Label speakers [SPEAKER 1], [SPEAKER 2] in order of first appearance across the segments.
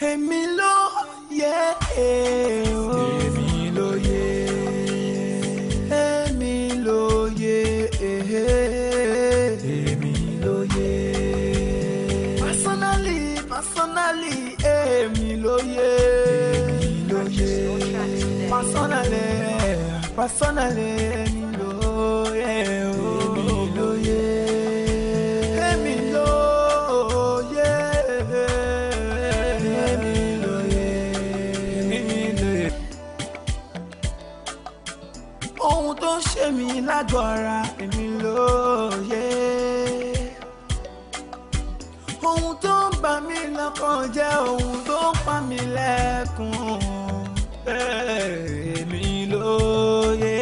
[SPEAKER 1] èmi ló yẹ èmi personally personally èmi ló personally personally. lágbọ́ra èmi lóye ohun tó ń bà mí lọ́kàn jẹ́ ohun tó ń pa mí lẹ́kùn èmi lóye.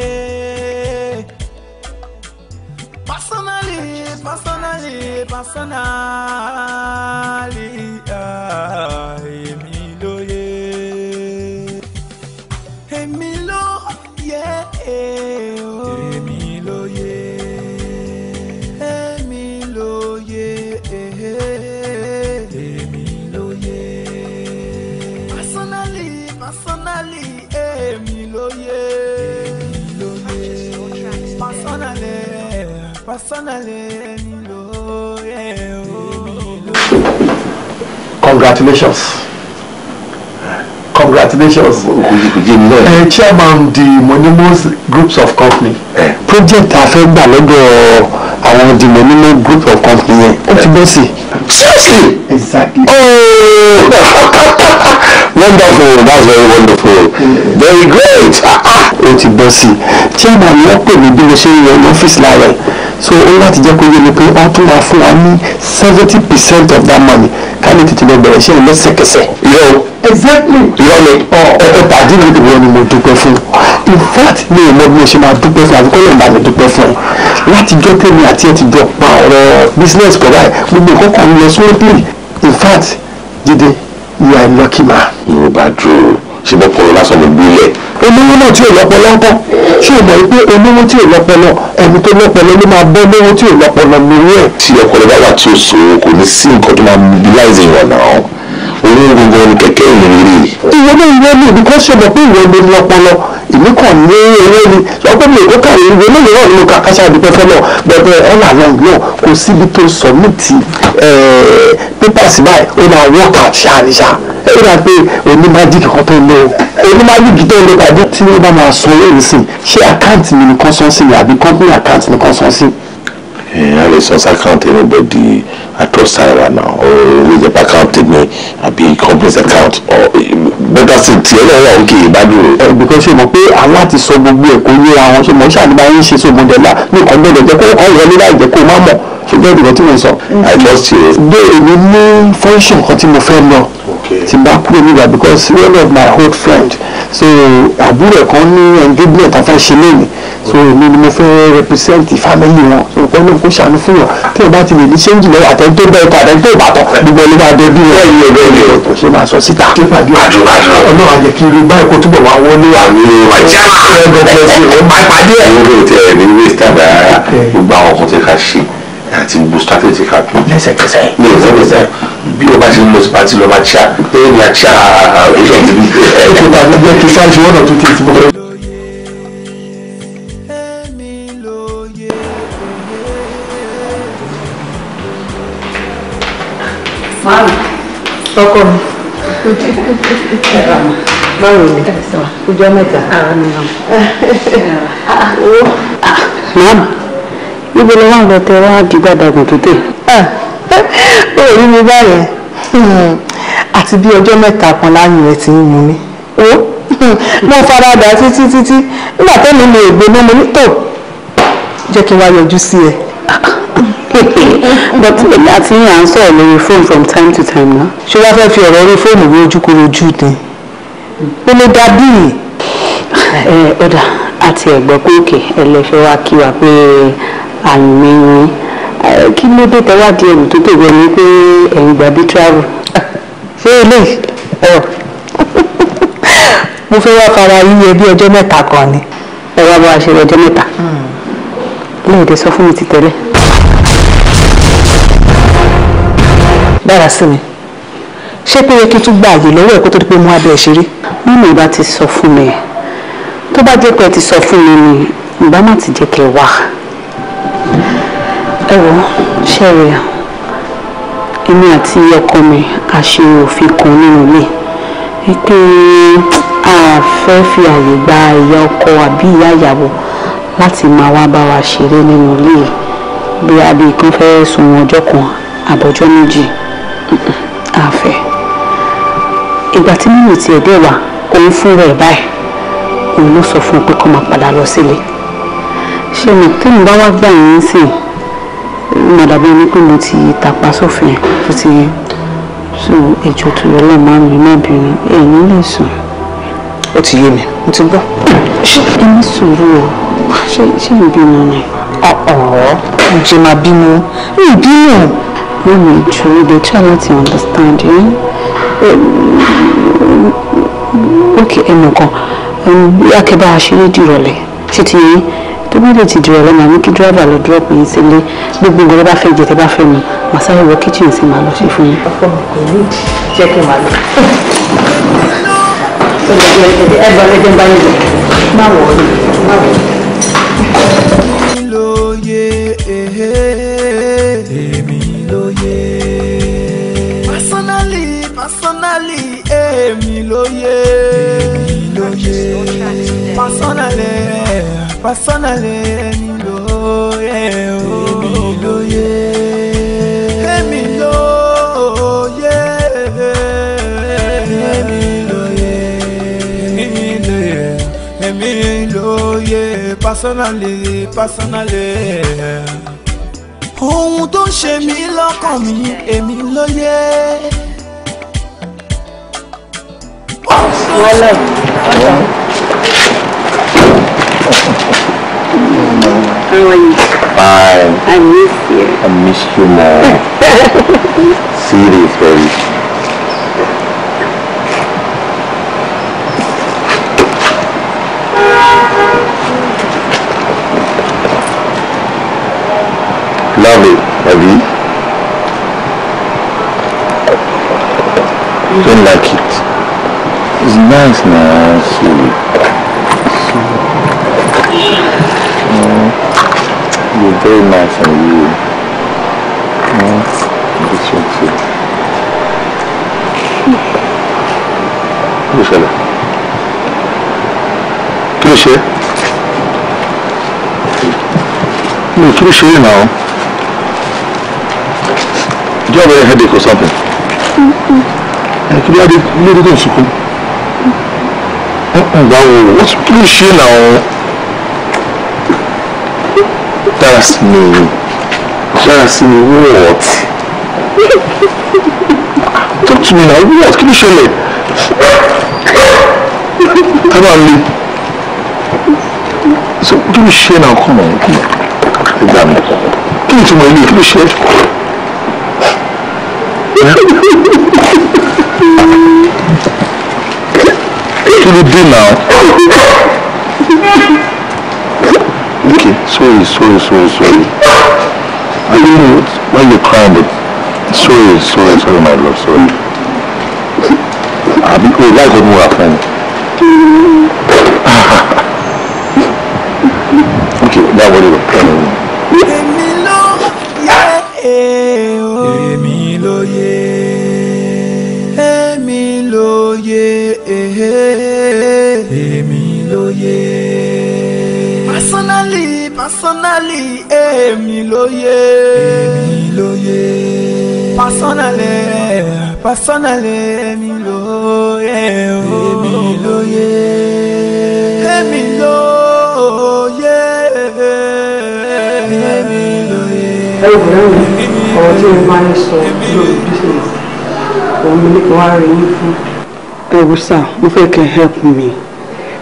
[SPEAKER 1] personally personally personally.
[SPEAKER 2] Congratulations. Congratulations. Uh, chairman the Monimos groups of company. Uh, project a fẹ́ gbà lọ́dọ̀ àwọn the Monimos group of company yẹn ó ti bọ́ sí seriously. exactly. Oh. wonderful that's very wonderful. Yeah. very great. Ah, ah ó ti bọ́ sí i tí àmà mi wọ́n pè mí bí mo ṣe ń yọ ní ọ́fíìsì láàárọ̀ so ó láti jẹ́ kó yé mi pé wọ́n tún máa fún wa ní seventy percent of that money ká lè tètè lọ bẹ̀rẹ̀ iṣẹ́ lẹ́sẹ̀kẹsẹ̀ yóò exactly irọ́ ni ọ̀ọ́ pàdé mi ìwọ ni mo dúpẹ́ fún in fact mi ò mọ bí mo ṣe máa dúpẹ́ fún àbíkọ́ yóò bá mi dúpẹ́ fún láti jọ́ tèmi àti ẹ̀ ti jọ pa ọ̀rọ̀ business pọ̀ báyìí gbogbo nǹkan kan ń lọ sórí in fact Jídé you are lucky man. ìwọ bá dúró ṣùgbọ́n kò lásán ló gbé ilẹ̀. olówó náà tí ò lọ́pọlọ ńkọ́ ṣé o mọ̀ pé olówó tí ò lọ́pọlọ ẹni tó lọ́pọlọ ló máa bọ́ olówó tí ò lọ́pọlọ lórí ẹ̀. tí ọpọlọ bá wà tí o sòro kò ní sí nǹkan tó máa mobilize ìwọ̀n náà olówó gbogbo ẹni kẹ̀kẹ́ ìrírí. ìwọ náà ìwọ ni ìbí kan ṣọlọ pé ìwọ ló lọ́pọlọ ìmí kàn ní owó ni sọ pé mi ò kàwé ìwé náà lọ́wọ́ nínú kàkàṣà àdúpẹ́ fọlọ́ bẹ̀rẹ̀ ẹ̀ wà lọ́wọ́ náà kò síbi tó sọ ní ti pépà sí báyìí ó máa wọ́ọ̀kà ṣáà ní ṣáà ó dà pé òní májíkì kan tó ń lọ òní májíkì tó ń lọ tàbí tí wọ́n bá máa san owó ìsìn ṣé àkáǹtì mi nìkan san sí ni àbí company àkáǹtì nìkan san sí. a lè san sí àkáǹtì anybody across Naira náà ó lè jẹ́ pé àkáǹtì mi àbí company's account bẹ́tà sí tiẹ̀ náà wà òkè ìbádùn rẹ̀. bìkan ṣe mọ̀ pé aláti sọ gbogbo ẹ̀kọ́ yé àwọn ṣe mọ̀ ṣàdúrà yín ṣe sóògùn ṣùgbọ́n ìdìbò tí mo sọ. I trust you. Bẹ́ẹ̀ ni ní function kan tí mo fẹ́ lọ tí n bá kúrò nígbà because one of my old friend so àbúrò kan ní engagement afẹ́ ṣe lónìí so èmi ni mo fẹ́ represent family wọn so pẹ́ náà kó ṣàánú fún wọn tí o bá ti lè ní ṣéǹjì lọ́wọ́ àtẹ̀ntó bẹ́ẹ̀ tó àtẹ̀ntó ìbátan gbogbo ẹni máa dé bí wọn. bẹ́ẹ̀ni o bẹ́ẹ̀ni o kò ṣe máa sọ síta. kí pàdé àdúrà àdúrà Ọlọ́run àjẹ kí irú báyìí kó túbọ̀ wá wọlé àmì ọjà ẹgbẹ́ pẹ̀lú ọmọ I ẹ̀. owó tẹ ẹ̀ ní wíṣítà dára gbogbo àwọn kan ti ká ṣe àti gbogbo strategy ká pín. lẹ́sẹ̀kẹsẹ̀. ní ìsẹ̀kẹsẹ̀ bí o bá ṣe ń lọ sí pati lọ́ba chia lẹ́yìn ní achia ẹ̀ṣọ́ ti bí. ẹ kò bá mi jẹ́ kí sáà ṣe wọ́n náà tún kí n ti bọ́. Mami. Ọkọ mi. Báwo ni? Ojú ọmọ ìta. Ara mi ràn. Màmá níbo ló wà lọ tẹ wá dìgbàdàgùn tó tẹ. ó rí mi báyẹn hmm. àti bí ọjọ́ mẹ́ta kan láyìn rẹ̀ ti ń mú mi. ó mo fara dà títí títí nígbà tó mi lè gbóná mo ní tò jẹ́ kí n wá yọjú sí ẹ. but èmi àti yín à ń sọ̀rọ̀ lórí fóònù from time to time náà. ṣé wàá fẹ́ fi ọ̀rọ̀ orí fóònù wé ojúkorojú ni eh, ó ló dá bíi. ọ̀dà àti ẹ̀gbọ́n pé òkè ẹlẹ́fẹ́ wá kí wa pé àyìnmí yín kí ló dé tẹ́wádìí ẹ̀rù tó tòbẹ̀ ni pé ẹ̀yìn gbà bí travel. ṣé ilé ọ̀ mo fẹ́ wá fara yíyẹ bí ọjọ́ mẹ́ta kan ni ẹ wá bá a ṣe ọjọ́ mẹ́ta hmm. lóòdì sọ fún mi ti tẹ́lẹ̀. dára sí mi ṣé pé yẹ kí n tún gba àyè lọ́wọ́ ẹ̀ kó tó di pé mo wá bẹ̀rẹ̀ ṣeré. mímú ìbá ti sọ fún mi tó bá jẹ́ pé ẹ ti sọ fún mi ni ìbá má ti jẹ́ kẹ́ wá ẹ wọ ṣẹ́ríà èmi àti ọkọ mi a ṣe òfin kan nínú ilé wípé a fẹ́ fi àyè gba ìyá ọkọ àbí ìyá ìyàwó láti máa wá bá wa ṣeré nínú ilé bí abẹ́ kan fẹ́ sùn ọjọ́ kan àbọ̀jọ́ méjì àfẹ́ ìgbà tí mímu ti ẹ̀dẹ́ wà òun fúnra ẹ̀ báyìí òun ló sọ fún un pé kó máa padà lọ sílé ṣé mi tí bá wá gbà yín sìn mọ̀dàbí ni pé mo ti tàpá sófin tó ti so ẹjọ́ tó yọ lẹ́ẹ̀ máa mi náà bínú ẹ̀yìn lè sùn. ó ti yé mi mo ti gbọ́. ṣé ẹ ní sùúrù o ṣé ṣé ń bínú ni. ọ̀ọ́ ǹjẹ́ máa bínú mi bínú. lónìí ìṣòro dey try láti understand eh? um, um, yín. ókè ẹnu kan akẹ́bà àṣírí dìrọ̀lẹ́ títí yín tó bá lè ti dìrẹ̀ lọ màá ní kí dírẹ́bà lọ dúrọ́pù yín sílé gbogbo nǹkan bá fẹ́ jẹ tẹ́ bá fẹ́ mu màá sáré wọ kíchìn sí màá lọ ṣe fún yín. ọkọ mi kò ní jẹ́ kí n máa lọ. ẹ bá mi jẹ́ bá mi jẹ má wọ̀ ọ́ má wọ̀
[SPEAKER 1] personally personally èmi lóye èmi personally personally èmi lóye èmi lóye èmi lóye èmi lóye èmi lóye èmi lóye personally personally. ohun tó ń ṣe mí lọ́kàn mi èmi lóye. wọlé
[SPEAKER 2] ọjà. Fine. I miss you. I miss you more. See this, baby. Love it, baby. Don't like it. It's nice now, You're very nice and you. Mm. This one too. Kí ló ṣẹlẹ̀? Kí ló ṣe? No, kí ló ṣe Do you have a headache or something? Kí ló dé kí ló dé tó ń sunkún? Báwo, kí ló ṣe náà? Embarrass me. Embarrass me what? Talk to me now. What? Kí ló ṣẹlẹ̀? Ẹ máa le. So kí ló ṣe náà kọ́ mọ̀ kí ìgbà mi? Kí ni ìtumọ̀ ilé kí ló ṣe? Kí ló dé náà? Okay, sorry, sorry, sorry, sorry. I don't know why you crying, but sorry, sorry, sorry, my love, sorry. I'll be. láì kọ́ mú wa fún mi. Okay, that was it.
[SPEAKER 1] ló yé. èmi ló yé. pásánàlẹ̀ pásánàlẹ̀ èmi ló yé. èmi ló yé. èmi ló yé.
[SPEAKER 2] èmi ló yé. ẹ wò ó ọ̀rọ̀ tí mo máa ń sọ lórí business òun ni kò wá rí yín fún. ẹ wò sá mo fẹ́ kẹ́ help me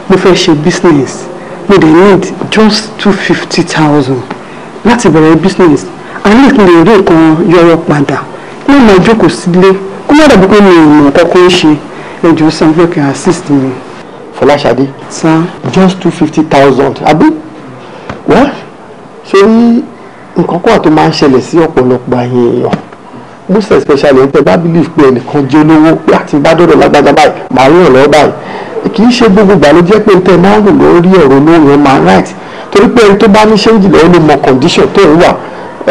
[SPEAKER 2] mo fẹ́ ṣe business we dey need just two fifty thousand láti bẹ̀rẹ̀ business àlè kí lè rí nǹkan yọrọ padà ní ìmọ̀ ìjókòó sílé kó má dàbí pé mi ò mọ̀ kọ́kọ́ ń ṣe ẹjọ́ san fẹ́ kí n assist mi. Fọláṣadé. sa. just two fifty thousand Abi, wọ́n ṣe rí nǹkan kan tó máa ń ṣẹlẹ̀ sí ọ̀pọ̀lọpọ̀ àyìn èèyàn most especially ẹ̀ ń tẹ́ bá believe pé ẹnìkan jẹ́ olówó pé àti bá dọ̀dọ̀ lágbájá báyìí màá rìn ọ̀lọ́ báyìí kì í ṣe gbogbo ìgbà ló jẹ́ pé ń tẹ́ máa ń rò lórí ẹ̀rọ olóhùn ẹ̀ máa right torí pé ẹni tó bá ní ṣéǹjì lọ́wọ́ ló mọ condition tó ń wà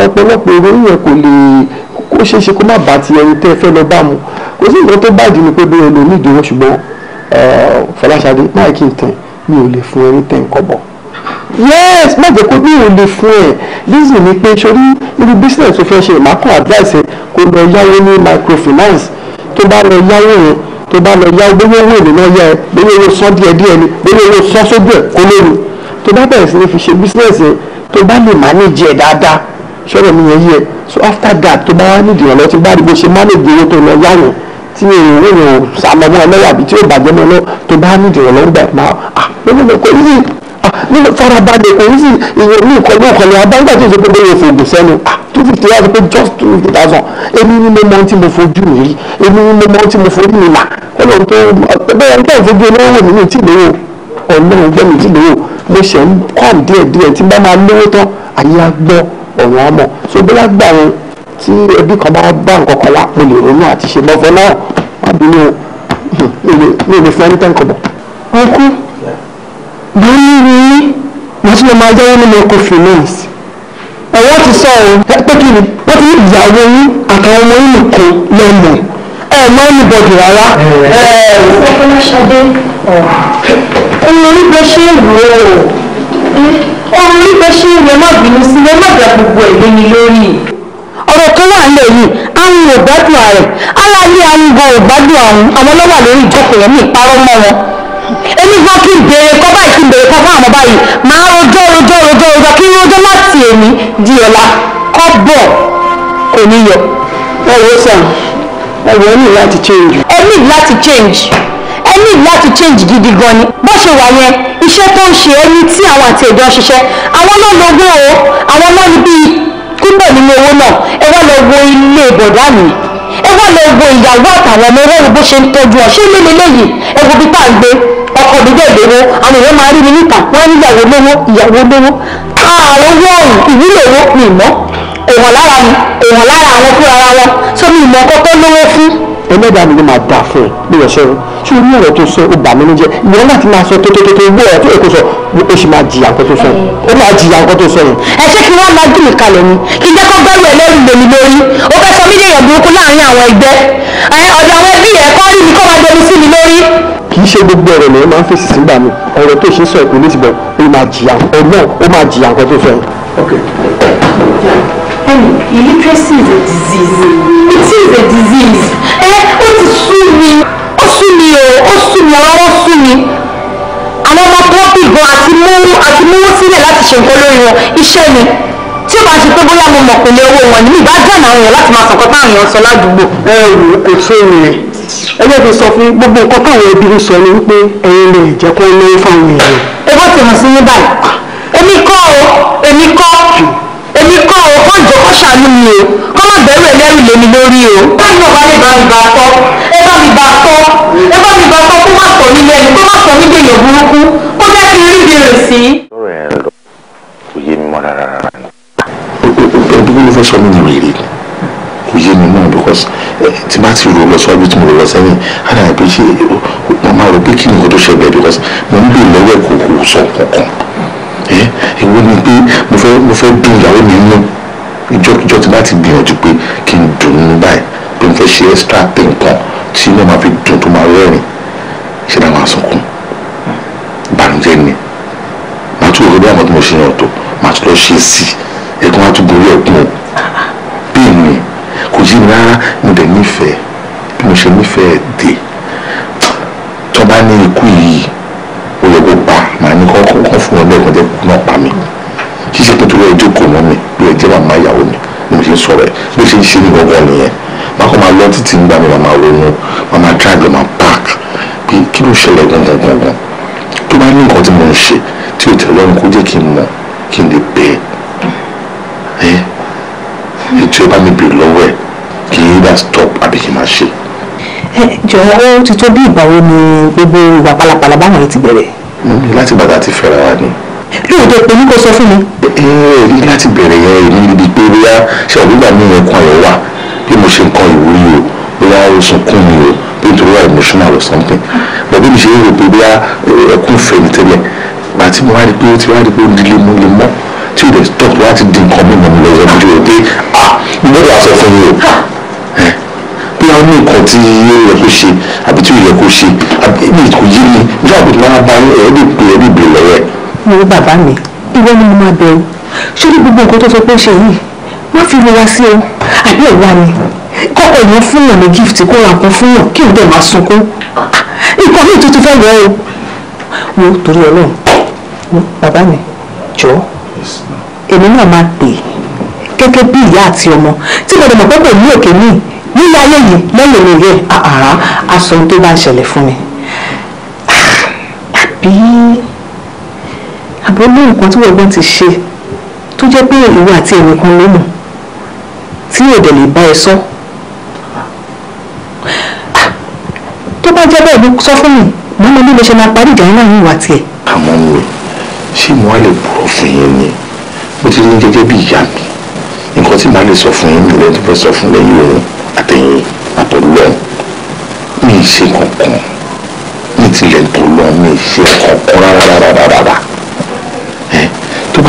[SPEAKER 2] ọ̀pọ̀lọpọ̀ èrò yẹn kò lè kó ṣeé ṣe kó má bá ti ẹni tẹ́ ẹ fẹ́ lọ bá mu kò sí nǹkan tó bàjẹ́ ni pé bóyá ẹlòmíì dúró ṣùgbọ́n eh, Fọláṣadé láì kí n tẹ̀ mi ò lè fún ẹni tẹ̀ ń kọ́bọ̀ yes má jẹ́ kó mi ò lè fún ẹ̀ reason ni pé sórí irú business tó fẹ́ ṣe ìmákọ̀ advice ẹ kó lọ yáwó ní microfinance tó bá lọ yáwó yẹn tó bá lọ yáwó bóyá owó èlé náà yá ẹ bóyá owó sọ díẹ̀ díẹ̀ ni bóyá owó sọ sójú ẹ kó lóru tó bá bẹ̀rẹ̀ sí ní fi ṣe bísíǹsì tó bá lè manage ẹ̀ dáadáa sọ̀rọ̀ mi yẹn yẹ so after that tó bá wá nídìí ọ̀lọ́ tí bá rí bó ṣe manage owó tó lọ yáwó tí èèyàn èèyàn sàmọ́mọ́ ẹlẹ́yàbí tí ó bàjẹ́ mọ́ lọ tó bá nídìí ọ̀lọ́ gbà má ah nínú kò ní ah, nínú farabalẹ̀ kò ní sí ìyẹn ní ìkọ́ ní ọ̀kọ́ ni abáńgbà tó ṣe pé bóyá òfòògùn sẹ́nu ah two fifty wá sí just two fifty thousand èmi ni mo mọ ohun tí mo fojú rí èmi ni mo mọ ohun tí mo fojú rí là ọlọ́run tó bẹ́ẹ̀ ń tẹ̀ fojú olówó mi ní ìtìlẹ́wò ọlọ́run jẹ́ mi ìtìlẹ́wò mo ṣe ń kàn díẹ̀ díẹ̀ tí bá máa lówó tán àyè agbọ́ ọ̀run ọmọ so bóyá gbà wọn tí ẹbí kan bá bá nǹkan kan wá mo lè ronú àti ṣe lọ́fọ́ náà wọ́n bí mi ò lè fẹ́ ní tẹ́ǹkọ̀bọ̀. ọkọ bá mi rí i mo tún lè máa jẹ́wọ́ nínú ẹ̀kọ́ finance ọ̀wọ́ ti sọ ọ̀rọ̀ pé kí ni wọ́n ti ìyàwó yín àtàwọn ọmọ yín nìkan lọ́mọ ẹ̀ mọ́ ní bọ̀dù rárá. ẹ̀ ẹ̀ òun orí bẹ ṣe ń wò ó òun eh, orí bẹ ṣe ń wò má bínú sí lọ má dà gbogbo ẹ̀ lé mi lórí. ọ̀rọ̀ kan wà nílẹ̀ yìí àwọn ò gbádùn ààrẹ aláàlú àwọn gan ò gbádùn àwọn àwọn lọ́wọ́ lórí ìjókòó yẹn ní ìparọ́ mọ́ wọn. èmi gan kí n béèrè kọ́ báyìí kí n béèrè kọ́ fún àwọn báyìí máa rojọ́ rojọ́ rojọ́ rojọ́ kí n rojọ́ láti èmi di ọ̀la kọ́ bọ̀ kò ní yọ. ẹ wo sàn ẹ wọ ní láti change. ẹ ní láti change ó ní láti change gidi gan ni bó ṣe wà yẹn iṣẹ́ tó ń ṣe ẹni tí àwọn àti ẹ̀jọ́ ń ṣiṣẹ́ àwọn náà lọ́gbọ́n o àwọn náà ní bíi kúndọ̀ nínú owó náà ẹ wá lọ wo ilé bọ̀dá mi ẹ wá lọ wo ìyàwó àtàwọn ọmọ ẹwọ́ bó ṣe ń tọ́jú ọ ṣé lélẹ̀ lẹ́yìn ẹ wo bí tá à ń gbé ọkọ̀ mi dẹ̀ lówó àwọn èèyàn máa rí mi níta wọ́n ní ìyàwó lówó ìyàwó lówó àwọn owó ọ̀hún ìwúlò owó mi mọ́ èèwọ̀n lára mi èèwọ̀n lára àwọn fúnra wọn sómi ìmọ̀ ọkọ̀ tó lówó fún ẹlẹ́dàá mi ló máa dà fún ẹ bí wọ́n ṣẹ́rú ṣé orí ọ̀rọ̀ tó sọ ó bà mí níjẹ́ ìyẹn láti máa sọ tótótótó wọ́ ẹ̀ tó èkó sọ o sì máa jìyà nǹkan tó sọ o máa jìyà nǹkan tó sọ yẹn. ẹ ṣé kí wọn máa dùn mí kalẹ̀ ni kí jẹ́ kó gbẹ́rù ẹ lórí lèmi lórí ó fẹ́ sọ mí léèyàn burúkú láàrin àwọn ẹgbẹ́ ọ̀dọ̀ àwọn ẹbí ẹ̀ kọ́ rí mi kó máa domi sí mi lórí. kì í ṣe gbogbo ọ̀rọ̀ lẹ́yìn máa ń fèsì sígbà mi ọ̀rọ̀ tó ṣe sọ ẹ̀kú ní tìbọ̀ ó máa jìyà ọ̀nà ó máa jìyà nǹkan tó sọ yẹn. Illiteracy is a disease. It is a disease mi ó sú mi o ó sú mi ọlọ́wọ́ sú mi àwọn ọmọ pọ́pì gan àti mówó àti mówó sílẹ̀ láti ṣe nǹkan lórí wọn iṣẹ́ ni tí ó bá ṣe pé bóyá mo mọ̀ pé lé owó wọn ni ìbá dáná àwọn èèyàn láti máa sọ̀kọ́ táwọn èèyàn sọ ládùúgbò. ẹ ẹ wò ó kò tó yẹn ẹgbẹ́ fi sọ fún gbogbo nǹkan táwọn ẹbí ń sọ ni wípé ẹ̀yin lè jẹ́ kó ń lóyún fáwọn èèyàn. ẹ bá ti sí yín báyìí èmi kọ́ o èmi kọ́ èmi kọ́ o kọ́ ìjọ mi o bẹ̀rù ẹlẹ́rù lé mi lórí o. báyìí náà wálé bá mi bá a tọ́ ẹ bá mi bá a tọ́ ẹ bá mi bá a tọ́ kó má sọ nílé ẹni kó
[SPEAKER 3] má sọ nílé èèyàn burúkú kó jẹ́ kí n rí ibi rẹ̀ sí. lọ́rọ̀ ẹ̀ lọ
[SPEAKER 2] kò yé mi mọ́ rárá rárá ni. ọdún ló fẹ́ sọ mí ní rèé kò yé mi náà because eh, tí bá ti rò lọ sọ́ọ́bì tí mo rò lọ sẹ́yìn àdá ìpè ṣe mo máa rò pé kí ni nǹkan ṣẹlẹ̀ because mo ń bè lọ́wọ́ kò kò sọ kankan ẹ eh, ìwọ ni pé mo fẹ́ dùn ìyàwó mi nù ìjọkíjọ tí bá ti gbìyànjú pé kí n dùn nínú báyìí pé n fẹ́ ṣe extra thing kan tí inú máa fi dùn tó máa rẹ́rìn ṣe náà máa sunkún ìbànújẹ́ ni màá tún wọ́n bí àwọn tó mo ṣe yàn tó màá tún lọ ṣe sí ẹ̀gbọ́n á tún ẹ̀gbọ́n o bẹ́ẹ̀ ni kò yí mi rárá mo dẹ̀ nífẹ̀ẹ́ bí mo ṣe nífẹ̀ẹ́ dé tó bá ní ikú yìí ó yẹ kó pa màá ní kọ́kọ́ fún ọ lẹ́ẹ̀kan jẹ́ kó náà pa mi ṣíṣe pé torí ẹjọ́ kò mọ́ mi wà má ìyàwó mi ni mo ṣe ń sọ̀rọ̀ ẹ̀ bó ṣe ń ṣe ní gbọ̀ngàn nìyẹn má kọ́ máa lọ títí nígbà mi máa ronú má máa drive máa park pé kí ló ṣẹlẹ̀ gangan gangan tó bá ní nǹkan tí mo ń ṣe tí ò tẹ̀lé ọ̀hún kó jẹ́ kí n mọ̀ kí n lè bẹ́ẹ̀ ẹ́ ètò ẹ bá mi bèrè lọ́wọ́ ẹ̀ kì í dá stop àbí kì í máa ṣe. jọ̀wọ́ ó ti tó bí ìgbà wo ni gbogbo ìwà pálapàla báwọn ti bẹ̀rẹ̀. láti bàtà ti fẹ́ra wa ni. lóòótọ́ èmi kò sọ fún mi ẹ̀rí láti bẹ̀rẹ̀ yẹn èmi níbi pé bóyá ṣe ọ̀gbìngbà mi yẹn kan ẹ̀ wà bí mo ṣe nǹkan ìwúrí o bóyá ó sunkún mi o bí nítorí wà emotional or something but bí mi ṣe rò pé bóyá ẹkún fẹ́ mi tẹ́lẹ̀ àti mo wá rí pé ó ti wá rí pé ó di lemú lemọ́ tí o lè stop láti di nǹkan mímu mi lọ́sọ̀ mi lè pé ah mo wà sọ fún mi o bí wọn ní nǹkan tí ó yẹ kó ṣe àbí tí ó yẹ kó ṣe àbí mi kò yé mi bí àbí máa bá ẹ ẹ lè pè lọ́wọ́ ẹ. mo rí bàbá mi ìwọ ni mo máa bẹ̀rù ṣé ní gbogbo nǹkan tó sọ pé ó ṣe yìí má fi rora sí o àbí ẹ̀wá ni kọ́kọ́ èèyàn fún yàn ní gift kó ra nǹkan fún yàn kí n dẹ̀ máa sunkún nǹkan mi tuntun fẹ́ rẹ̀ o wo torí ọlọ́run wo bàbá mi jọ èmi náà máa pè gẹ́gẹ́ bí ìyá àti ọmọ tí mo dẹ̀mọ̀ pẹ́pẹ́ ní òkè míì nílé ayé yìí lẹ́yìn mi yẹ àrà aṣọ tó bá ń ṣẹlẹ̀ fún mi àbí ó ní nǹkan tí wọ́n ti ṣe tó jẹ́ pé ìwọ àti ẹnìkan ló mọ̀ tí èdè lè bá ẹ sọ. tó bá jẹ́ bẹ́ẹ̀ ló sọ fún mi mo mọ bí mo ṣe máa parí ìjà náà ní ìwà tiẹ̀. àmọ́ mi ò ṣé mo á lè bọ̀rọ̀ fún yín ni mo ti ní gẹ́gẹ́ bí ìyá mi nǹkan tí màá lè sọ fún yín mi lẹ́nu fẹ́ sọ fún lẹ́yìn òun àtẹ̀yìn àtọ̀lọ́ mi ì ṣe kankan mi tilẹ̀ tọ̀lọ́ mi ì ṣe kankan rárá rárá rárá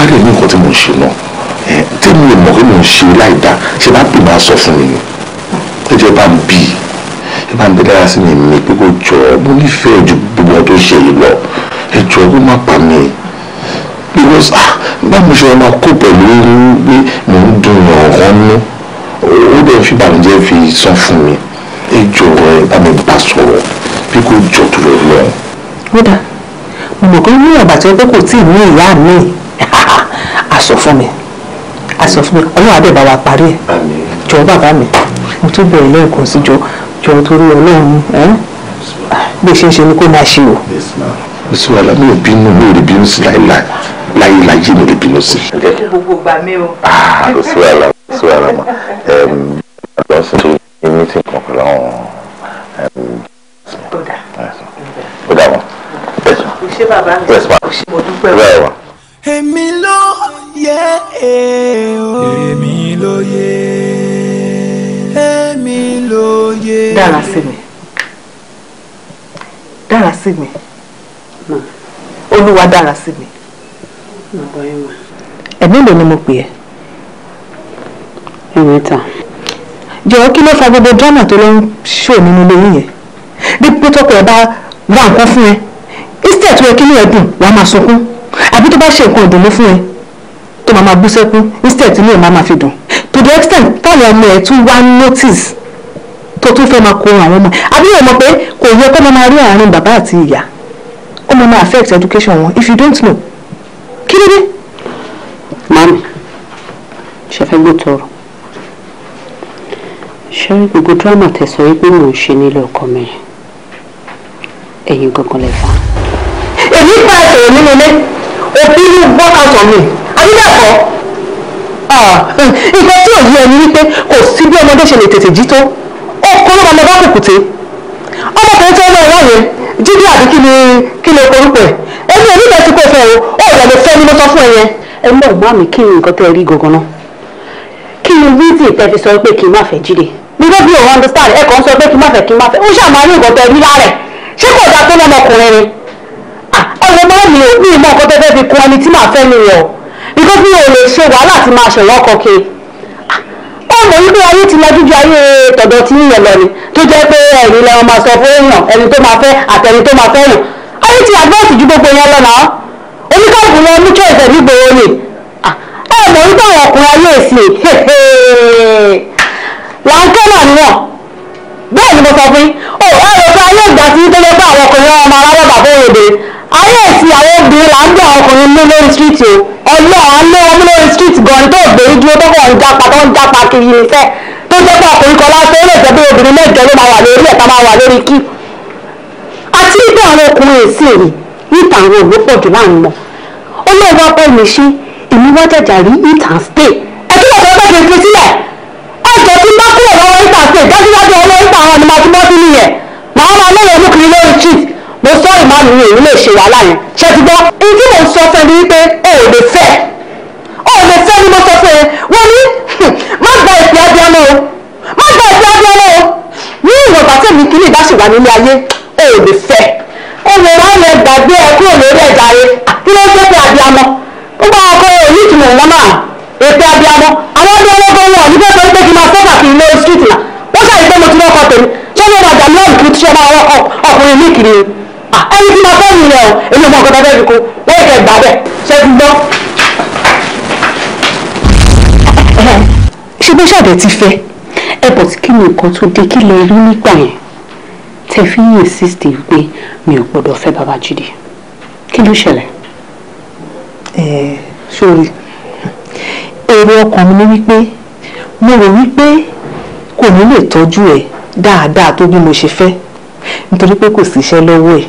[SPEAKER 2] bá lè nǹkan tí mò ń ṣe náà tí mi ò mọ̀ pé mò ń ṣe láì dá ṣe bá pè máa sọ fún mi ni ẹ jẹ́ bá ń bì í ẹ bá ń bẹ dára sí mi mi pé kò jọ ọ́ mo nífẹ̀ẹ́ ju gbogbo ọdún ṣe yìí lọ ẹ jọ ọ́ kó má pa mi because ah bá mo ṣe máa kó pẹ̀lú pé mò ń dun ọ̀hún nú ó dẹ̀ fi bàmíjẹ́ fi sán fún mi ẹ jọ ọ́ ẹ bá mi bá sọ̀rọ̀ bí kò jọ tó lọ lọ. dà mo mọ̀ pé ní ọ̀bà tí wọ́n pé kò tí ì ní ìyá mi sọ fún mi a sọ fún mi ọlọ́run àbẹ̀ bá wa parí ẹ̀ jọ bàbá mi mo tún bẹ̀rẹ̀ lẹ́ẹ̀kan sí jọ jọ torí ọlọ́run bí ṣe ń ṣe ni kó máa ṣe o. oṣù wàhálà mi ò bínú mi ò rí bínú sí láéláé láyéláyé mi ò rí bínú sí. gbogbo gbà mí o. oṣù wàhálà oṣù wàhálà ma lọ sí tó ní mítìn kan pẹ̀lú àwọn. ó dà wọn.
[SPEAKER 1] ó ṣe bàbá mi ó ṣe mo dúpẹ́ wọn. sí mi
[SPEAKER 2] olúwa dára sí mi. ẹ̀mí ló ni mo pè ẹ́. ẹ̀mí ta. jọ̀wọ́ kí ló fa gbogbo drama tó lọ ń ṣò nínú ilé yìí yẹn bí pétọ́pọ̀ ẹ bá wá nǹkan fún ẹ instead tó yẹ kí inú ẹ dùn wàá máa sunkún àbí tó bá ṣe nǹkan ìdùnnú fún ẹ tó máa máa bú sẹ́kún instead inú ẹ máa máa fi dùn to the extent táwọn ọmọ ẹ tún wá notice tún fẹ́ máa kó àwọn ọmọ àbí o mọ̀ pé kò yẹ kó máa rí àárín bàbá àti ìyá ó máa affect education wọn if you don't know kí ló dé. mami ṣe fẹ́ gbọ́ tọrọ ṣé gbogbo dírámà tẹ̀sán yìí pé mò ń ṣe nílé ọkọ mi ẹ̀yin gangan lè fà. èmi pa ẹ̀sẹ̀ nínú ilé òfin ló gbọ́ àtọ̀ mi àbílẹ̀ kọ́ ah, nǹkan tí ò yé ẹni wípé kò sí bí ọmọdé ṣe lè tètè jí tó ló máa lọ bá kùkùté ọmọkùnrin tó ń lọ ìwá yẹn jíde àbí kí ni kí ni orúkọ ẹ èmi ò níbẹ̀ tí fẹ́ o ó rẹ̀ lè fẹ́ ni mo sọ fún ẹ yẹn. ẹ mọ̀ bá mi kí ni nǹkan tẹ́ rí gangan náà kí ni wíìsì tẹ́ fi sọ pé kí n má fẹ́ jíde nígbà bí òun understand ẹ kàn sọ pé kí n má fẹ́ kí n má fẹ́ ó ṣàmárí nǹkan tẹ́ rí lára ẹ̀ ṣé kò dáa tó lọ́mọkùnrin ni ọ̀rọ̀ máa mi ò ní ìmọ̀ nǹkan tó fẹ́ fi kun ẹni tí màá fẹ́ mi rẹ̀ o because mi ò lè ṣe wàhálà tí mọ̀ wípé ayé ti lajú ju ayé tọ̀dọ̀ tí ń yẹ lọ ni tó jẹ́ pé ẹ̀yin lẹ́wọ̀n máa sọ fún èèyàn ẹni tó máa fẹ́ àtẹni tó máa fẹ́ràn ayé ti advance ju gbogbo yẹn lọ oníkàlùkù lọ ní choice ẹ̀mí gbòòrò ni ẹ mọ̀ wípé àwọn ọkùnrin ayé èsì làǹkẹ́ náà ni wọ́n bẹ́ẹ̀ ni mo sọ fún ọ ẹ rò pé ayé ìgbà tí tó lọ bá àwọn ọkùnrin ọmọ arábọ̀ bàbá òde ayé èsì àwọn obìnrin là ń gbé àwọn ọkùnrin lé lórí street o ọlọ́ọ̀ street gan tó gbèrí dúró tó kàn ń jápa tó ń jápa kiri iṣẹ́ tó jẹ́ pé ọkùnrin kan lásán ó lè jẹ́ pé obìnrin mẹ́jọ ló máa wà lórí ẹ̀ta máa wà lórí kí. àti ibi àwọn ọkùnrin èsì rè níta àwọn òwe pọ̀ jù láàrin lọ ó lè wá pẹ́ mi ṣe èmi wá jàjà rí ìtàn stay ẹ kí lọ́sọ̀rọ̀ bẹ́ẹ̀ kì í fi sílẹ̀ ẹ jọ tí bá kúrò lọ́wọ́ ìtàn stay dájúdájú ọwọ́ ìtàn àwọn ọmọ tí wọ́n fi nìyẹn màá máa lọ́yọ̀ mú kiri lórí street mo sọ ìmáàmù mi èyí lè ṣe wàhálà yẹn ṣe ti gbọ́ ibi tí mo sọ fẹ́ ni wípé o ò lè fẹ́ ẹ̀mẹ̀tẹ́ ni mo sọ pé wọ́n ní má gba o má gba ìpè abíámọ́ o ní ìwọ̀n bàtẹ́ mi kí na ìbáṣe wà nílé ayé o lè fẹ́ o lè gbàgbé ẹ kúrò lórí ẹ̀dá kí ló pé ó bá ní ìtumọ̀ ìwọ́n máa àwọn ọdún ọlọ́gbọ́n wọn ní
[SPEAKER 3] bẹ́ẹ̀ pé kí n máa fẹ́ street wọ́n ṣàyẹ̀ pé mo
[SPEAKER 2] ti lọ́kọ ṣe bó ṣàdẹ̀ ti fẹ́ ẹ bọ̀ sí kí ni nǹkan tó dé kí lè rí nígbà yẹn tẹ fi ń insist pé mi ò gbọ́dọ̀ fẹ́ Babájídé kí ló ṣẹlẹ̀. ẹ sórí èrò ọkàn mi ni wípé mo rò wípé kò ní lè tọ́jú ẹ dáadáa tó bí mo ṣe fẹ́ nítorí pé kò síṣẹ́ lọ́wọ́ ẹ̀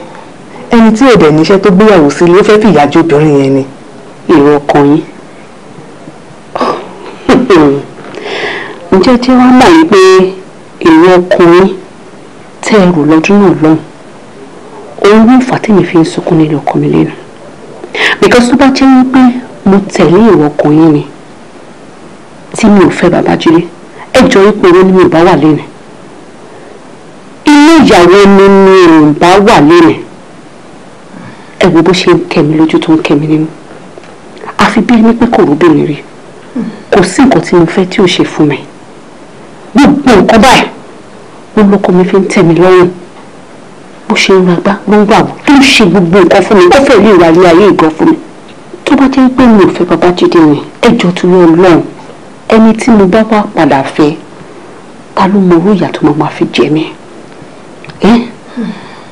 [SPEAKER 2] ẹni tí èdè níṣẹ́ tó gbéyàwó sílé ó fẹ́ fìyà jẹ obìnrin yẹn ni. èrò ọkàn yín ǹjẹ́ tí wọ́n mọ̀ pé èrò ọkùnrin tẹ́ ẹrù lọ́dún náà lọ́hùn òun ní ìfà tèmi fi ń sunkún nílé ọkọ mi lẹ́nu because tó bá jẹ́ wípé mo tẹ̀lé èrò ọkùnrin ni tí mi ò fẹ́ bàbá jílé ẹ jọ wípé owó ni mi ò bá wà lẹ́nu ilé ìyàwó ni mi ò bá wà lẹ́nu ẹ wo bó ṣe ń kẹ́ mi lójú tó ń kẹ́ nínú àfi bí ẹni pé kò rúbìnrin rí kò sí nǹkan tí mo fẹ́ tí ò ṣe fún mi gbogbo nǹkan báyìí ló lọ́kọ mi fi ń tẹ̀ mí lọ́rùn bó ṣe ń ragbá ló ń gbàgbọ́ tó ń ṣe gbogbo nǹkan fún mi ó fẹ́ lè wà ilé ayé ìgbọ́ fún mi tó bá jẹ́ pé mi ò fẹ́ Babájídé ni ẹjọ́ tó yọ Ọlọ́run ẹni tí mo bá wá padà fẹ́ ta ló mọ owó ìyà tó máa fi jẹ mí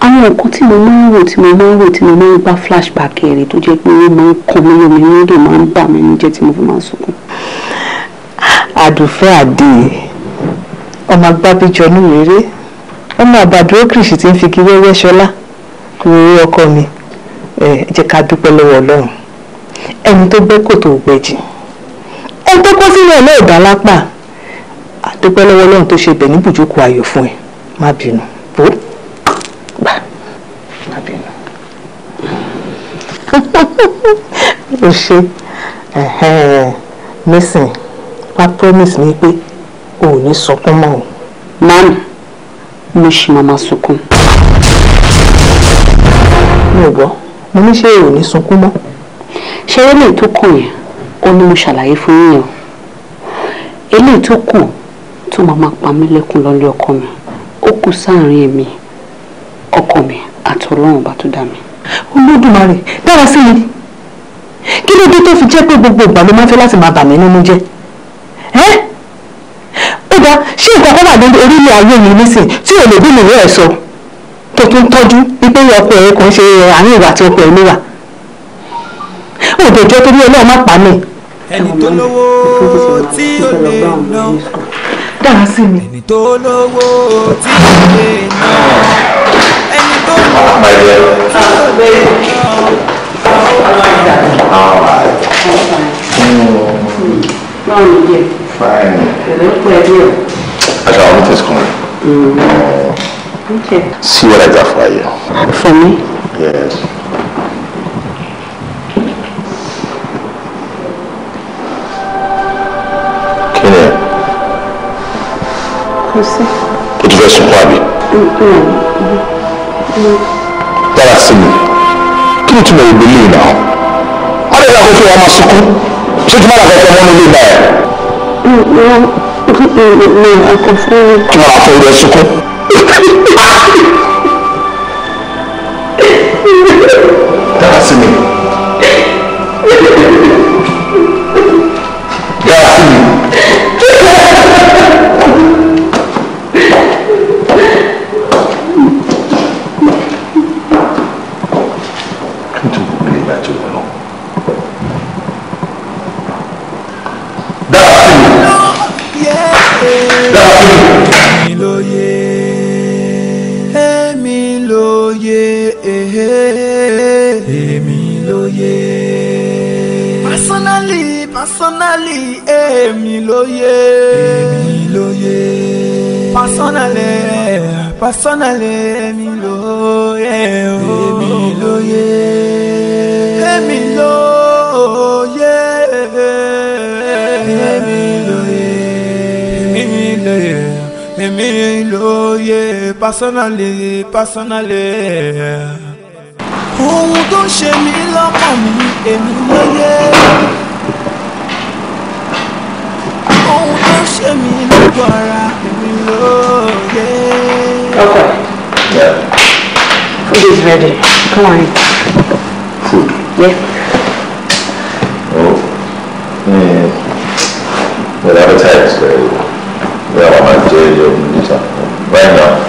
[SPEAKER 2] àwọn nǹkan tí mo máa ń wò tí mo máa ń wò tí mo máa ń gba flashback rẹ̀ tó jẹ́ pé ó máa ń kàn mí lómi ní èdè máa ń bà mí níjẹ́ tí mo fi máa ń sunkún. àdùfẹ́ àdè ọmọ agbábíjọ ní rere ọmọ àbàdúró kìrìsì tí ń fi kí wẹ́wẹ́ ṣọlá rere ọkọ mi jẹ́ ká dúpẹ́ lọ́wọ́ ọlọ́run ẹni tó gbẹ́ kòtò gbẹ̀jì ẹni tó kó sílẹ̀ lóòdà lápá àdúpẹ́ lọ́wọ́ ọlọ́run tó ṣe bẹ̀ ní bùjókòó ayọ̀ fún ẹ má bínú bó. o ṣe nísìn wá promise mi pé o ò ní sọkún mọ́ o. mami mo ṣì máa ma sunkún. mi ò gbọ́ mo ní ṣé o ò ní sunkún mọ́. ṣé eléyìí tó kù yẹn ó ní mo ṣàlàyé fún yín o eléyìí tó kù tó máa máa pa mí lẹ́kùn lọ́lé ọkọ mi ó kù sáàárín èmi ọkọ mi àtọ́lọ́run bá tó dá mi olódùmarè dára sí mi kí ló dé tó fi jẹ́ pé gbogbo ìgbà ló máa ń fẹ́ láti máa bà mí nínú jẹ́ ẹ́ ó dáa ṣé nǹkan kan wà ní orílẹ̀ ayé mi nísìn tí ò lè bí mi rí ẹ̀ sọ tó tún tọ́jú wípé ọkọ ẹ̀ kò ń ṣe àárín ìwà àti ọkọ ẹ̀ ló wà òdòjọ́ torí ọlọ́run má pa mí. ẹni tó lówó tí ó lè lọ
[SPEAKER 1] dára sí mi. ẹni tó lówó tí ó lè lọ my dear. All right. Mm.
[SPEAKER 2] Fine. Actually, I want this coming. Mm. Okay. See what I got for you. For me? Yes.
[SPEAKER 3] Kí ni? Kò sí. O não não sunkún àbí?
[SPEAKER 2] dára sí mi kí ni túmọ̀ ìgbélé yìí náà á lè dákọ̀ fún wa máa sunkún ṣé tí mọ́ra kọ̀ọ̀kan mọ́nú ilé náà ẹ̀. mi ò kọ fún
[SPEAKER 3] mi. kí wọ́n á fọ
[SPEAKER 1] máa lè èmi lóye o èmi lóye èmi lóye èmi lóye èmi lóye èmi lóye personally personally. ohun tó ṣe mí lọ́kàn mi èmi lóye. ohun tó ṣe mí lọ́kàn ara èmi lóye. Okay.
[SPEAKER 2] Yeah. Food is ready. Come on. Food? Yeah. Oh. Mm. Well, appetite a very good. Yeah, I might do it later. Right now.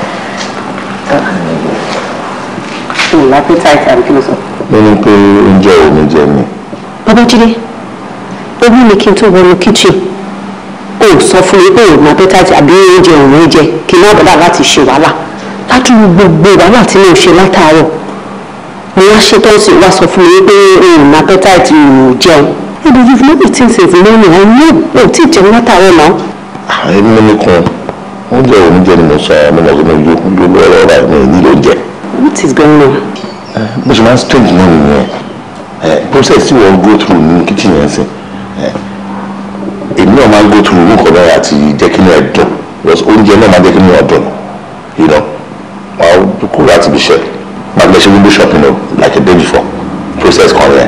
[SPEAKER 2] Mm, appetite and kilo sọ. Ó ní pé oúnjẹ ò ní jẹ mí. Babájídé, ó wù mí kí n tó the kitchen ò sọ fún mi pé òun appetite àbí oúnjẹ òun oúnjẹ kí n má bàbá láti ṣe wàhálà ládùúgbò gbogbo wàhálà tí mo ṣe látàárọ̀ ni wọ́n ṣe tán sí wá sọ fún mi pé òun appetite ò jẹun ebi you've not eaten since morning I know o ti jẹun látàárọ̀ náà. àìní mi kan oúnjẹ oúnjẹ ni mo sọ àwọn ọmọ ọgbọ́n mi yóò yóò lọ́wọ́ ọ̀rọ̀ mi ní ilé oúnjẹ. what is going on. mo ṣe máa ń strange náà nìyẹn process tí wọ́n go through ní kitchen yẹn sìn èmi náà máa ń go through irú kan báyìí àti jẹ́ kí inú ẹ̀ dùn because oúnjẹ náà máa jẹ́ kí inú ẹ̀ dùn you know máa kú láti bí ṣe máa gbé ṣe gbogbo shopping o like a day before process kan rẹ̀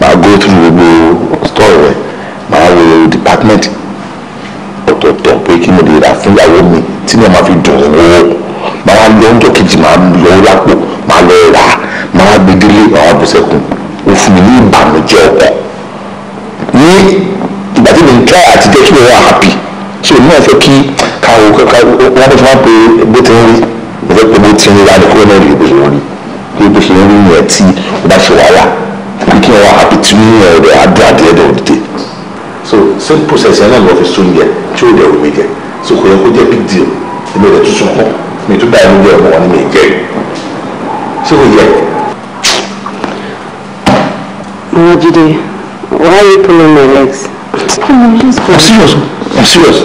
[SPEAKER 2] máa go through gbogbo store rẹ̀ máa wo department ọ̀tọ̀ọ̀tọ̀ pé kí mo lè rà fún ìyàwó mi tí náà máa fi dùn wọ́ọ́ máa lọ ọjọ́ kejì máa lọ lápò máa lọ rà máa gbé délé àwọn àbùsẹ̀kùn òfin ní ìbànújẹ́ ọkọ̀ try àti jẹ́ kí wọ́n happy so ní ọ̀fẹ́ kí káwọ́ káwọ́ wọ́n fẹ́ máa pe bó ti ń rí mo fẹ́ pe bó ti ń rí láti kúrò náà rí bó ṣe ń rí pé bó ṣe ń rí yẹn tí ó bá ṣe wàhálà àbí kí wọ́n happy tí ní ọ̀rọ̀ adó adìẹ dẹ̀ òdìdẹ so same process yẹn náà lọ fi sún yẹ tí ó dẹ̀ omi jẹ so kò yẹ kó jẹ́ big deal ẹ̀mí rẹ̀ tún sunkún mi tún báyìí lójú ọmọ wọn ni mi jẹ́ ṣé kò yẹ. Mojide, why are you pulling my legs?
[SPEAKER 3] I'm
[SPEAKER 2] serious. I'm serious.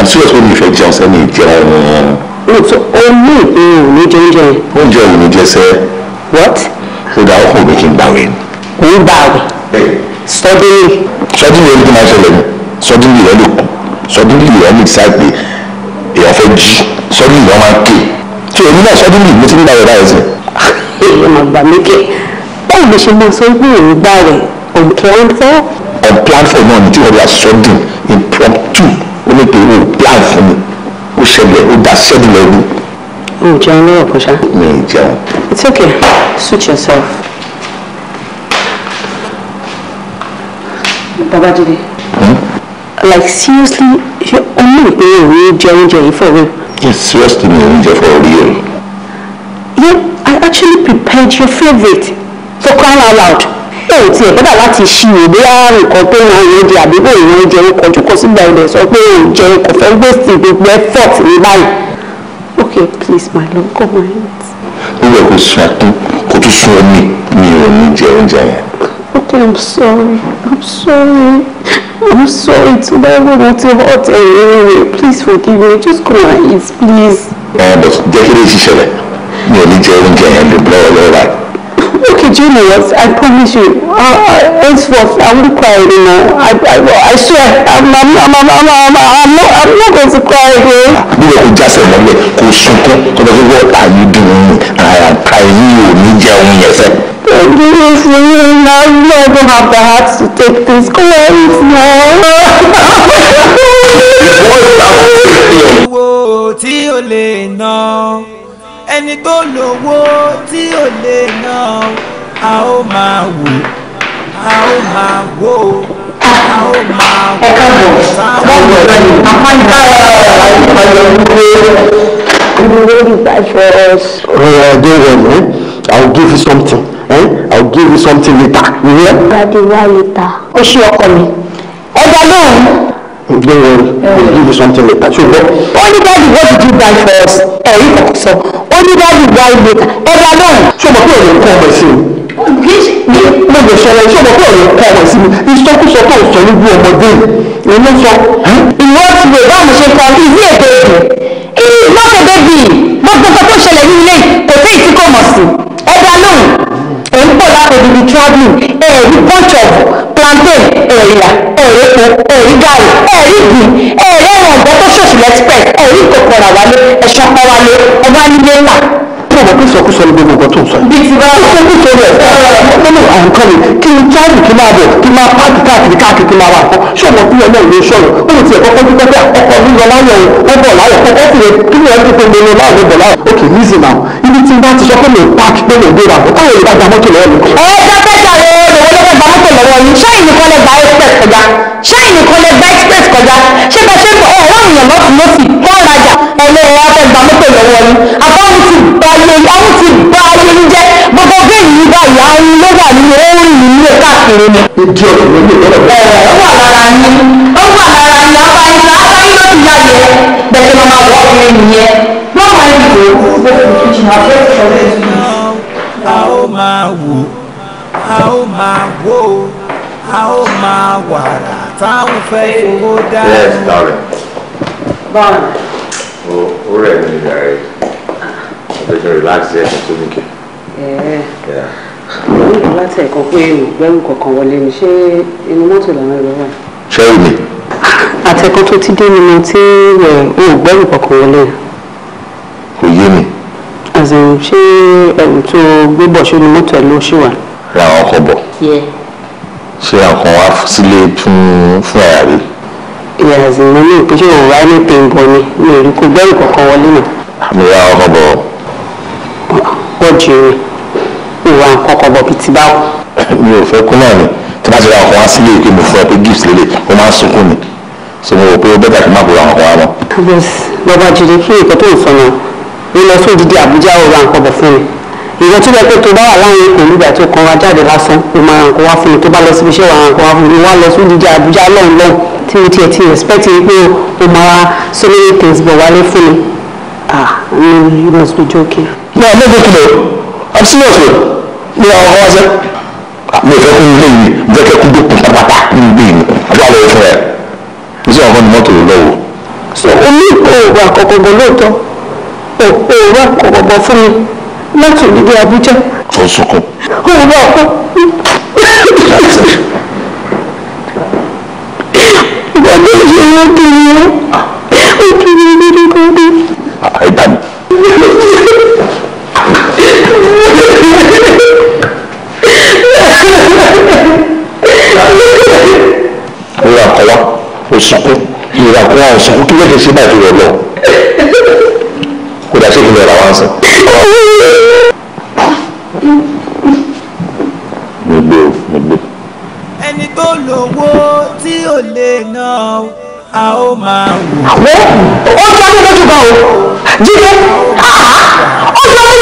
[SPEAKER 2] I'm serious when you fẹ́ jẹun sẹ́ni ìjẹun. O ní ìpín òní jẹ oúnjẹ. Oúnjẹ òní jẹ sẹ́. What? Ó dá ọkùnrin mi kí n gbàwé. Ò ń gbàwé. Suddenly. Suddenly ẹni tó máa ṣẹlẹ̀ ni. Suddenly ìrẹ́ ló kù. Suddenly ìrẹ́ mi decide pé èèyàn fẹ́ jí. Suddenly ìrẹ́ máa ké. Ṣé èmi náà suddenly mo ti ń gbàwé báyìí sí? Ah, èèyàn máa gbà mí kẹ́. Báwo lè ṣe máa sọ pé òun gbàwé? Òǹkẹ́ ń fẹ́ plan for náà nítorí ọ̀rẹ́ àsọdùn impromptu oníkèrè ò plan fún mi ó ṣẹlẹ̀ ó dá sẹ́yìn lẹ́rú. o ò jẹun lọ́wọ́ kan ṣá. mi ì jẹun. it's okay suit yourself. babajide. Hmm? like seriously ṣe o ní ìpè òwe jẹ oúnjẹ yìí for real. yes seriously mi ò ní jẹ for real. yeah i actually prepared your favourite for crying out loud pé ò tiẹ̀ kódà láti ṣí i bóyá nǹkan tó yan oúnjẹ àbí bó yan oúnjẹ ọkọ̀ tó kọ sígbà ilẹ̀ sọ pé ò jẹ ọkọ̀ fẹ́ gbèsè gbogbo effort ní báyìí. okay please my love come on. ó yẹ kó sọ tó kó tó sọ mí mi ò ní jẹ oúnjẹ yẹn. okay i'm sorry i'm sorry i'm sorry tí bá wọ́n mo ti hot ẹ̀yẹ́ please forgive me just come and eat please. ẹ bẹ jẹ́ kí lè ṣiṣẹ́ rẹ̀ mi ò ní jẹ oúnjẹ yẹn lè bọ́ ọ lọ́wọ́ báyìí. okay do you know what i promise you Ah, henceforth, I won't you know. I, I, I swear, I'm, I'm, I'm, I'm, I'm, I'm, not, I'm not going to cry again. Bí o kò jásẹ̀ mọ́lẹ̀, kò sunkún, tó bá fi wọ́n àyè dùn ún, àyà ká yín ò ní jẹ́ ohun yẹn fẹ́. Baby, it's me now. You know I don't have the heart to take this clothes now.
[SPEAKER 3] Owó tí o lè
[SPEAKER 1] ná, ẹni tó lówó tí o lè ná, a ó máa wò Uh, give, eh?
[SPEAKER 2] I'll give you something. Eh? I'll give you something later. You hear? Daddy, why later? Oh, she will call me. Oh, don't worry we give you something later ṣùgbọ́n. ó ní dájú what did you buy for us ẹ̀rí kọ̀ọ̀kan sọ ó ní dájú buy later ẹ̀rọ náà. ṣùgbọ́n pé òun kọ́ ọmọ sí mi mo lè sọ̀rọ̀ ìṣọ̀bọ̀ pé òun kọ́ ọmọ sí mi ìsọkúsọ tó ń sọ níbi ọmọdé yìí ló sọ. ìwọ ti lè bá mi ṣe kọ ìwé èdè èdè ìyí lọ́sẹ̀ bẹ́bí gbogbo nǹkan tó ṣẹlẹ̀ ní kò sí ìtìkọ́mọ̀ sí ẹ̀dá lóhùn ẹ̀ ń pọ̀ lápòdìdì travelling ẹ̀rí bunch of plantain ẹ̀rìà ẹ̀rẹ́po ẹ̀rí gàrí ẹ̀rí gbìn ẹ̀rẹ́ ẹ̀rọ̀ǹgbẹ́ tó ṣòṣì lẹ́sípẹ̀ ẹ̀rí ìkòkòrò àwálé ẹ̀ṣọ́pọ̀ wálé ọba nílé ńlá mọ̀ pé sọkúsọ ni gbogbo nǹkan tó ń sọ yìí. bí ti bá a sọkúsọ rẹ̀ nínú àwọn nǹkan mi kí n jáde kí n máa bẹ̀ kí n máa pààkì káàkiri káàkiri kí n máa wà fún ṣọ̀mọ̀ bí ọlọ́run ló ṣọ̀rọ̀ ó ti ẹ̀kọ́ kọ́jú pẹ́pẹ́ ọkọ̀ mi lọ láyọ̀ ó bọ̀ láyọ̀ kọ́kọ́ fi kí ni ẹni pé mo lọ láyọ̀ bọ̀ láyọ̀ ok easy now ibi tí n bá ti sọ pé mo pààkì pé mo gbéra káwọn olùbàdàn mọ́tò lọ́ọ̀ mi. ẹ mọ́tò lọ́wọ́ yín ṣé ìnìkan lè gba express kọjá ṣé ìnìkan lè gba express kọjá ṣé bá ṣe ń bọ̀ ọ̀rọ̀ èèyàn lọ́tù lọ́sì wọ́n rajà ẹlẹ́rọ afẹ́ mọ́tò lọ́wọ́ yín àbáwọn ti gba ayé àwọn ti gba ayé yín jẹ́ gbogbo bẹ́ẹ̀ yìí báyìí àwọn ló wà nínú orin nínú káàkiri ni. ìdí ọ̀rọ̀ mi lè bẹ̀rẹ̀. ó wà lára yín ó wà lára yín
[SPEAKER 1] a ó máa wò ó a ó máa wàrà táwọn fẹ́ owó dá. yes darling. bọ́ọ̀lù.
[SPEAKER 2] o o rẹ̀ mi rẹ̀ ọ̀dẹ̀jọ́ relax ẹ̀ tó ní kí. mo ní ìlàtà ẹ̀kọ́ pé ògbẹ́rù kọ̀ọ̀kan wọlé ni ṣé inú mọ́tò làwọn ẹ̀rọ wà. ṣẹ́rù mi. àtẹ̀kọ́ tó ti dé ni mo ti rẹ̀ ògbẹ́rù kọ̀ọ̀kan wọlé. kò yé mi. àzẹ̀yìn ṣé ẹ̀rù tó gbé bọ̀ ṣé inú mọ́tò ẹ̀ ló ṣì wà ra àwọn ọkọ̀ bọ̀ ṣé àkàn wá sílé fún fún ẹ̀yà rí. ìyàzìn mi ní ìpínlẹ̀ òwúrọ̀ ní pẹ̀ngbọ̀n ni mi ò rí kó gbẹ́rù kankan wọlé nù. àmì ra ọkọ̀ bọ̀. wọ́n jèrè ìwà nǹkan kan bọ̀ bíi ti báwò. mi ò fẹ́ kú náà ni tí bá ti ra ọkọ̀ wá sílé pé mo fún ẹ pé gifts lélẹ̀ mo máa ń sunkún ni so mo rò pé ó bẹ́ẹ̀ dàbí má kó ra ọkọ̀ wá mọ́. bọ́bá jèrè fún ìkọ́ tó ń ìwọ tó bẹ pé tó bá wà láàrin pẹ̀lú ìgbà tó kan wa jáde lásán o máa ràn kó wá fún mi tó bá lọ síbi iṣẹ́ wa ràn kó wá fún mi wá lọ sí jíjẹ Àbújá lọ́hùn lọ́hùn tí mo tiẹ̀ ti respect yìí pé o máa wá so many things bọ̀ wálé fún mi ah no you must be joking. ní ọmọ ìgbà kìlọ̀ i'm serious o ní àwọn ọmọ ọsẹ. mi ò fẹ́ kún ilé yìí jẹ́ kẹ́kún tó kún pátápátá nínú ilé yìí àbúrò àlọ́ fún ẹ̀ ní sọ ọ̀gbọ́n ni mọ́tò lọ́wọ́. so omi òògùn àkọ́kọ́ bọ̀ lóòótọ́ òògùn àkọ́kọ́ bọ̀ láti òdìdí Abuja. ó sunkún. ó wọ ọkọ.
[SPEAKER 3] ìgbà tó ń ṣe wọn kiri wọn ó kiri nínú kọ́ńdé. àìdá mi.
[SPEAKER 2] ìrà kọ́wá ó sunkún ìrà kọ́wá ó sunkún kí ló dé sí báyìí tó yọ lọ kódà ṣé kí ló ra wá ń sìn.
[SPEAKER 1] lè ná a ó máa wò. àwọ̀ ó jọ mí lójú gan o jíde
[SPEAKER 3] ó jọ mí lójú o ṣe ni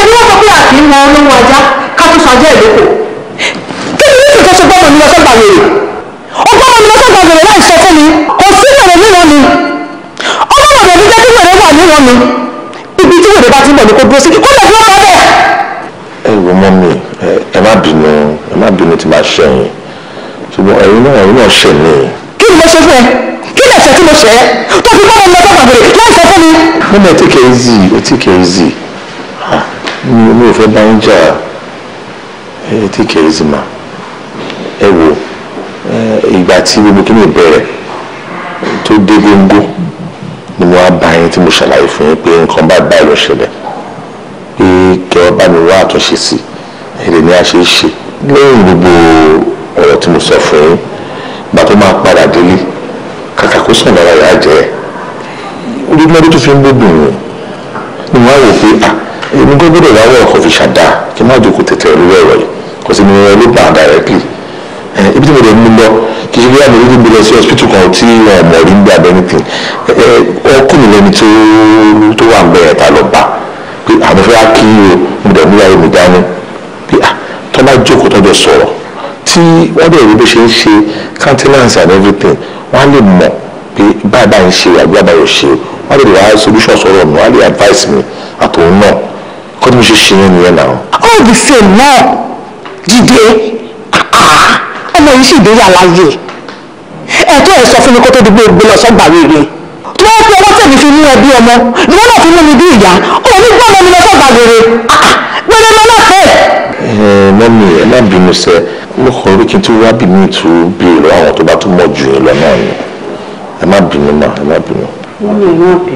[SPEAKER 3] wọ́n sọ pé àti ìmọ̀ olówó ajá ká tó sọ ajá ìlú kù kí ni yóò tó ṣe gbọ́dọ̀ ní ọ̀sán gbàgbére ọgbọ́n mi lọ́sán gbàgbére
[SPEAKER 2] láì sọ fún mi kò sí wèrè níwọ̀n mi ọgbọ́n mi lọ́sán jẹ́ kí wèrè wà níwọ̀n mi ibi tí wèrè bá ti bọ̀ ní kó dúró sí kó lè dúró bá bẹ́ẹ̀. ẹ wo mọ mi ẹ má bínú ẹ má bínú tí máa ṣẹyìn ẹ̀yin náà ẹ̀yin náà ṣe mí.
[SPEAKER 3] kí ni mo ṣe fún ẹ kí ni ẹ̀ṣẹ̀ tí mo ṣẹ̀ tó fi bọ́ọ̀ lọ sọ́kà bèrè láì sọ fún mi.
[SPEAKER 2] mo náà tíkẹ̀ ẹ́zì ó tíkẹ̀ ẹ́zì ah, mi ò fẹ́ bá ń jà ẹ tíkẹ̀ ẹ́zì mà ẹ wo eh, ìgbà tí gbogbo kí ni ìbẹ̀rẹ̀ tó dé góńgó ni mo wá bá yín tí mo ṣàlàyé fún yín pé nǹkan bá báyìí ló ṣẹlẹ̀ pé kẹ́ bá mi wá àtúnṣe sí ẹ̀rẹ̀ ni a ṣe ṣe lẹ́yìn gbogbo nǹkan tí mo sọ fún yín gbà tó máa padà délé kàkà kó sàn lára ìyá jẹ orí mọ́tò tó fi ń gbógun un ni wọ́n á wò pé à èmi gbọ́dọ̀ láwọ̀ ọkọ̀ fi ṣàdá kí n má jókòó tẹ̀tẹ̀ lórí ọ̀rọ̀ yìí kò sí ni wọ́n ló bà á directly ibi tí mo lè mú lọ kì í ṣe bí àmì ìdí gbé lọ sí hospital kan tí wọn mọ̀ rí gbé abẹ́ nìkan ọkùnrin lẹni tó wà ń bẹ ẹ̀ta lọ bá pé àwọn fẹ́ wá kí o mo dẹ̀ múra omi dání pé tọ́ bá jókòó tọ́jọ́ sọ̀rọ̀ tí wọ́n dẹ̀ rí bó ṣe ń ṣe countenance and everything wọ́n á lè mọ̀ pé báyìí báyìí ń ṣe àbí àbáyọ̀ ṣe wọ́n á lè wá solution sọ̀rọ̀ mi wọ́n á lè advice mi àtòun náà kọ́ mo ṣe ṣe yẹn nìyẹn náà. all the same náà dìde ọmọ yìí sì dé àlàyé ẹ̀tọ́ ẹ̀ sọ fún mi kó tó di gbogbo lọ sọ́gbà rere tí wọ́n fi ọwọ́ tẹ̀mí fi mú ẹbí ọmọ ni wọ́n náà fi mú mi bí ìyá òní gbọ́dọ̀ mi lọ sọ́gbà rere gbẹ̀rẹ̀ lọ́lá fẹ́ẹ̀. ẹ mọ́mí ẹ má bínú sẹ́ẹ́ lọ́kàn orí kí n tó wá bí mi tó béèrè àwọn tó bá tó mọ̀ jù yín lọ náà ni ẹ má bínú mà ẹ má bínú. ẹ má bínú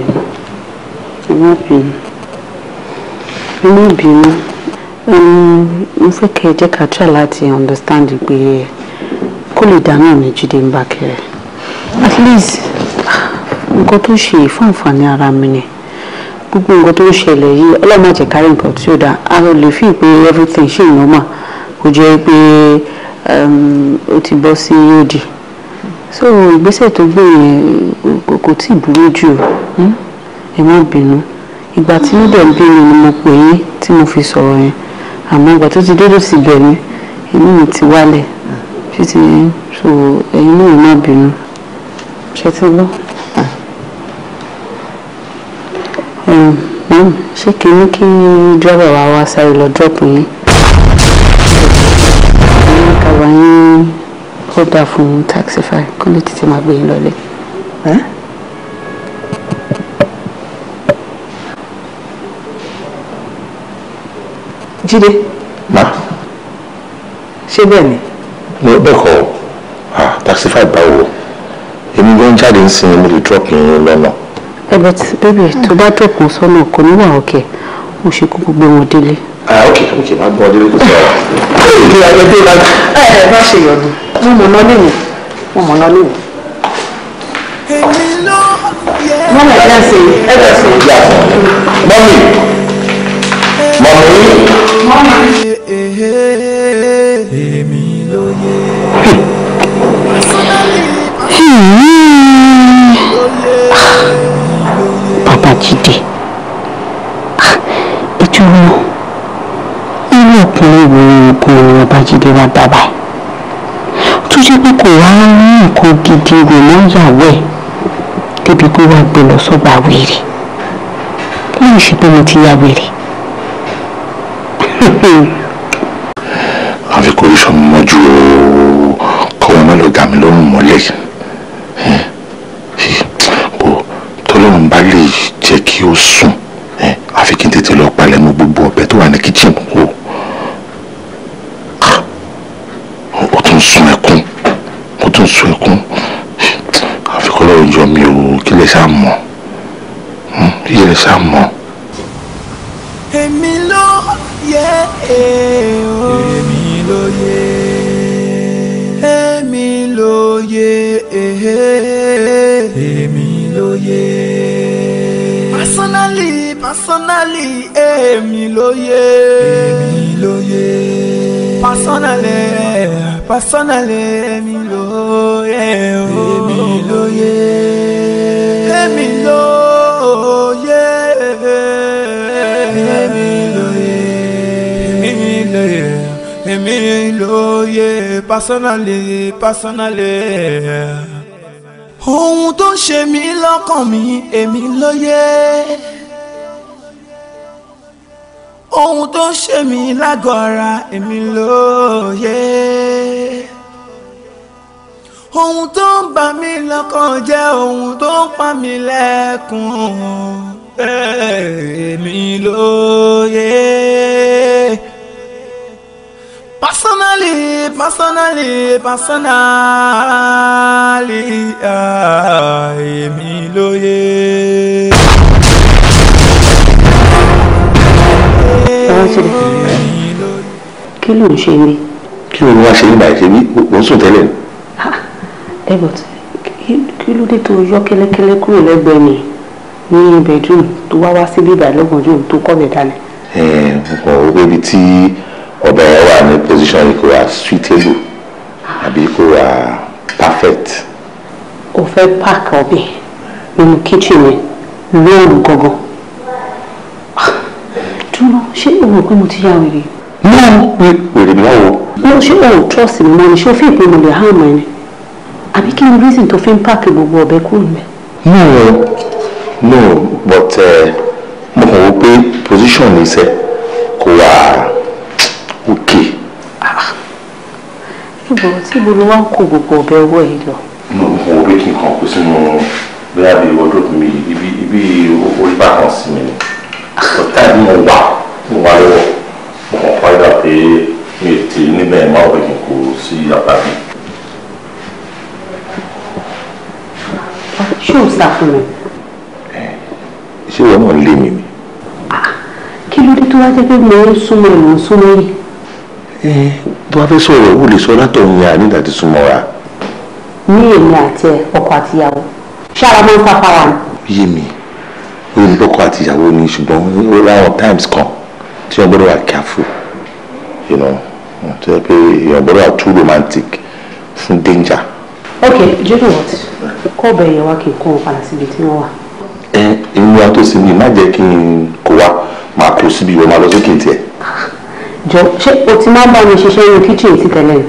[SPEAKER 2] ẹ má bínú mo fẹ́ kẹ́ ẹ jẹ́ ká try láti understand pé kó lè dáná ní jíde ń bá kẹrẹ at least nǹkan tó ṣe fún àǹfààní ara mi ni gbogbo nǹkan tó ń ṣẹlẹ̀ yìí ọlọ́mọ àjẹkárí nǹkan tí ó dáa a lè fi pé everything ṣì ń normal kó jẹ́ pé um, ó ti bọ́ sí òdì so ìgbésẹ̀ tó gbé yẹn kò tí ì burú jù hmm? ẹ má bínú ìgbà tí mo dẹ̀ ń bí mi ni mo pè yín tí mo fi sọ̀rọ̀ yẹn àmọ́ ìgbà tó ti dúró sí ibẹ̀ mi inú mi ti wálẹ̀ ṣé ti yẹn so ẹ̀yin náà ẹ má bínú ṣe ti gbọ́. Ah. ṣé kí ní wa wá sáré lọ dọ́ọ̀pù yín bàbá yín kódà fún taxify kó lè tètè máa gbé yín lọlé. jíde. ma. ṣé bẹ́ẹ̀ ni. mo bẹ́ẹ̀ kọ́ ah taxify báwo èmi gan jáde ń sin mo lè drop yín lọ́nà. ẹ bẹ́ẹ̀ bẹ́ẹ̀ tó bá drop wọn sọ́nà kò ní wà ókè mo ṣe kó gbogbo wọn délé ah ok ok máa gbọ́ ọdún lókè sọ̀rọ̀. ẹ ẹ bá eh, eh, ṣe yọ̀dù mo mọ̀ náà léwu mo mọ̀ náà léwu. wọ́n lè fẹ́ ṣe é bẹ̀ ṣe. mọ́mì mọ́mì.
[SPEAKER 3] mọ́mì.
[SPEAKER 2] Babajide. pàdé wọn bàbá tó jẹ́ pé kò wá rí nǹkan gidi rò lọ́yàwó ẹ̀ débi pé wàá gbé lọ sọ́gbà wèrè lẹ́yìn ṣe pé mo ti ya wèrè. àfi kò rí sọmọ mọ́jú o kọ́ wọn má lọ gà mí lọ́rùn mọ́lẹ̀ bó tọ́lọ́run bá lè jẹ́ kí ó sùn. ṣá mọ̀ iye hmm, rẹ̀ ṣá mọ̀. èmi
[SPEAKER 1] ló yẹ o èmi ló yẹ èmi ló yẹ èmi ló yẹ. personally personally èmi ló yẹ èmi ló yẹ personale personale mi lo ye o mi lo ye yeah, personally, personally. Ohun tó ń ṣe mí lọ́kàn mi, èmi ló yé. Ohun tó ń ṣe mí lágọ̀ ara, èmi ló yé. Ohun tó ń bà mí lọ́kàn jẹ́ ohun tó ń pa mí lẹ́kùn, èmi ló yé. personally personally èmi ló yé.
[SPEAKER 2] kí ló ń ṣe mí. kí ló ń wá ṣe nígbà yìí ṣebí ò sùn tẹ́lẹ̀. ẹ̀bọ̀t kí ló dé tó yọ kẹ́lẹ́kẹ́lẹ́ kúrò lẹ́gbẹ̀ẹ́ mi ní bedroom tó wá wá sí bíbá lọ́gànjọ́ tó kọ́ bẹ̀ dání. ẹ ẹ mo kàn tí ọbẹ̀ yẹn wà ní position yìí kò wà suitable àbí kò wà perfect. kò fẹ́ pack ọbẹ̀ nínú kitchen yẹn lóòrùn gangan dúró ṣé o mọ̀ pé mo ti yá wèrè. mo ní wèrè mi láwo. mo ṣé o trust mi mọ́ ni ṣé o fi ìpinnu lè hàn mọ́ ẹni àbí kí ni reason to fi ń pack gbogbo ọbẹ̀ kúrò mẹ́. no no but eh, mo kàn wọ́n pé position mi sẹ́ kò wà. ibo tí ibo ló wá ń kó gbogbo ọbẹ̀ ọwọ́ yìí lọ. inú gbogbo orí kì í kan kó sínú bóyá bíi wọ́dọ̀dù mi ibi ibi orí bá kan sí mi ni ọ̀tá ìlú mo wà mo wà lọ́wọ́ mo kàn fọ́ ìdá pé mi ò tí níbẹ̀ máa wẹ̀ kí n kó sí àtàbí. ṣé o sá fún mi. ṣé wọn náà lé mi ni. Ah, kí ló dé tó wá jẹ́ pé mo ń súnmọ́ ìmọ̀ súnmọ́ yìí. Eh, tó bá fẹ́ sọ̀rọ̀ ó lè sọ látọ̀hún yẹn àní ìdàtí súnmọ́ ra. ní èmi àti ẹ ọkọ àti ìyàwó ṣé ara máa ń fa para ni. yé mi ó ní ọkọ àti ìyàwó ni ṣùgbọ́n ó láwọn times kan tí wọ́n gbọ́dọ̀ wà careful you know tó yẹ pé èèyàn gbọ́dọ̀ wà too romantic fún danger. ok jẹ́rìí wọ́n ti kọ́ ọ̀bẹ yẹn wá kí n kó wọn padà síbi tí wọ́n wà. ẹ eh, ìmúra tó sì ní má jẹ́ kí n kó wa máa kó síbi ìwọ máa lọ sókè tiẹ̀ jọ ṣé o ti máa ń bá mi ṣiṣẹ́ inú kíchìn ti tẹ̀lé ni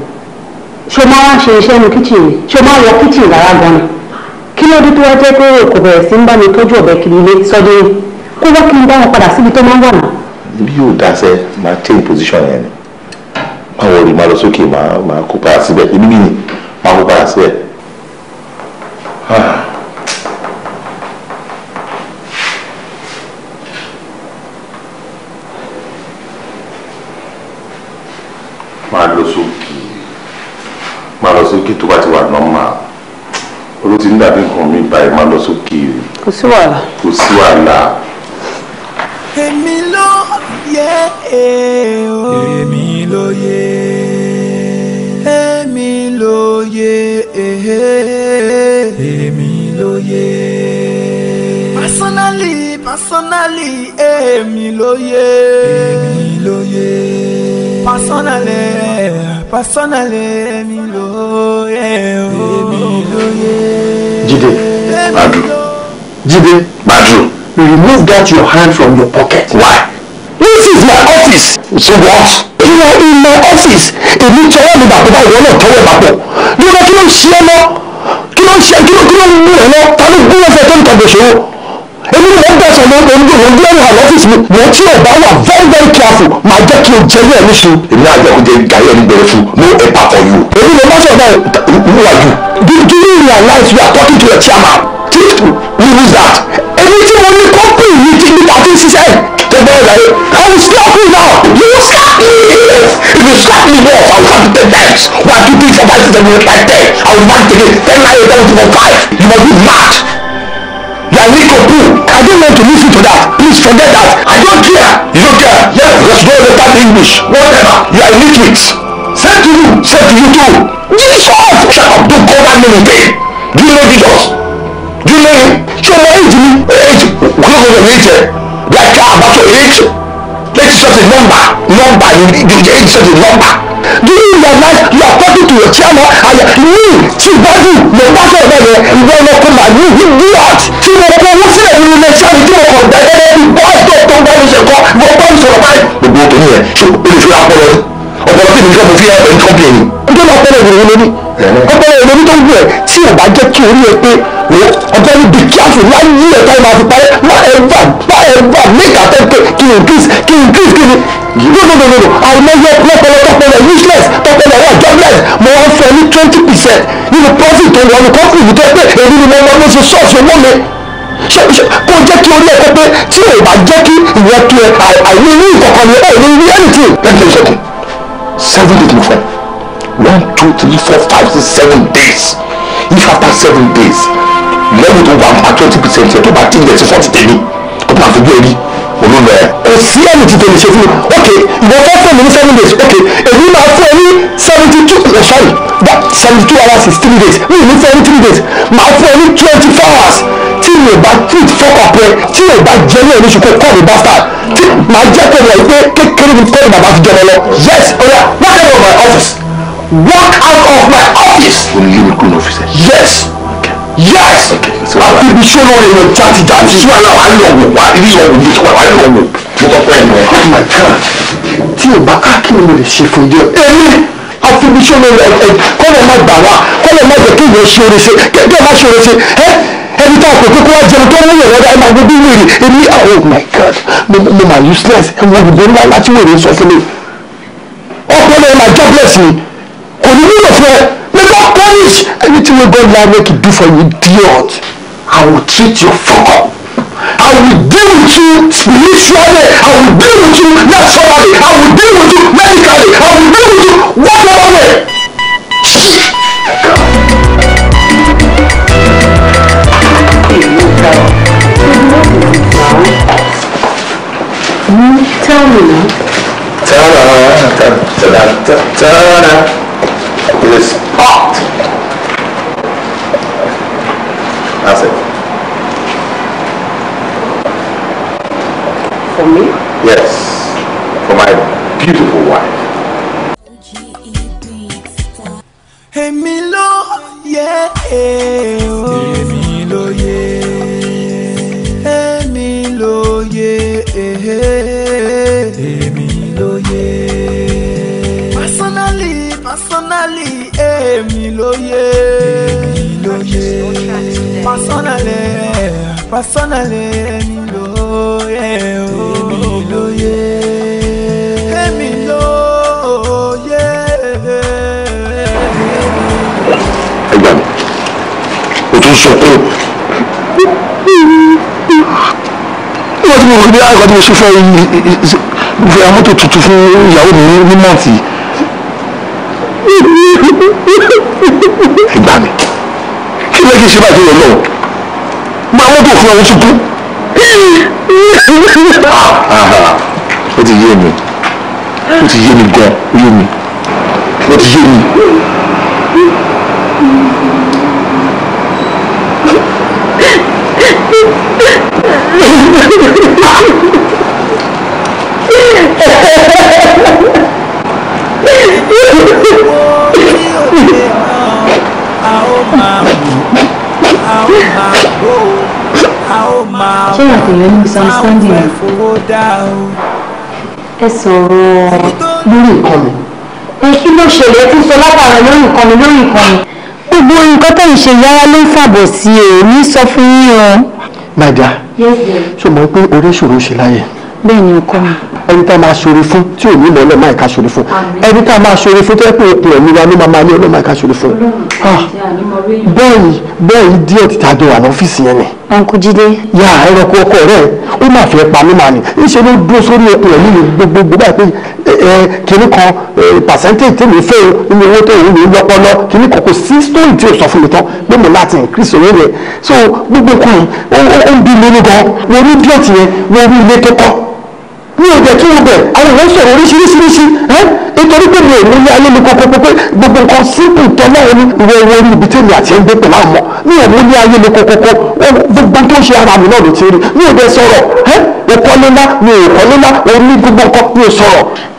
[SPEAKER 2] ṣé máa wá ṣe iṣẹ́ inú kíchìn ni ṣé máa wọ kíchìn rárá gan ni kí ló dé tó wá jẹ́ pé kò bẹ̀rẹ̀ sí ń bá mi tọ́jú ọ̀bẹ kiri ilé sọ́dún kó wá kí n bá wọn padà síbi tó máa ń wà náà. ibi yóò dáṣẹ máa tẹ ìpòsíṣàn yẹn ni máa wọlé máa lọ sókè máa kópa síbẹ̀ ibi mi ni máa kópa síbẹ̀. Ah. máa lọ sókè máa lọ sókè tó bá ti wà nọ́mà olú ti ń dàbí nǹkan mi báyìí máa lọ sókè. kò sí wàhálà. kò sí wàhálà.
[SPEAKER 1] èmi ló yẹ èèyàn. èmi ló yẹ. èmi ló yẹ èèyàn. èmi ló yẹ. personally personally èmi ló yẹ. èmi ló yẹ personally personally mi ló yẹ o ló
[SPEAKER 2] yẹ. Jide Badu Jide Badu remove that your hand from your pocket. Why? This is my office. So what? You are in my office. Èmi tọwọ́ mi bàtọ́ báwo náà tọwọ́ bàtọ́. Bí wọ́n kí ló ń ṣe ẹ lọ? Kí ló ń ṣe kí ló ń mú ẹ lọ? Ta ló tó ń tọ̀gbẹ̀ ṣòro? èmi ló ń dẹ̀sẹ̀ ló ń gbé ló ń gbé wà lọ́fíìsì mi mo tí ò wà very very careful máa jẹ́ kí o jẹ ní ẹ̀mí ṣe. èmi náà jẹ́ kó jẹ gàrí ẹni bẹ̀rẹ̀ fún no ẹ̀pà for you. èmi ló bá sọ̀rọ̀ báyìí wúwájú. do your you you are talking to your chairman? think Who is that. èmi tí mo ní kọ́pì mi ti ní àti ṣiṣẹ́ tó bẹ́ẹ̀ láyé. I will slap you now. you will slap me. if you slap me more I will slap you ten times. one two three four five six seven eight nine ten. I will mark again ten nine eight seven two four five. you must be mad. They are really cool. I don't want to listen
[SPEAKER 3] to that. Please forget that. I don't care. You don't care? Yes. Just go later English. Whatever. You are illiterate. Say to you. Say to you too. Jesus! Shut up. Don't call that name again.
[SPEAKER 2] Do you know Jesus? Do you know him? Show my age. Age. Close to the age. Like about ah, your age just a number number you you it's
[SPEAKER 3] just a number do you realize you are talking to your chairman and you tìbọ́dù ló bá sọ̀rọ̀ bẹ́ẹ̀ yẹn ìwọ ọlọ́kọ mà ní idiot tí mo kọ owó you, nínú ilé iṣẹ́ mi tí mo kọ̀ dẹ́gẹ́dẹ́ bí bọ́ọ̀sì tó tó ń bá mi ṣe kọ́ mo bá mi sọ̀rọ̀ báyìí gbogbo kìnìyẹn you, o lè fi ra pọ̀ lọ́dún
[SPEAKER 2] ọ̀pọ̀lọpọ̀ ìlú ìjọba fi ẹ̀rọ ìtọ́bi ẹ̀yìn ọjọ́ náà ọpọlọ ìròyìn lórí ọpọlọ ìròyìn tó ń gbọ́ ẹ̀ tí ò bá jẹ́ kí orí ẹ pé ọjọ́ níbi kíáfù láyé ẹ̀ táyé máa fi parẹ́ má ẹ̀ bá má ẹ̀ bá make attempt pé kí n increase kí n increase kí ni no no no no no àìmọye lọpọlọ tọpọlọ useless tọpọlọ wà jobless mo wá fẹ́ ní twenty percent nínú profit tó lọ ní kọ́fíìnì tó pé èmi ni mo lọ lóṣù ṣọ́ọ̀ṣì owó mi kó jẹ́ kí orí ẹ̀kọ́ pé tí ò bá jẹ́ kí ìwọ́n tu ẹ̀ àìní ní ìkọ̀kọ̀ ni ẹ̀ ní rí anything seven days mo fún one two three four five six seven days if after seven days lẹ́yìn tó bá ma twenty percent You tó bá ti ń yẹ sí forty tẹ̀lé tó bá fi gbé rí olú lọ ẹ. kò sí ẹni tuntun lè ṣe ok ìwọ fẹ́ fún mi ní seven days ok èmi máa fún ẹ ní seventy two oh eh, sorry that seventy two hours is three days mi ò ní fún three days máa fún ẹ ní twenty four hours tí mi ò bá treat fọ́pà pẹ́ tí mi ò bá jẹ́ ní ẹ̀mí ṣùkọ́ kọ́ mi bastard tí màá jẹ́ pé wọ́n pé kékeré mi kọ́ mi bàbá fi jẹ́ lọ yes oya walk out of my office walk out of my office. o ní yé kúrò ní ọ́fíìsì. yes yes àti ibi sọ́nà èèyàn jàtìjàtì sọ́nà náà wà á lọ wò wá rí ọ̀wò yìí wà á lọ wò mo kọ́kọ́ ẹ̀ lọ. oh my god tí o bá kí ni mo lè ṣe fún yẹ èmi àti ibi sọ́nà ẹ̀ kọ́lọ̀ má gbà wá kọ́lọ̀ má jẹ́ kí èèyàn ṣe oore ṣe kẹ́kẹ́ má ṣe oore ṣe ẹ́ ẹni tá a pè kókó wá jẹun tó wúlò lọ́dọ̀ ẹ̀ máa gbogbo wèrè èmi oh my god mo ma useless ẹ̀ wọ́n gbogbo ńlá láti wèrè sọ fún mi ọ̀pọ̀ lọ́ọ́ máa jobless ni kò ní wúlò fún ẹ nígbà kọ́ bitch. Anything wey God allow make e do for you, idiot. I will treat you fuck I will deal with you spiritually. I will deal with you naturally. I will deal with you medically.
[SPEAKER 3] I will deal with you whatever way.
[SPEAKER 2] tell me now. Ta-da, ta-da, ta-da, ta-da. It is hot. For me? Yes, for my beautiful wife.
[SPEAKER 1] Èmi ló yẹ èmi ló yẹ èmi ló Personally, personally, èmi ló yẹ èmi Personally, personally.
[SPEAKER 2] sunkún nígbà tí mo rò bí àgbà tí mo ṣe fẹ́ fẹ́ amọ́tò tuntun fún ìyàwó mi ní mọ́ọ̀tì ìgbà mi kí ló kí n ṣe báyìí lọ lọ́wọ́ gba mọ́tò fún ọ̀hún sunkún ah, ah, ó ti yé mi ó ti yé mi gan ó yé mi ó ti yé mi
[SPEAKER 3] ṣé
[SPEAKER 1] àtẹ̀yẹ ní misunderstanding
[SPEAKER 2] ẹ sọ̀rọ̀ lórí ìkànnì ẹ kí ló ṣẹlẹ̀ ẹ tún sọ látara lórí ìkànnì lórí ìkànnì gbogbo nǹkan tó ń ṣe yára ló ń fàbọ̀ sí ẹ ní sọ fún yín o. Màjà ṣó mọ̀ pé orí ṣòro ṣe láyè. bẹ́ẹ̀ ni ọkọ mi. ẹni tá a máa ṣòro fún tí ò ní lọ ọlọ́mọ àìká ṣòro fún ẹni tá a máa ṣòro fún tó yẹ pé òpin ẹ̀mí wa ló máa máa ní ọlọ́mọ àìká ṣòro fún. Ah, bẹ́ẹ̀ni bẹ́ẹ̀ni díẹ̀ ti tàdó wà lọ́fíìsì yẹn ni. ọ̀nkú jíde. yà ẹranko ọkọ rẹ ó máa fẹ́ pa mí màá ni níṣẹ́ ló dúró sórí ẹ̀pẹ̀ ẹ̀mí gbogbogbò báyìí pé kìnnìkan percentage tèmi fẹ́ o nínú owó tó ń lò lọ́pọlọ kíní kòkó sí story tí o sọ fún mi tán pé mo láti increase owó rẹ̀ so gbogbo kan ó ń bí mi ní gan wo ní díọ̀tì yẹn wo ní ilé tó kọ́ mi ò jẹ́ kí n bẹ̀ àwọn èèyàn sọ̀rọ̀ oríṣiríṣiríṣi nítorí pé mi ò ní ayé mi kọ́kọ́ pé gbogbo nǹkan simple tọ́lá wọn ni ìwọ owó orí ibi tèmi àti ẹgbẹ́ pẹ̀lú àwọn mi ò ní ayé mi kọ́kọ́ gbogbo tó ń ṣe ara mi náà ló ti rí mi ò dẹ̀ sọ̀rọ̀ òkọ́lélá mi ò kọ́lélá òní gbogbo nǹkan mi ò sọ̀rọ̀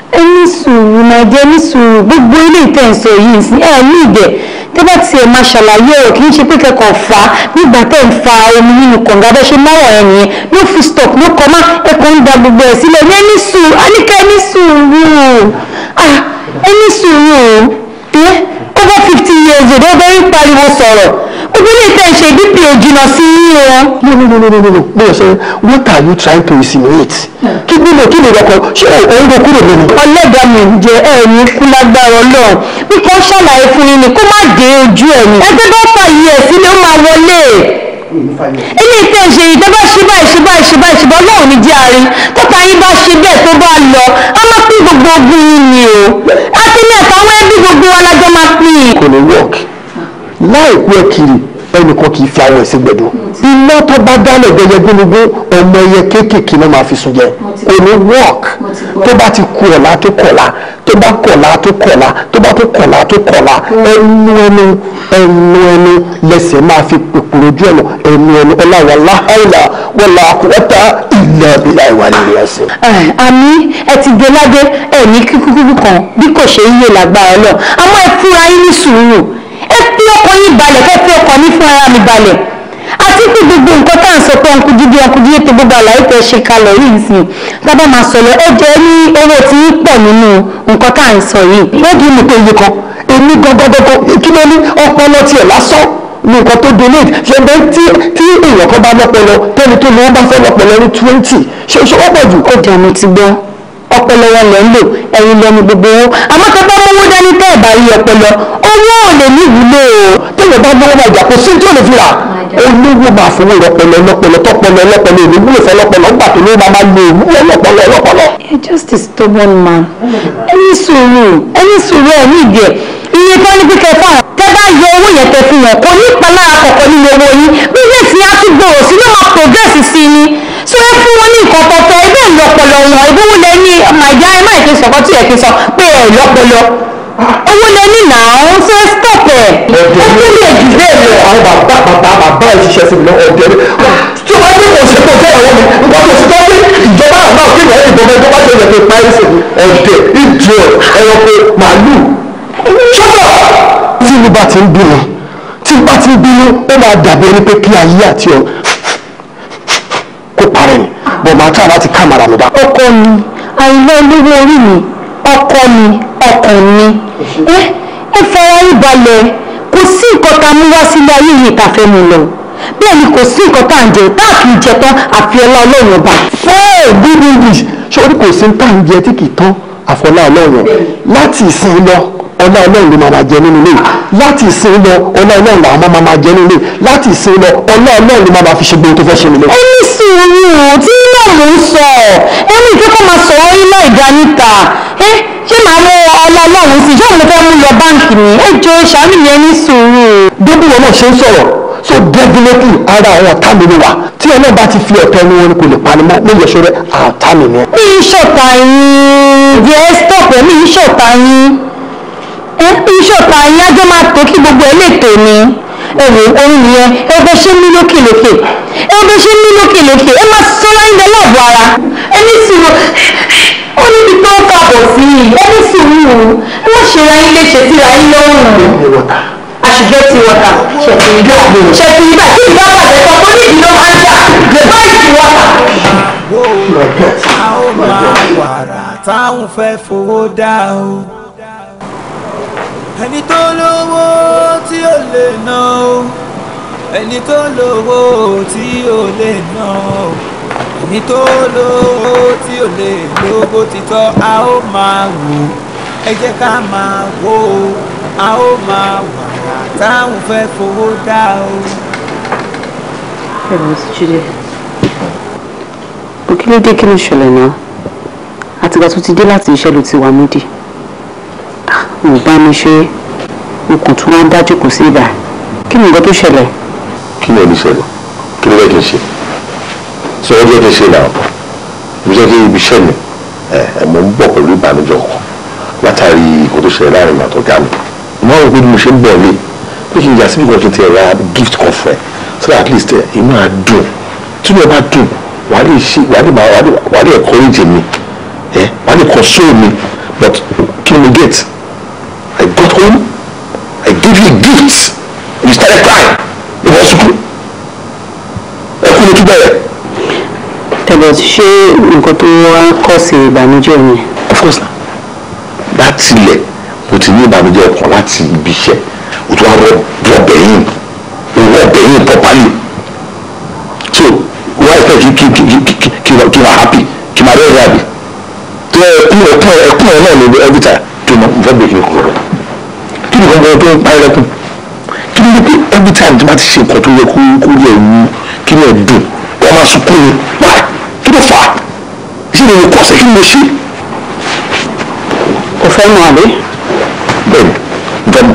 [SPEAKER 2] ní sùúrù màdé ní sùúrù gbogbo ilé ìtẹ̀sọ̀ yìí sí ẹ̀ ní ìgbẹ́ tó bá ti ẹ̀ máa ṣàlàyé ọ̀rọ̀ kì í ṣe pé kẹ́kọ̀ọ́ fà á nígbà tẹ̀ ń fa omi nínú kànga bẹ́ẹ̀ ṣe mọ́rọ̀ ẹ̀ nìyẹn no full stop no comma ẹ̀kọ́ ń da gbogbo ẹ̀ sílẹ̀ ní ẹni sùúrù àníkẹ́ ẹni sùúrù ah, ẹni sùúrù over fifty years ago, ó bẹ́ẹ̀ ń pariwo sọ̀rọ̀ ìdílé ṣe dp òjìnà sí yín o. no no no no no no no what are you trying to insinuate. kí nílò kí nílò ọkọ ṣé òun kò kúrò lónìí. ọlọ́dàá mi jẹ ẹ̀mí kú lágbára ọlọ́run bí kò ṣàlàyé fún yín ni kó má dé ojú ẹ̀mí. ẹgbẹ́ bá fà yí ẹ̀ sílé ó máa wọlé ilé ìtẹ́ ṣe ìjọba ṣíbà ìṣíbà ìṣíbà ìṣíbà ọlọ́run ní jíàrí tọ́ta yín bá ṣe bẹ́ẹ̀ tó bá lọ a máa pín gbogbo ogun yín ni o a ti ní ẹ̀ka láìkú ẹ kiri ẹnìkan kì í fi àwọn ẹ̀sìn gbẹ̀dọ̀ iná tó bá dálẹ̀ gẹ́gẹ́ gbólógbó ọmọ ẹyẹ kéékèèké náà máa fi sùn jẹ kò ní work tó bá ti kú ọ̀la tó kọ̀la tó bá kọ̀la tó kọ̀la tó bá tó kọ̀la tó kọ̀la ẹnu ẹnu ẹnu ẹnu lẹsẹ̀ máa fi pèpèrè ojú ẹnu ẹnu ẹnu ọláwà láhàlà wọn là wọ́tá ilẹ̀ ìbílẹ̀ ìwà nílé ẹsẹ̀. àmì ẹ ti gbé ládé ẹ ní kíkúkú kan bí kò ṣe é yé lágbára lọ àmọ́ ẹ fúra yín ní sùúrù fi ọkàn yín balẹ̀ fẹ́ fi ọkàn mi fún ara mi balẹ̀ àti pé gbogbo nǹkan tá à ń sọ pé ọkùnjúdí ọkùnjúdí tó gbogbo àlàyé tẹ ṣe kalẹ̀ yìí nsìn tábà máa sọ̀rọ̀ ó jẹ́ ní owó tí ń pọ̀ nínú nǹkan tá à ń sọ yìí. lẹ́gìí mi pé iye kan èmi gangan kí ló ní ọpọlọ tiẹ̀ lásán ní nǹkan tó donate ṣe bẹ́ẹ̀ tí tí èèyàn kan bá lọ́pọlọ tẹ́ni tó lówó bá fẹ́ lọ́pọlọ ní twenty ṣe ṣe ó pọ̀ jù. ó jà ti gbọ́ ọpọlọ wọn lẹ ń lò ẹ̀yin lẹnu gbogbo wọn àmọ́ tó bá mówó dání tẹ́ ẹ̀ bá rí ọpọlọ owó ò lè ní ìwúlò tẹ́lẹ̀ bá gbọ́wọ́ bàjá kò sí tí ò lè fi rà olówó máa fowó rọpọlọ lọpọlọ tọpọlọ lọpọlọ èmi wúlò fẹ lọpọlọ ńgbà tó ló máa máa lo òwúlò lọpọlọ lọpọlọ. you're just a stubborn man ẹni sùúrù ẹni sùúrù ẹ ní ìdí ẹ iye tó ní pípẹ́ fún àwọn tẹ́ bá yọ owó yẹn tẹ fún wọn kò ní ìpalára kọ̀ọ̀kan nínú owó yín bíjẹ́sì á tún gbòòrò sí ló máa progress sí i ni tí wọ́n fún wọn ní nǹkan tọ̀tọ̀ ẹgbẹ́ ìlọpọlọ wọn ìbówó lẹ ní màjá ẹ má ti sọ̀kọ́ tí ẹ ti sọ pé ẹ lọpọlọ owó lẹ ní nà ó ń fẹ́ stop ẹ ó tún lè jù bẹ́ẹ̀ lọ. àwọn bàbá bàbá bàbá ẹ ṣiṣẹ́ sí mi náà ọ̀dẹ́ ah. tí wọ́n ní kò ṣe kò fẹ́ ọ̀rọ̀ mi nígbà tó ṣe tọ́jú ìjọba àgbà òkè ìwà ìbọn ẹjọ́ bá ṣe lè fi parí sí ọ̀dẹ́ ìjọ ẹranko màálù. ṣọ́kọ̀ tí mi bá ti ń bínú tí mi bá ti ń bínú ó máa dàbí ẹni pé kí ayé àti ọ̀rọ̀ bọ̀ máa tà láti ká màrà mi dá. ọkọ mi àìlọ olówó orí mi ọkọ mi ọkàn mi ẹ ẹ fara yín balẹ̀ kò sí nǹkan tá a mú wá sílé ayé yìí tá a fẹ́ mu lọ bẹ́ẹ̀ ni kò sí nǹkan tá à ń jẹ tá a kì í jẹ tán àfi ọlá ọlọ́run ọba. fẹ́ẹ̀ bí english sọ́rí kò sí tá à ń jẹ tí kì í tán àfọlá ọlọ́run láti ìsìn lọ ọlá ọlọ́run ló máa jẹ nínú ilé láti ìsìn lọ ọlá ọlọ́run làwọn máa máa jẹ nínú ilé láti ìsìn lọ ọlá ọlọ́run ló máa fi ṣe gbogbo tó fẹ́ ṣe nílé. ó ní sùúrù tí náà mò ń sọ ẹni tí kò máa sọ̀rọ̀ iná ìdá níta ẹ ṣé màá mú ọlá ọlọ́run sí ṣé òun fẹ́ mú lọ báǹkì ni ẹ jọ ṣàánú yẹn ní sùúrù. gbogbo wọn náà ṣe ń sọ̀rọ̀ so definitely ara àwọn ọ̀tá mi ni wà tí ẹ náà bá ti fi ọ̀tọ̀ ẹni wọn kò lè pani mọ́ ní ìyẹ̀ṣọ́ rẹ̀ àtá mi ni. mi ń ṣọ̀tá yín yẹ ẹ stop ẹ mi ń ṣọ̀tá yín ẹ ń ṣọ̀tá yín ájọ́ máa tó kí gbogbo ẹ lè tò ní ẹ̀wò orí nìyẹn ẹgbẹ́ ṣe mí lókèlókè ẹgbẹ́ ṣe mí lókèlókè ẹ máa sọ́ra ń bẹ láàbò ara ẹni sùúrù ó ní ibi tó ń kàbọ̀ sí i ẹni sùúrù ẹ má ṣe ra ilé ṣe síra yín lọ́rùn àṣìjọ ti wọ̀tà ṣẹ̀tì ìgbà
[SPEAKER 1] ṣẹ̀tì ìgbà tí ìgbà bàjẹ́ kan tó ní ìdílé máa ń jà gbẹ̀bá ìdí wọ̀tà. àwọn máa wàrà táwọn fẹ́ fowó dá o ẹni tó lówó tí ó lè ná o ẹni tó lówó tí ó lè ná o ẹni tó lówó tí ó lè lówó títọ́ a ó máa wò ẹ jẹ́ ká máa wò ó a ó máa wà táwọn fẹ́ fowó dá o.
[SPEAKER 2] ẹ̀rọ ti jíde ló dé kí ló ṣẹlẹ̀ náà àtìgbà tó ti dé láti iṣẹ́ ló ti wà mídìí ò bá mi ṣe o kò tún wá ń dájú kò sí ibà kí ni nǹkan tó ṣẹlẹ̀. kí ni ẹni ṣẹlẹ̀ kí ló yẹ kí n ṣe sọ wọ́n jẹ́ kí n ṣe náà mo jẹ́ kí ibi iṣẹ́ mi ẹ̀ mo ń bọ̀ pẹ̀lú ìbànújẹ́ ọkọ̀ látàrí ìkó tó ṣẹlẹ̀ láàrin màtọ́ gá mo máa ń rò mo ṣe ń bọ̀ lé pé kí n yà síbi kan kí n ti ra gift kan fún ẹ so at least inú á dùn tí mo bá dùn wà á lè ṣe wà á lè máa wà á lè encourage mi wà á lè console mi but kí ni gate I got home, I gave you a gift, and you started crying. It was sukuru. Ẹkún ló it. bẹ̀rẹ̀. Tẹ̀bọ̀t ṣé nǹkan tó wá ń kọ́ sí ìbànújẹ́ yẹn? Of course na. Láti ilẹ̀, mo ti ní ìbànújẹ́ ọkàn láti ibi iṣẹ́. O tún wá rọ bọ̀bẹ̀ yìí, o rọ bẹ̀ yìí properly. So, why expect you keep keep keep keep keep happy? Kì máa rẹ̀ rẹ̀ àbí? Tó ẹkún ẹkún ẹkún náà lè every Tó mọ̀ nfẹ́ bèèrè kí n kọ̀ ọ̀rọ̀ gbọ́dọ̀ tó ń parẹ́ kù kí ló dé pé every time tí wọ́n ti ṣe nǹkan tó yẹ kó kó yẹ wú kí ló dùn wọ́n máa sunkún ni wá kí ló fà á ṣé lè kọ́ ṣe kí ló ṣe. o fẹ́ mọ àbí. bẹ́ẹ̀ni bẹ́ẹ̀ni.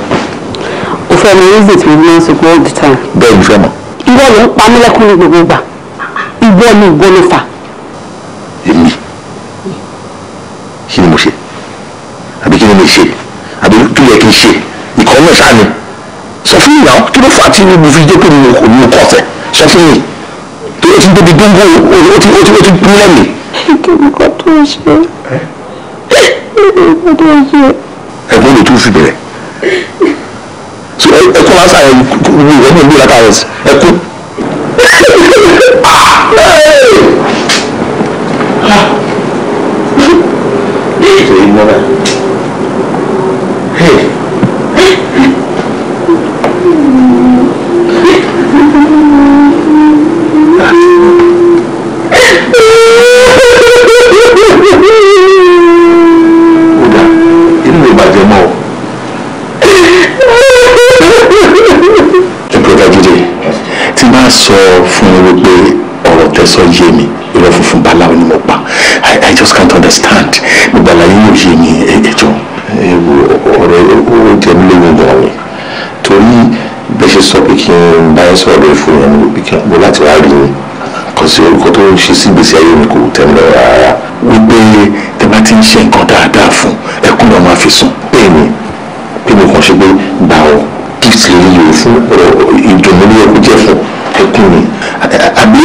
[SPEAKER 2] o fẹ́ mọ reason tí mo máa ń sunkún all the time. bẹ́ẹ̀ni fẹ́ mọ. ìwọ ló ń pa mí lẹ́kún ní gbogbo ìgbà ìwọ ni ìwọ ló fà. èmi kí ni mo ṣe àbí kí ni mo ṣe àbí kí ló yẹ kí n ṣe kan náà ṣáà ni sọ fún mi náà kí ló fà á tí mo fi jẹ́ pé mo kò ní kọ́ ọ̀fẹ́ sọ fún mi tó o ti débi gbogbo o ti o ti o ti kú lẹ́mìí. kí ni tó ń ṣe nǹkan tó ń ṣe. ẹ̀gbọ́n mi tún fi bẹ̀rẹ̀ so ẹkún máa ń sàyẹn ní ìwé ní ìlú látàrí ẹkún. Ah! sọ fún mi wípé ọ̀rọ̀ tẹ́sọ̀ yé mi irọ́ funfun báláwo ni mo pa i i just can't understand gbogbo àlàyé yóò yé mi ẹjọ́. ọ̀rọ̀ ó jẹ́ mi lóyún gan ni torí bẹ́ẹ̀ ṣe sọ pé kí n bá ẹ sọ̀rọ̀ ìfún yẹn mo láti wá rí mi kò sí orúkọ tó ń ṣe sí ìgbésí ayé mi kò tẹ́ mi lọ́wọ́ rárá wípé tẹ bá ti ń ṣe nǹkan dáadáa fún ẹkún náà máa fi sùn pé mi pé mi kàn ṣe pé gbà ọ gift lè yẹ fún ìdùnnú ní ẹkú jẹ fún àfikún ni àbí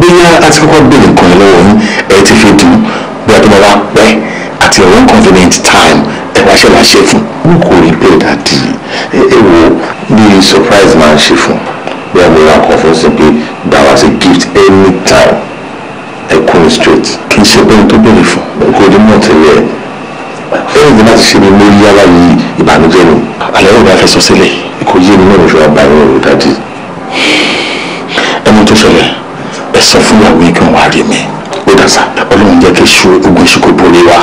[SPEAKER 2] bóyá àti kọ́kọ́ gbé nǹkan lọ́wọ́ yín ẹ ti fi dùn bóyá tó bá wá pẹ́ àti your own convenient time ẹ wá ṣe wá ṣe fún un kò rí bẹ́ẹ̀ dàdí ẹ wo bí surprise máa ń ṣe fún un bóyá mo ra ọkọ̀ fún sí pé that was a gift anytime ẹ kún mi straight kì í ṣe pé n tó bèrè fún kò ní mọ̀ tẹ́lẹ̀ ẹ̀yìn tí láti ṣe mi lórí yàrá yìí ìbànújẹ́ ni àlẹ́ yóò bá sílẹ̀ kò mi náà mo ọmọ tó ṣẹlẹ̀ ẹ fún ìyàwó yín kí wọ́n wá rí mi ó dàsà ọlọ́run jẹ́ kí iṣu ogun iṣu kò borí wa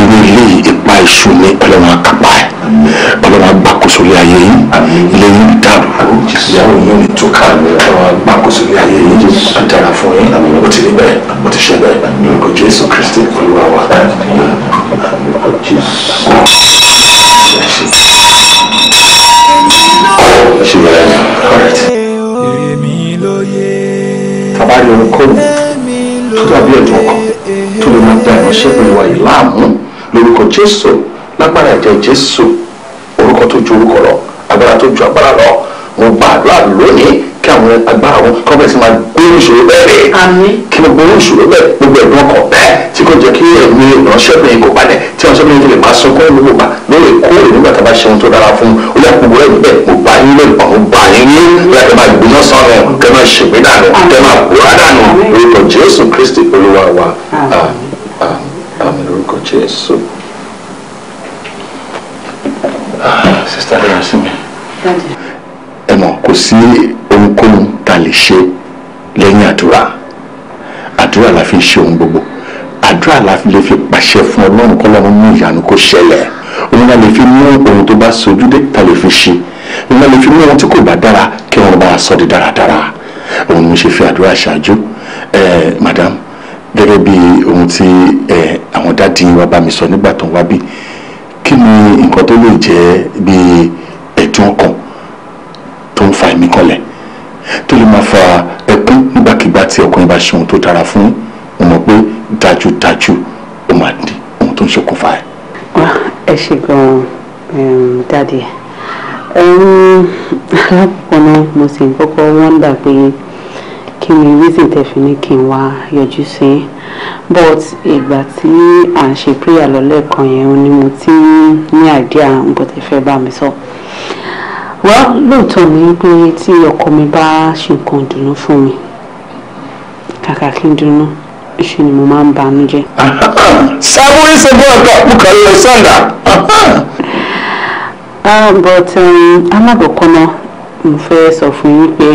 [SPEAKER 2] irú ilé ìpa iṣu ní ọlọ́run akápá ẹ̀ ọlọ́run agbàkóso ilé ayé yín ilé yín dàrú ìyàwó yín ní tòká ọlọ́run agbàkóso ilé ayé yín dára fún yín ó ti rí bẹ́ẹ̀ ó ti ṣe ní orúkọ Jésù Kristi olúwa wa. She ran bá rí ohunkóhun tó dàbí ẹ̀dùn ọkàn tó lè máa da ìránṣẹ́ pẹ̀lú wa yìí láàmú lórúkọ jésù lágbára ẹ̀jẹ̀ jésù orúkọ tó ju orúkọ lọ agbára tó ju agbára lọ mo gbàdúrà lónìí àwọn agbára àwọn kọ́fẹ́sì máa gbé ìṣòro bẹ́ẹ̀ rẹ̀ kí ló gbé ìṣòro bẹ́ẹ̀ gbogbo ẹ̀dùn ọkàn bẹ́ẹ̀ tí kò jẹ́ kí ẹ̀mí ìránṣẹ́bìnrin kò balẹ̀ tí ìránṣẹ́bìnrin fi lè máa sunkún gbogbo gbà lóòrèkóòrè nígbà tá a bá ṣe ohun tó dára fún un ó yà gbogbo ẹ̀ bẹ́ẹ̀ mo gbà yín lè pọ̀ mo yín ní láti máa gbiná sọnù kẹ́ máa ṣègbé dànù kẹ́ máa búra dànù lórúkọ Jésù Kristi Olúwa wa àmín Jésù. sista lè rìn kò sí ohunkóhun tá a lè ṣe lẹ́yìn àdúrà àdúrà la fi ń ṣe ohun gbogbo àdúrà la lè fi pàṣẹ fún ọlọ́run kọ́lọ́run mú ìyanu kó ṣẹlẹ̀ òun la lè fi mú ohun tó bá sojú dé ta lè fi ṣe òun la lè fi mú ohun tí kò bá dára kí wọn bá sọ di dáradára òun ni ṣe fi àdúrà ṣáájú ẹ madam gẹ́gẹ́ bí ohun tí ẹ àwọn dáàdi wa bá mi sọ nígbà tó ń wá bí kí ni nǹkan tó lè jẹ́ bí ẹ̀dùn ọkàn tí ọkùnrin bá ṣe ohun tó dára fún mo mọ̀ pé dájúdájú ó máa di ohun tó ń ṣokùnfà ẹ̀. Ah, ẹ ṣe gan-an dáàdi alákọ̀ọ́kọ́ náà mo sì ń kọ́kọ́ wọ́ndà pé kí ni reason tẹ́ fi ní kí n wá yọjú sí but ìgbà tí à ń ṣe prayer lọ́lẹ́ kan yẹn ni mo ti ní àdíà nǹkan tẹ́ fẹ́ bá mi sọ. well lóòótọ́ ni pé tí ọkọ mi bá ṣe nǹkan dùnú fún mi kàkà kí mo máa ń banú jẹ́. sábò ìṣe bí púpọ̀ lọ sọ̀dà. but alábọ̀kọ́ náà mo fẹ́ sọ fún yín pé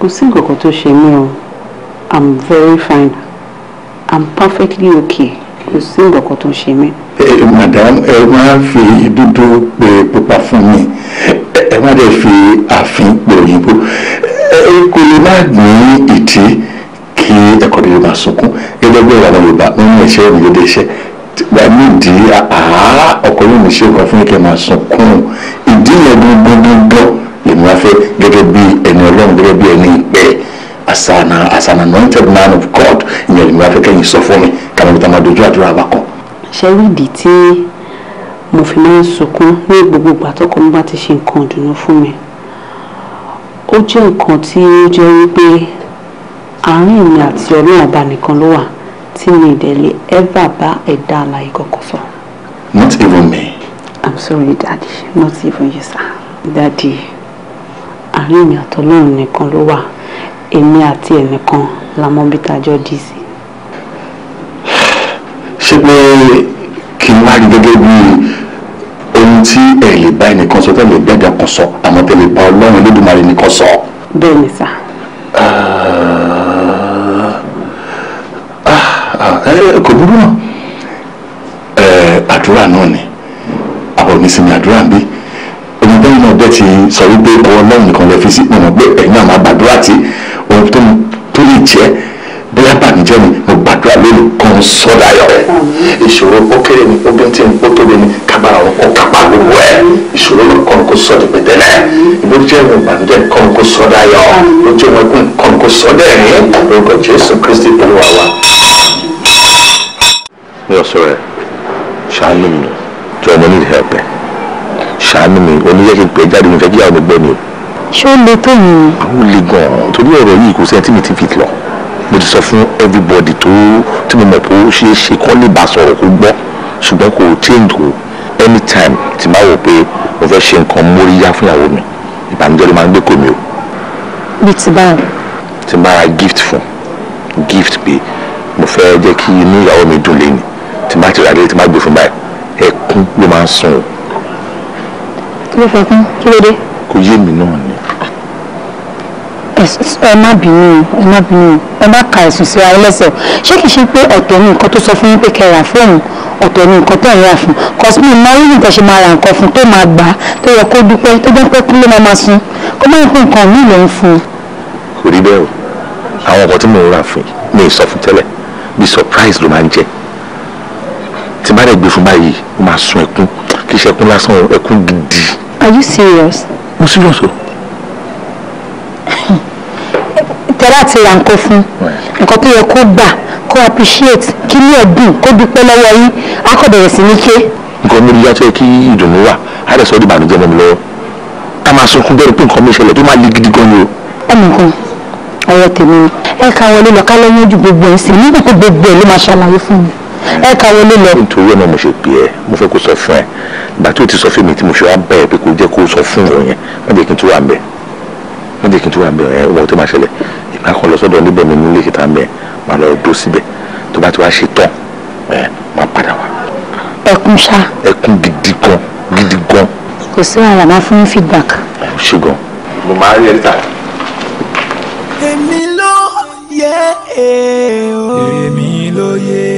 [SPEAKER 2] kò sí nǹkan tó ṣe mí o i'm very fine i'm perfectly okay kò sí nǹkan kan tó ṣe mí. ẹ madam ẹ eh, máa fi dúdú pé pupa fún mi ẹ má dẹ̀ fi ààfin pé òyìnbó kò lè má ní ìdí kí ẹ̀kọ́ ní yorùbá sunkún gẹ́gẹ́ bí ìlànà yorùbá nínú ìṣe ìyẹ́dẹ́ iṣẹ́ gbà ní ìdí àá ọkọ̀ yóò ní ṣe òkú fún ìkẹ́ máa sunkún ìdí yẹn gbọ́ngbọ́ngbọ́ lèmi wá fẹ́ gẹ́gẹ́ bí ẹni ọlọ́run gẹ́gẹ́ bí ẹni ìpẹ́ asana asana anointed man of God ìyẹn lèmi wá fẹ́ kẹ́yìn sọ fún mi kàmí níta máa dojú àdúrà wa kọ. ṣé rí ìdí tí mo fi máa ń sunkún ní gbogbo ìgbà tọkọ mi bá ti ṣe nǹkan ìdùnnú fún mi ó jẹ́ nǹkan tí ó jẹ́ wípé àárín mi àti ọlọ́run ọba nìkan ló wà tí mi ìdẹ̀lẹ̀ ẹ̀bà bá ẹ̀dá alààyè kankan sọ. not even me. i'm sorry daddy not even you sir. daddy àárín mi àti ọlọ́run nìkan ló wà èmi àti ẹnìkan la mọ bí tájọ́ dì sí. ṣé pé kí n wá rí gẹ́gẹ́ bíi ohun tí ẹ lè bá ẹnìkan sọ tẹ́lẹ̀ gbẹ́gà kan sọ àmọ́ tẹ́lẹ̀ bá ọlọ́run lódùmarè nìkan sọ. bẹ́ẹ̀ ni sà. Ah, ah, eh, kò burú náà àdúrà náà ni àwọn onísìnmi àdúrà ń bí onídẹ́yìn náà dẹ́ ti sọ wípé ọwọ́ ọlọ́run nìkan lè fi sí ìpinnu pé ẹ̀yin náà máa gbàdúrà tí ohun tó lè jẹ́ bóyá bàmíjẹ́ ni mo gbàdúrà lórí kan sọ́dà yọ ìṣòro ó kéré ni ó bí ń tẹ̀ ń kó tóbi ni kábàrà wọn kó kápá lówó ẹ ìṣòro ló kọ́ kó sọ di pẹ̀tẹ́lẹ̀ ìbójú jẹ́ ìwọ̀n ìbànújẹ́ kọ́ kó sọ dayọ̀ lójú ọmọ ẹkún kọ́ kó sọ dẹ́rìn lórúkọ Jésù Kristi Olúwa wa. mi ò sọ rẹ ṣàánú mi jọ mo ní ìhẹ́pẹ́ ṣàánú mi oníyẹ́ kí n pè jáde mi fẹ́ kí àwọn ọgbẹ́ mi. ṣé ó le tó mo ti sọ fún everybody tó tí mo mọ̀ pé ó ṣeé ṣe kán lè bá sọ̀rọ̀ kó gbọ́ ṣùgbọ́n kò change o anytime tí máa wò pé mo fẹ́ ṣe nǹkan móríyá fún ìyàwó mi ìbànújẹ́ ló máa ń gbé kò mí o. bí ti bá ti bá ra gift fún gift pé mo fẹ́ jẹ́ kí inú ìyàwó mi dùn lẹ́nu tí máa ti rà lé tí máa gbé fún báyìí ẹkún ló máa ń sun o. kí ló fẹ́ kún kí ló dé. kò yé mi náà ni. ẹ má bínú ẹ má bínú ẹ má ka ẹ̀sùn síra ẹlẹ́sẹ̀ ṣé kìí ṣe pé ọ̀tọ̀ ni nǹkan tó sọ fún yín pé kẹ́ ra fóònù ọ̀tọ̀ ni nǹkan tẹ̀ ń rà fún cause mi máa rí nǹkan ṣe máa ra nǹkan fún tó máa gbà tó yẹ kó dúpẹ́ tó jẹ́ pé kí ló máa máa sun kó má fún nǹkan mi ló fún kò rí bẹ́ẹ̀ o àwọn nǹkan tí mò ń rà fún mi ì sọ tẹ́lẹ̀ bí surprise ló máa ń jẹ́ tí bá dẹ̀ gbé fún báyìí ó máa sun ẹkún kì í ṣe ẹkún lásán ẹkún gidi. are you serious? mo serious o. tẹ́lá ti ra nǹkan fún nǹkan tó yẹ kó gbà kó appreciate kí ní ẹ̀dùn kó dúpẹ́ lọ́wọ́ yín á kọ̀ bẹ̀rẹ̀ sí ní ké. nǹkan mi yá tó yẹ kí ìdùnnú wà á rẹ̀ sọ ọ́ di mọ́ mi lọ́wọ́ ká máa sunkún bẹ́ẹ̀ pé nǹkan mi ṣẹlẹ̀ tó máa le gidi gan ni o. ẹnì kan ọ̀rọ̀ tèmi ẹ ká wọlé lọ ká lọ́yún ojú gbogbo ẹ̀ sí nígbà tó gbogbo ẹ̀ ló máa ṣàlàyé fún mi ẹ ká wọlé lọ. nítorí ọ̀nà mo ṣe pè ẹ́ mo fẹ́ kó sọ fún ẹ gbà tí o ti sọ fún mi tí mo ṣe wá bẹ́ẹ̀ pé kó jẹ́ kó sọ fún òun yẹn wọ́n jẹ́ kí n tó wà ń bẹ̀ wọ́n jẹ́ kí n tó wà ń bẹ̀ ẹ̀ wọ́n tó máa ṣẹlẹ̀ màá kàn lọ sọ́dọ̀ níbẹ̀ mi nílé kíta ń bẹ̀ màá lọ dó síbẹ̀ tó bá ti wá ṣe tán ẹ̀ máa padà wá. ẹkún ṣá. ẹkún gidi gan gidi gan. kò sí wàhálà máa fún feedback. ẹ ṣe gan. mo máa rí ẹ níta.
[SPEAKER 1] èmi ló yẹ èmi ló yẹ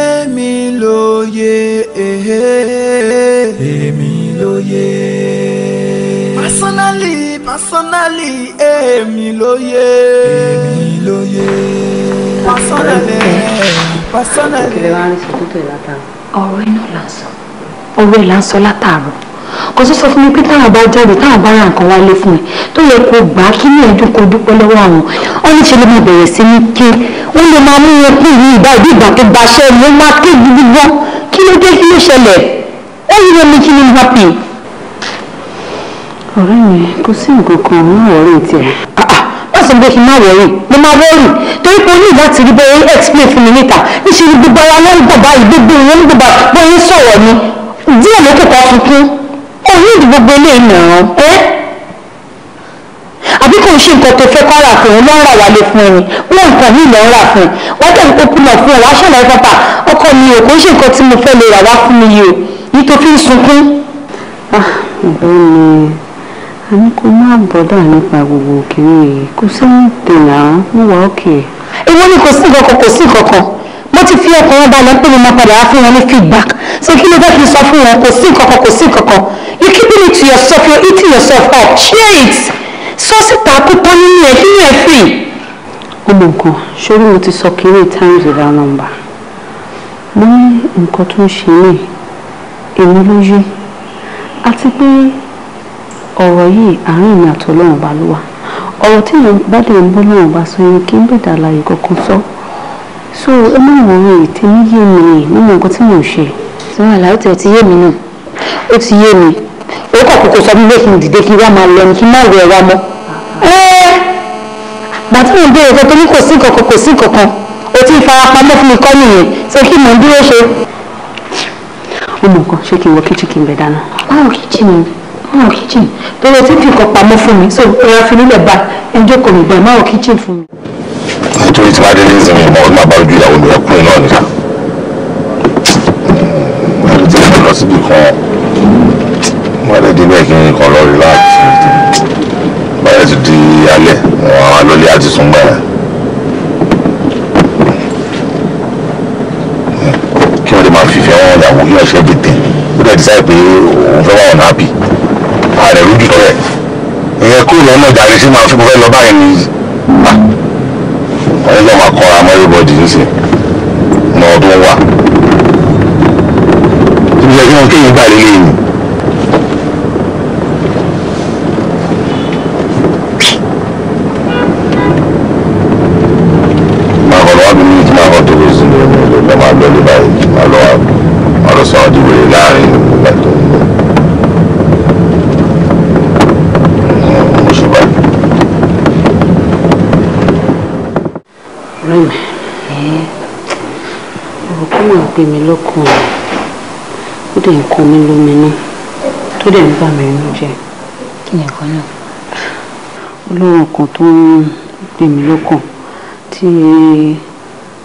[SPEAKER 1] èmi ló yẹ èmi ló yẹ pásánálì èmi ló yé èmi ló yé pásánálì pásánálì. ọ̀rọ̀ iná là ń sọ
[SPEAKER 2] ọ̀rọ̀ ẹ̀ là ń sọ látàárọ̀ kò sí sọ fún mi pé táwọn bá jáde táwọn bá ra nǹkan wálé fún mi tó yẹ kó gbà á kí ní ẹdún kó dúpẹ́ lọ́wọ́ àwọn ó ní ṣe ló máa bẹ̀rẹ̀ sí ní ké wọ́n lè máa mú wọn kú ní ìgbà ìdí ìgbà tó gbaṣẹ́ ni ó máa ké gidi kí ló dé kí ló ṣẹlẹ̀ ó yẹ mi kí ni happy ọ̀rẹ́ mi kò sí nǹkan kan ní ọ̀rẹ́ tiẹ̀. má sọ pé kí n má wọrí mo máa wọrí torí pé o ní láti rí bóyá explain fún mi níta níṣẹ́ ni gbogbo ara lọ́rùn bàbá yìí gbogbo ìwọ́n ní gbogbo bóyá sọ̀rọ̀ ni díẹ̀ ló kò tuntun o ní ìdí gbogbo ilé ìnàrán ẹ́ àbí kò ń ṣe nǹkan tó fẹ́ kọ́ ra fún un ló ń rà wálé fún un wọ́n nǹkan mi ló ń rà fún un wọ́n tẹ̀ ń kó kùnà fún un wàá ṣàlàyé pápá ọkọ mi ò kò ń ṣe nǹkan tí mo fẹ́ lè rà wá fún mi yìí o ní tó fi ń sunkún. ah ìbéèrè a ní kó má bọ́dà nípa gbogbo òkèrè yìí kò sẹ́yìn tèèyàn án mo wà òkè. èwo ni kò sí kankan kò sí kankan mo ti fi ọkàn wọn balẹ̀ pé mo máa padà wá fún wọn ní feedback so kí ló dé kí n sọ fún wọn kò sí kankan kò sí kankan you keeping it to yourself you eating yourself up share it sọ síta kó tán nínú ẹ kí yẹn fi. ọmọ nǹkan ṣorí mo ti sọ kiri times without number mo ní nǹkan tó ń ṣe mí èmi ló àti pé ọ̀rọ̀ yìí àárín mi àtọ́lọ́run bá ló wà ọ̀rọ̀ tí èèyàn bá dẹ̀ ń bọ́ lọ́run bá sọ yẹn kí n bẹ̀dà àlàyé kankan sọ so ẹ má wọ̀rọ̀ èyí tèmi yé mi nínú nǹkan tí mò ń ṣe. sọ́wọ́n àlàyé tẹ̀ ti yé mi náà ó ti yé mi ó kọ̀ kókó sọ fún bẹ́ẹ̀ dìde kí wá máa lẹ́nu kí má wẹ̀ ẹ̀ wá mọ́. bàtí mo béèrè kan tó ní kò sí kankan kò sí kankan o ti farapamọ́ fún mi kọ́ nìyẹn ṣé kí mò ń dúró ṣe. ó mọ̀ nǹkan ṣé kí n wọ kíchìn kí n bẹ̀ dáná. báwo kíchìn ni máa wọ kitchen torí etí fi nǹkan pamọ́ fún mi so ẹ̀rọ fi nílẹ̀ bá ẹjọ́ kò lè bá máa wọ kitchen fún mi. nítorí tí wàá délé ń sinmi ìmọ̀ ọdún bàbá ojú ìyàwó rẹ̀ kúrò náà nìkan ẹni tí mo lọ síbi kan wọ́n lè dé bẹ́ẹ̀ kí n kàn lọ relax báyẹ̀ ti di alẹ́ àwọn alólè àti sùn gbàrà. kí wọ́n lè máa fìfẹ́ wọn ìyàwó yóò ṣe é bìtẹ̀ ó dẹ̀ dísáì pé òun fẹ́ wà wọn happy. ààrẹ lójú tọrẹ ìyẹn kúrò lọ́nà ìdàrí sí máa fi mo fẹ́ lọ báyìí ni wọ́n lọ́ máa kọ́ra mọ́ everybody ní sí ọmọ ọdún wa. ibi ìṣẹ́jú wọn ọ̀rẹ́ mi eh, ọ̀rọ̀ kó máa gbé mi lọ́kàn ó dẹ̀ ń kan mí lóminú tó dẹ̀ ń bà mí inú jẹ́. kí ni ẹ̀kọ́ náà. olóòrùn kan tó ń gbé mi lọ́kàn tí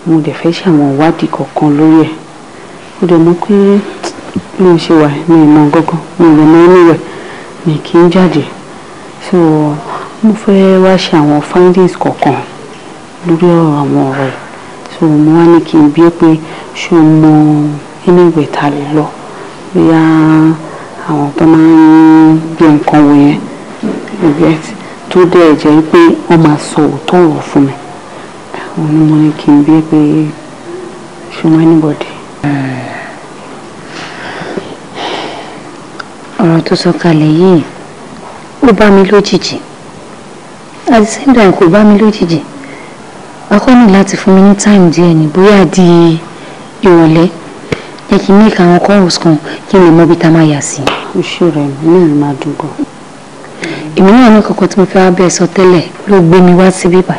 [SPEAKER 2] mo dẹ̀ fẹ́ ṣàwọn ìwádìí kọ̀ọ̀kan lórí ẹ̀ ó dẹ̀ mọ̀ pé bí mo ṣe wà mi ìmọ̀ gángan mi ìlẹ̀ mọ́ inú rẹ̀ mi kì í jáde so mo fẹ́ wá ṣe àwọn findings kọ̀ọ̀kan lórí àwọn ọ̀rọ̀ ẹ̀ so mo wá ní kí n bí pé ṣé o mọ inú ìwé ta lè lọ bóyá àwọn tó máa ń gbé nǹkan wò yẹn regret tó dẹ̀ jẹ́ pé wọ́n máa sọ òótọ́ ọ̀rọ̀ fún mi òun ni mo ní kí n bí pé ṣé o mọ anybody. ọ̀rọ̀ tó sọ kalẹ̀ yìí ó bá mi lójijì àti sẹ́ńdà kò bá mi lójijì akọ́ ní láti fún mi ní time díẹ̀ ní bóyá di ìrọ̀lẹ́ jẹ́ kí n make àwọn calls kan kí n lè mọ ibi tá a máa yà sí. o ṣe rẹ inú mi máa dùn gan. èmi náà ní kankan tí mo fẹ́ wá bẹ́ẹ̀ sọ tẹ́lẹ̀ ló gbé mi wá sí bíbá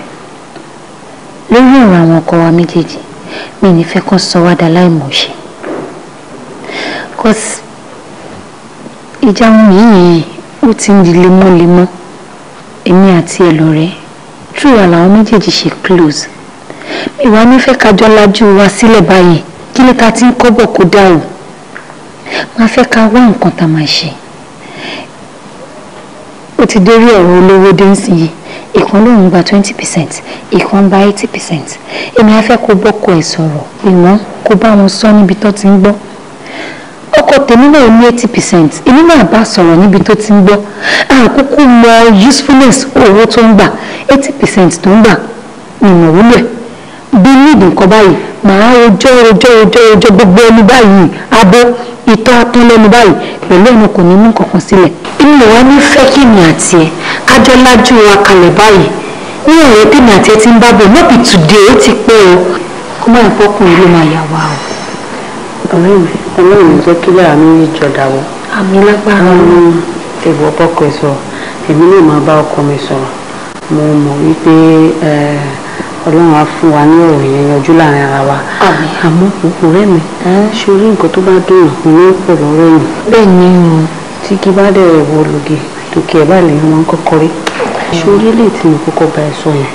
[SPEAKER 2] lórí ọ̀rọ̀ àwọn ọkọ wa méjèèjì mi ní fẹ́ kàn sọ wá dá láìmọ̀ ṣe. cause ìjà wọn yìí ó ti ń di lemọ́lemọ́ èmi àti ẹ̀ lọ́rẹ́ẹ́ true wa làwọn méjèèjì ṣe close ìwà nífẹ̀ẹ́ kájọ́ lájú wa sílẹ̀ báyìí kí ni ká ti ń kọ́bọ̀ kó dà o máa fẹ́ ká wá nǹkan tá a máa ṣe ó ti dórí ọ̀rọ̀ olówó dé nísìnyí ìkan lòun gba twenty percent ìkan gba eighty percent èmi á fẹ́ kó bọ́kọ ẹ̀ sọ̀rọ̀ pé wọ́n kó bá wọn sọ níbi tó ti ń gbọ́ ọkọ tèmi náà ní eighty percent èmi náà bá sọ̀rọ̀ níbi tó ti ń gbọ́ àkókò mọ usefulness owó tó ń gbà eighty percent tó ń gbà nìmọ̀ wúlò ẹ̀ bí nídìí nǹkan báyìí màá rojọ́ rojọ́ rojọ́ rojọ́ gbogbo ẹni báyìí abo ìtọ́ atán lẹ́nu báyìí pẹ̀lú ẹnu kò ní mú kankan sílẹ̀. inú wa ní fẹ́ kí ni àti ẹ kájọ lájú wa kalẹ̀ báyìí ní ọ̀rẹ́ tèmi àti ẹ ti ń bá bọ̀ mọ́bì today ó ti pẹ́ o kó má yẹ fọkùnrin ló máa yà wá o. ọ̀rẹ́ mi ọlọ́run jẹ́ kí lára mi wọn. àmì lágbára wọn èbò ọkọ ẹ sọ̀rọ̀ èmi náà máa bá ọkọ mi sọ̀rọ̀ mo mọ̀ wípé ọlọ́run á fún wa ní ọ̀rọ̀ yẹn yanjú láàrin ara wa àmọ́ òkú rẹ̀ mi ṣe orí nǹkan tó bá dùn òun ló ń pọ̀ lọ́rọ̀ yìí. bẹ́ẹ̀ ni tí kí bá dẹ̀ wọ olùgè tòkè ẹ̀ báyìí ni wọ́n kọ́kọ́ rí ṣe orí lè tí mo kọ́kọ́ bá ẹ sọ yẹn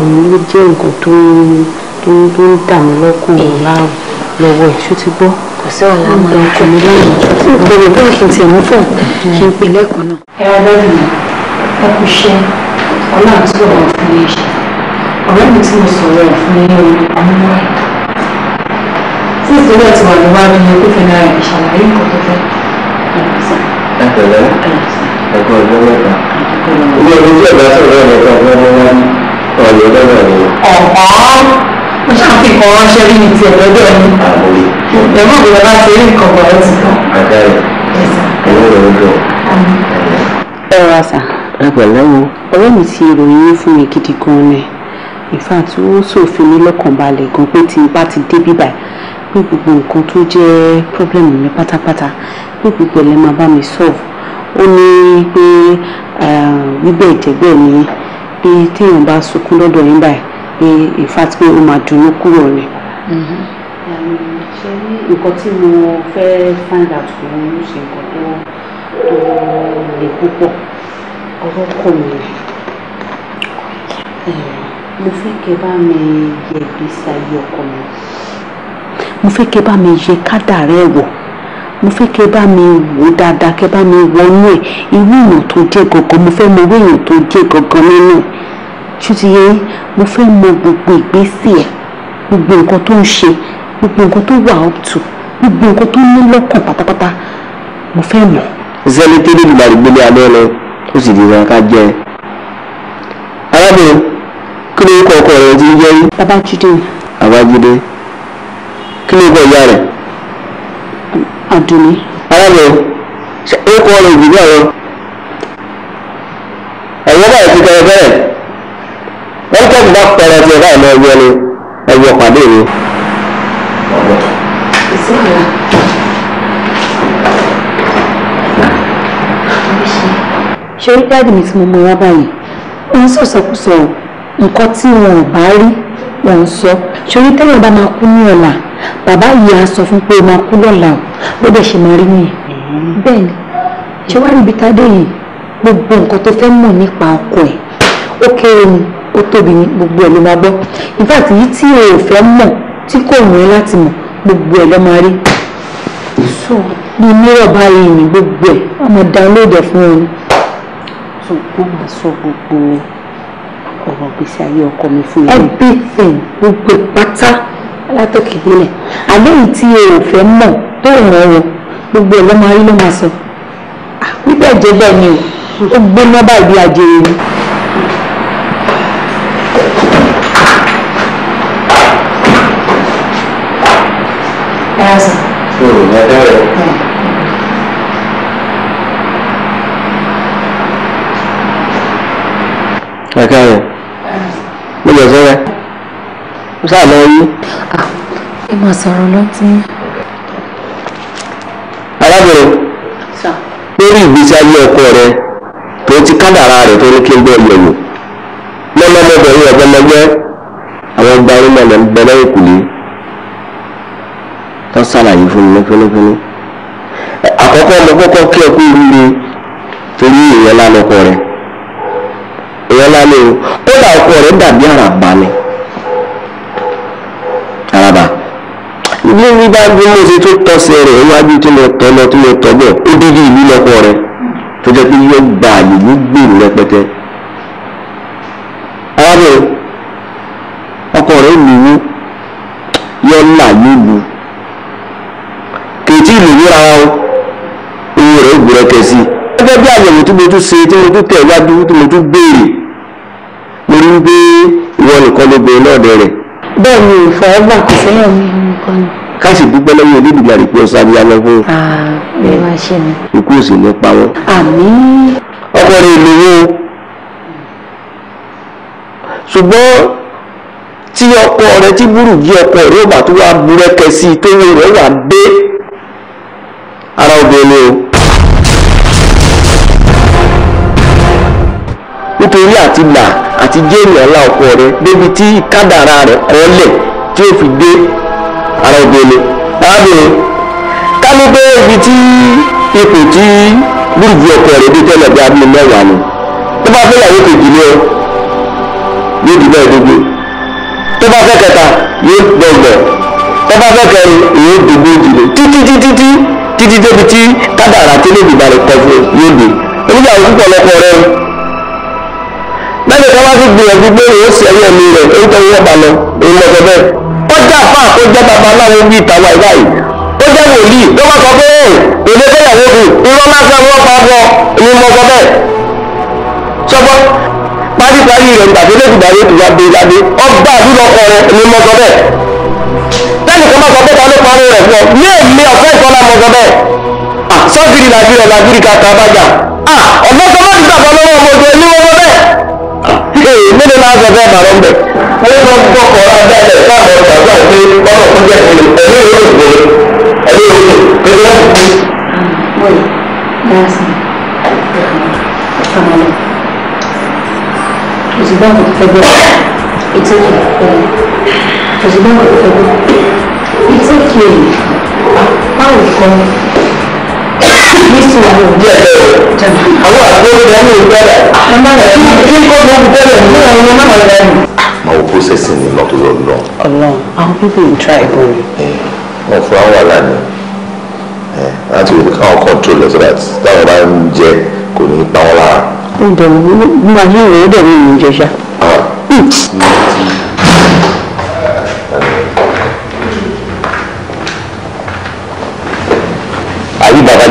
[SPEAKER 2] òun ló jẹ́ nǹkan tó ń dà mí lọ́kùnrin láàrú lọ́wọ́ ìṣó ti gbọ́ kò sí wàhálà máa ń kọ́ mi lọ́rùn tí mo bẹ̀rẹ̀ bẹ́ẹ̀ kí n tiẹ̀ mú fún kí n pè lẹ́kọ̀ọ́ náà. ẹ wá lọ́rùn mi ẹ kú iṣẹ́ ọlọ́run tí òun fún yín ṣe ọ̀rẹ́ mi tí mo sọ̀rọ̀ ẹ̀ fún yín o àmúwá ẹ̀ tí ìpínlẹ̀ ti wà lọ́wọ́ mi ni pípẹ́ náà ẹ̀ ṣàlàyé nǹkan tó fẹ́
[SPEAKER 3] ẹ pẹ̀lẹ́ ẹ̀kọ́ ọjọ́ mẹ́ta ilé ẹni tí ọ̀gá sọ̀rọ̀ ẹ̀ lọ́kọ̀ọ́ fún ọmọ wọn ọ̀rọ̀ lọ́dọ̀ rẹ̀ mo ṣáà fi nǹkan ránṣẹ́ rí ní ti ẹ̀rọ ọjọ́ mi ẹ̀mọ́ mi bàbá ṣe rí nǹkan bọ̀ ẹ́ ti tán.
[SPEAKER 2] ẹ wá sà. ẹ pẹ̀lẹ́ o. ọ̀rẹ́ mi ti ìròyìn yín fún mi gidi gan ni in ó ṣòfin mi lọ́kàn balẹ̀ gan pé tí bá ti dé bíbáyìí pé gbogbo nǹkan tó jẹ́ pọ́blẹ́mù mi pátápátá pé gbogbo ẹ̀ máa bá mi solve ó ní pé wíbẹ̀ eh, ìjẹ́gbẹ́ mi pé téèyàn bá sunkún lọ́dọ̀ yín báyìí pé ìfàtí pé ó máa dunnú kúrò ni. Mm-hmm. Um, ṣé nǹkan tí mo fẹ́ find out fún un ṣe nǹkan tó tó lè púpọ̀ ọ̀rọ̀ kọ̀ mi um, mo fẹ́ kẹ́ bá mi yẹ ìgbésí ayé ọkọ mi mo fẹ́ kẹ́ bá mi yẹ kádàrá ẹ̀ wò mo fẹ́ kẹ́ bá mi wò dáadáa kẹ́ bá mi wọnú ẹ̀ irú èèyàn tó jẹ́ gangan mo fẹ́ mọ irú èèyàn tó jẹ́ gangan nínú ẹ̀ ṣùtìyẹ mo fẹ́ mọ gbogbo ìgbésí ẹ̀ gbogbo nǹkan tó ń ṣe gbogbo nǹkan tó wà up to gbogbo nǹkan tó ní lọ́kàn pátápátá mo fẹ́ mọ̀. zẹ́ni tẹ́lẹ̀ ìgbà ìgbélé abẹ́ lọ ó sì di ìrànká jẹ́ ẹ. arábìnrin kí ló ń kọ ọkọ rẹ ti ń jẹ́rí. babájídé. babájídé kí ló ń kọ ìyá rẹ. àdùnní. arábìnrin ó kọ ọ̀rọ̀ ìgbìmọ̀ rẹ. ẹ̀yọ́ báyìí ti tẹ̀lé bẹ́ẹ̀ wọ́n kẹ́kọ̀ọ́ bá pẹ̀rẹ̀ ọtí ẹ̀ka ìlú ẹ̀yọ ni ẹ̀yọ pàdé mi. ṣé rí dáàdì mi tí mo mọ wá báyìí wọ́n ń sọ̀sọ̀kúsọ nǹkan tí wọn ò bá rí wọn ń sọ ṣorí tẹ́lẹ̀ bá máa kú ní ọ̀la bàbá yìí á sọ fún pé ó máa kú lọ́la o bó dẹ̀ ṣe máa rí nìyẹn bẹ́ẹ̀ ni ṣé wàá rí ibi tá a dé yìí gbogbo nǹkan tó fẹ́ mọ̀ nípa ọkọ ẹ̀ ó kéré ni ó tóbi ní gbogbo ẹ̀ ló máa gbọ́ in fact yìí tí o ò fẹ́ mọ̀ tí kò mú ẹ láti mọ̀ gbogbo ẹ̀ ló máa rí so bí mírọ̀ báyìí ní gbogbo ẹ̀ a download ẹ̀ fún ẹ. so ó máa sọ gbogbo ọ̀rọ̀ gbèsè ayé ọkọ mi fún mi. everything gbogbo pátá látòkè délẹ̀ àlẹ́ yìí tí o ò fẹ́ mọ̀ tó ràn ọ́ gbogbo ẹ̀ ló máa rí ló máa sọ. nígbà ah, jẹ́ bẹ́ẹ̀ o ó gbóná báyìí bí ajere ni. ìròyìn ẹlẹ́rẹ̀. ẹ̀ka rẹ̀ mo lọ sọ́rẹ́ mo sáà lọ yí. Ah,
[SPEAKER 1] ẹ máa sọ̀rọ̀ lọ́tí. arábìnrin
[SPEAKER 2] lórí ìgbésí ayé ọkọ rẹ tó ti kádàrá rẹ tó ní kí n bẹ yẹ̀wò lọ́lọ́mọbìnrin ọ̀gbẹ́mọgbẹ́ àwọn gbarimọ̀ lẹ́nu bẹ́lẹ́ òkùnrin wọ́n ṣàlàyé fún mi fúnnífúnní. àkọ́kọ́ mo kọ́kọ́ kí ẹ kú rire torí èèyàn lálọ́kọ rẹ̀ èèyàn lálẹ́ o kódà ọkọ rẹ̀ dàbí àràbà ni àràbà ní bí bá gbé mo ṣe tó tọ́sẹ̀ rẹ̀ ó wájú tí mo tọ́ lọ tí mo tọ́ bẹ̀ ó dídí ìlú lọ́kọ rẹ̀ tó jẹ́ pé yóò gbà àyè ní gbèrú rẹpẹtẹ. síra wa o owó rẹ̀ ó gbúrẹ́ kẹsí. gẹ́gẹ́ bí àyẹ̀wò tí mo tún ṣe tí mo tún tẹ̀ wájú tí mo tún béèrè mo rí pé ìwọ nìkan ló gbé lọ́ọ̀dẹ rẹ̀. bẹ́ẹ̀ ni ìfọ̀ ọgbà kò sẹ́yìn ọmọ nǹkan ni. ká sì dúpẹ́ lọ́wọ́ Olódùmarè pé ọ̀sán ni a lọ fún un. bẹ́ẹ̀ wá ṣe ni. ikú ò sì pa wọn. àmín. ọkọ rẹ̀ lówó ṣùgbọ́n tí ọkọ rẹ tí burú jí ọkọ rẹ ó bá tó wá burẹ́kẹ sí i tó yẹ rẹ wà dé délé o. nítorí àti là àti jéèmì ọlá ọkọ rẹ débi tí kádàrá rẹ kọ́lẹ̀ tí ó fi dé ara ògbélé arábìnrin kálípé ibi tí ipò tí búrúdì ọkọ rẹ dé tẹ́lẹ̀ bí abúlé mẹ́wàá ni tó bá fẹ́ yàwó kejì ni ọ yóò di mẹ́ẹ̀ẹ́dógún tó bá fẹ́ kẹta yóò dọ̀gbọ̀n tó bá fẹ́ kẹrin yóò dògbò jùlọ títí títí títí títí débi tí kádàrà tí lè dìbà rẹ pẹ̀lú yóò dé oníjà òkú pọ̀lọpọ̀ rẹ lẹ́yìn tó bá fi gbìyànjú pé òun sì ẹ̀rí ẹ̀mí rẹ̀ orúkọ yóò bá lọ òun lọ sọ bẹ́ẹ̀ ó jẹ́ àfáà kó jẹ́ babaláwo bí ìtawà ìbáyìí ó jẹ́ wòlíì ló bá sọ pé èdè fẹ́yàwó mi irọ́ lásán wọ́n pa bọ́ èmi mọ sọ bẹ́ẹ̀ sọ́gbọ́n paríparí rẹ̀ ń gbàgbé lẹ́gbẹ̀dà yóò tún wá dé ládé ọgbà àdúrà ọkọ rẹ̀ èmi mọ sọ bẹ́ẹ̀ tẹ́nì kan máa sọ pé ta ló parọ́ rẹ̀ fún ọ ní èmi ọ̀fẹ́ ìtọ́lá mọ̀ sọ bẹ́ẹ̀ sọ́gìrì làbírọ̀ làbírì kàkà bàjá
[SPEAKER 3] ọ̀nà sọ má ti tàbọ̀ lọ́wọ́ ọmọdé ní wọ́n bẹ́ẹ̀ mílíọ̀nù náà sọ bẹ́ẹ̀ màrọ̀ bẹ́ẹ̀. wọ́n lọ gbọ́kọ̀ abẹ́rẹ́ sáàmù ọ̀gbàgbà pé bọ́lá fún jẹ́ ìpele àṣìbá wà lọ́wọ́ ìtí kìí báwo kan ní sùn àwọn òbí ẹ̀ àwọn àgbẹ̀wò rẹ̀ ní ìgbẹ́rẹ̀ kí n kó ló ń
[SPEAKER 2] bẹ̀rẹ̀ ní ọ̀run náà rẹ̀ nù. máa wo processing ni lọ́tọ́ lọ lọ. Ọlọ́run àwọn people in tribe o. wọn fún àwọn wàhálà ni láti wò káwọn control ẹ so that táwọn bá ń jẹ kò ní í pa wọn lára. ó dẹ̀ mú màá yóò rẹ̀ ó dẹ̀ mú ìyẹn jẹ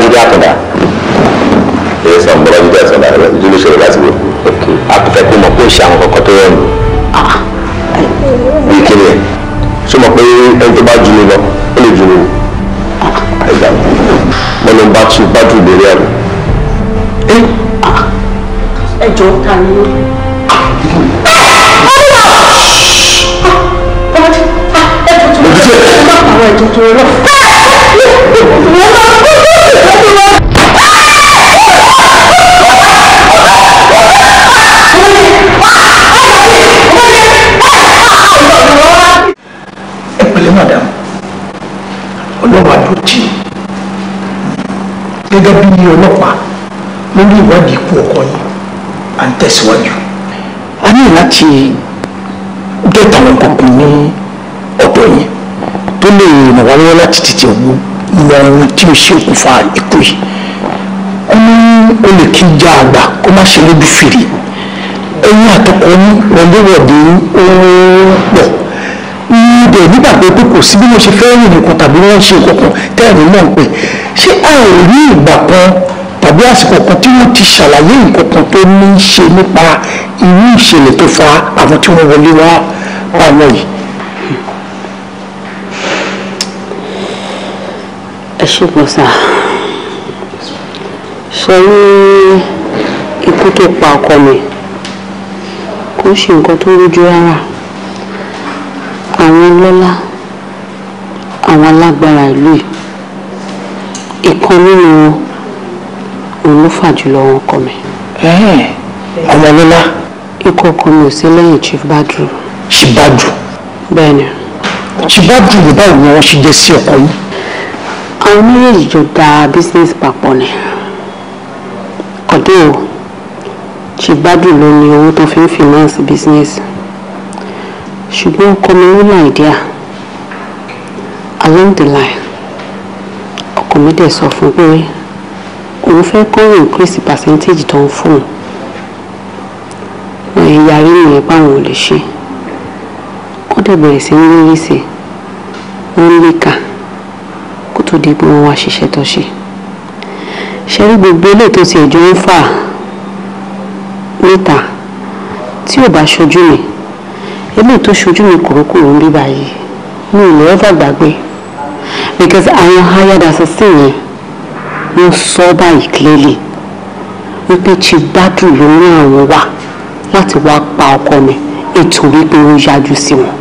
[SPEAKER 2] bídíà àkàndá èyí sọ mọ̀rọ̀ bídíà àkàndá ìdílé ṣòro láti wò akọ̀fẹ́ pé mọ̀ pé ó ṣe àwọn kọ̀kọ́ tó rọrùn bí kí ni ẹ̀ ṣé mọ̀ pé ẹni tó bá jù mí lọ ó ah jù mí mo lọ bá tù bá tù ah ẹ̀rọ. ẹ jọ ta ni ó. ẹ jọ tó rọ ẹ jọ tó rọ gẹ́gẹ́ bí ọlọ́pàá lórí ìwádìí ikú ọkọ yìí à ń tẹ̀síwájú. a ní láti gẹ́tà àwọn kankan ní ọ̀dọ̀ yìí tó lè ràn wá lọ́wọ́ láti tètè ọ̀hún mọ ohun tí ó ṣokùnfà ikú yìí ọmọ o lè kí já àgbà kó má ṣe lójú fèrè ẹyin àtọkọ ní wọléwọ̀de owó pọ̀ níbẹ̀ nígbàgbé pé kò sí bí wọ́n ṣe fẹ́ rìn nìkan tàbí wọ́n ṣe kankan tẹ́ẹ̀rí náà pé ṣé a ò rí ìgbà kan tàbí àsìkò kan tí wọ́n ti ṣàlàyé nǹkan kan tó ní í ṣe nípa irú ìṣẹ̀lẹ̀ tó fa àwọn tí wọ́n wọlé wá bá lọ yìí ṣùgbọ́n sà ṣe rí ikú tó pa ọkọ mi kò ṣe nǹkan tó rújú rárá àwọn ọlọ́lá àwọn alágbára ìlú yìí ìkan nínú wọn òun ló fà jùlọ wọn ọkọ mi. ọmọ ọlọ́lá. ikú ọkọ mi ò sí lẹ́yìn chief badru. chief badru. bẹ́ẹ̀ ni. chief badru báwo ni wọ́n ṣe jẹ́ sí ọkọ yìí àwọn méjèèjì jọ da business papọ̀ ni ọ̀dẹ́ o ṣègbádùn ló ní owó tó fi ń finance business ṣùgbọ́n ọkọ mi ní nàìjíríà along the line ọkọ mi dẹ̀ sọ fún pé òun fẹ́ kó increase percentage tó ń fún un ẹ̀ yarí nìyẹn báwọn ò lè ṣe wọ́n dẹ̀ bẹ̀rẹ̀ sí ní rí sí i wọ́n lé dàbíi pé wọ́n wá ṣiṣẹ́ tó ṣe ṣe rí gbogbo eléyìí tó tiẹ̀ jọ ń fà níta tí ò bá ṣojú mi eléyìí tó ṣojú mi kòrókòrò ń bí báyìí mi ò lè ẹ́fà gbàgbé because àwọn hired assassin yẹn wọ́n sọ báyìí clearly wípé chief gbádù ló ní àwọn wá láti wá pa ọkọ mi ètò wípé ó yájú sí wọn.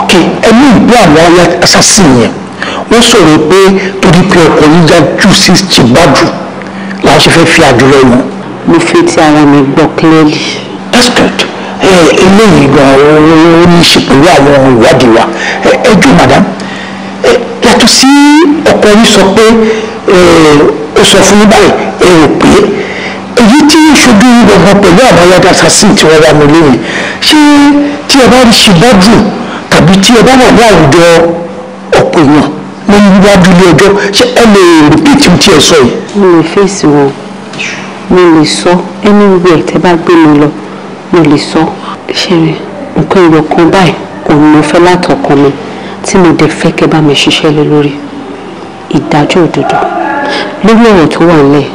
[SPEAKER 2] ok ẹni ìgbé àwọn assassin yẹn wọ́n sọ̀rọ̀ pé torí pé ọkọ̀ yìí já jù sí tìbájú làwọn ṣe fẹ́ fi àjùlọ wọn. mo fi ti àwọn mi gbọ́ clearly. that's good eléyìí gan ó ní í ṣe pẹ̀lú àwọn ìwádìí wa ẹ jù madam yàtọ̀ sí ọkọ̀ yìí sọ pé ó sọ fún yín báyìí ẹ ò pé èyí tí ìṣojú yín gbọ̀ngàn pẹ̀lú àwọn ọlọ́dà assassin tí wọ́n wà mí lónìí ṣé tí ẹ bá rí ṣe bá jù tàbí tí ẹ bá wà ní àwùjọ ọ̀pọ̀ èèyàn mo ń wá bí ilé ọjọ́ ṣé ẹ lè rìpíìtì tí ẹ sọ yìí. mo lè fèsì wọn mo lè sọ anywhere tẹ bá gbé mi lọ mo lè sọ ṣẹrin nǹkan èrò kan báyìí òun mo fẹ́ látọkàn mi tí mo dẹ̀ fẹ́ kẹ́ bá mi ṣiṣẹ́ lé lórí ìdájọ́ òdodo lórí ọ̀rọ̀ tó wà nílẹ̀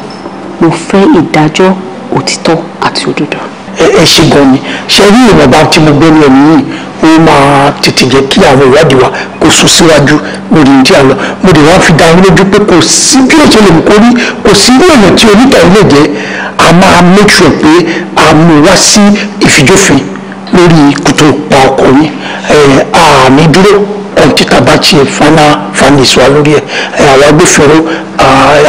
[SPEAKER 2] mo fẹ́ ìdájọ́ òtítọ́ àti òdodo. ẹ ṣe gan ni ṣe rí ìwọ̀nba tí mo gbé ní ẹ̀mí yìí ó máa tètè jẹ́ kí àwọn ìwádìí wa kò sùn síwájú lórí ìdí àná mo lè wá fi dá wọn lójú pé kò sí bí ó ṣe lè mú kórí kò sí bí èèyàn tí onítọ̀ lè jẹ́ a máa make sure pé a mú wá sí ìfijófin lórí kùtù pa ọkùnrin àmì dúró kọ̀ǹtítà bá tiẹ̀ fana faniswa lórí ẹ̀ àwọn agbófinró